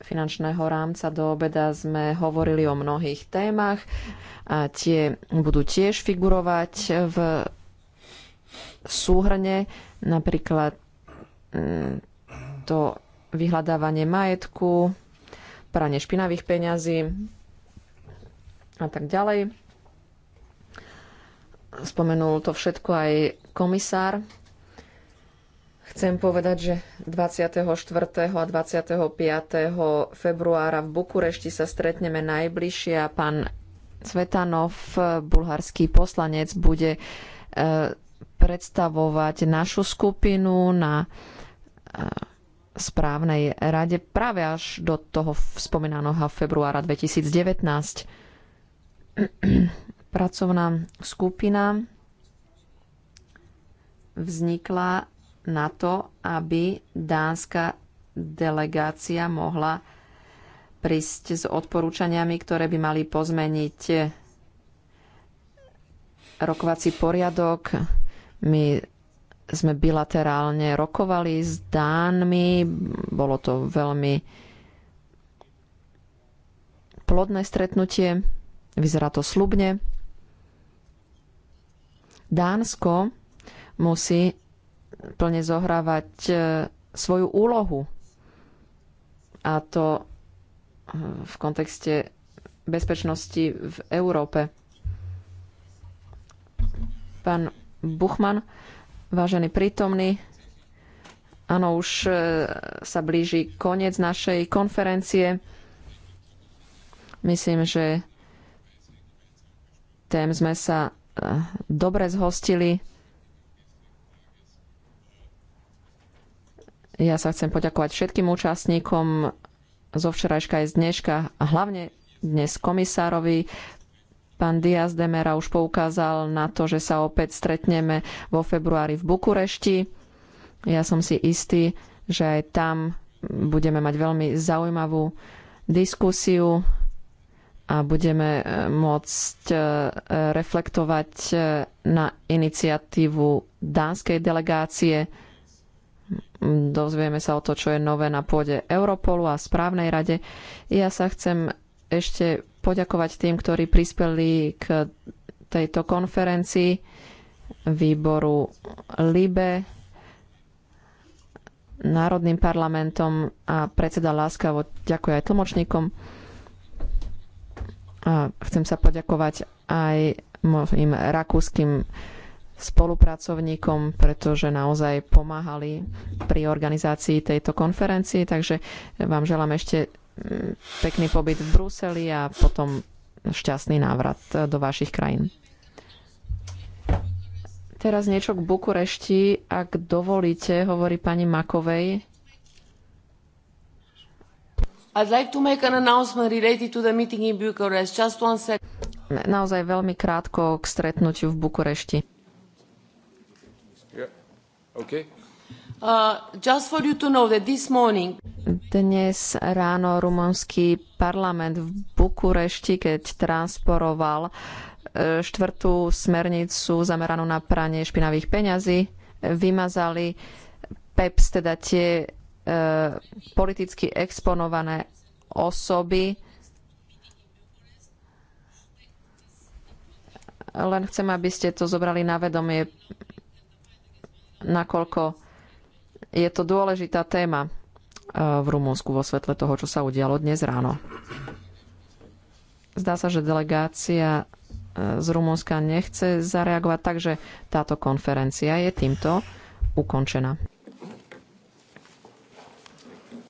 B: finančného rámca do obeda sme hovorili o mnohých témach a tie budú tiež figurovať v súhrne, napríklad mm, to vyhľadávanie majetku, pranie špinavých peňazí a tak ďalej. Spomenul to všetko aj komisár. Chcem povedať, že 24. a 25. februára v Bukurešti sa stretneme najbližšie a pán Cvetanov, bulharský poslanec, bude e, predstavovať našu skupinu na e, správnej rade práve až do toho spomínaného februára 2019. Pracovná skupina vznikla na to, aby dánska delegácia mohla prísť s odporúčaniami, ktoré by mali pozmeniť rokovací poriadok. My sme bilaterálne rokovali s Dánmi. Bolo to veľmi plodné stretnutie. Vyzerá to slubne. Dánsko musí plne zohrávať e, svoju úlohu. A to e, v kontexte bezpečnosti v Európe. Pán Buchman, Vážení prítomní, áno, už e, sa blíži koniec našej konferencie. Myslím, že tém sme sa e, dobre zhostili. Ja sa chcem poďakovať všetkým účastníkom zo včerajška aj z dneška a hlavne dnes komisárovi Pán Diaz Mera už poukázal na to, že sa opäť stretneme vo februári v Bukurešti. Ja som si istý, že aj tam budeme mať veľmi zaujímavú diskusiu a budeme eh, môcť eh, reflektovať eh, na iniciatívu dánskej delegácie. Dozvieme sa o to, čo je nové na pôde Europolu a správnej rade. Ja sa chcem ešte poďakovať tým, ktorí prispeli k tejto konferencii výboru LIBE, národným parlamentom a predseda láskavo ďakuje aj tlmočníkom. A chcem sa poďakovať aj mojim rakúskym spolupracovníkom, pretože naozaj pomáhali pri organizácii tejto konferencie. Takže vám želám ešte pekný pobyt v Bruseli a potom šťastný návrat do vašich krajín. Teraz niečo k Bukurešti, ak dovolíte, hovorí pani Makovej. I'd like to make an announcement related to the meeting in Bucharest. Just one Naozaj veľmi krátko k stretnutiu v Bukurešti. Yeah. Okay. Uh, Dnes ráno rumunský parlament v Bukurešti, keď transporoval uh, štvrtú smernicu zameranú na pranie špinavých peňazí, vymazali PEPS, teda tie e, politicky exponované osoby. Len chcem, aby ste to zobrali na vedomie, nakoľko je to dôležitá téma e, v Rumúnsku vo svetle toho, čo sa udialo dnes ráno. Zdá sa, že delegácia e, z Rumúnska nechce zareagovať, takže táto konferencia je týmto ukončená.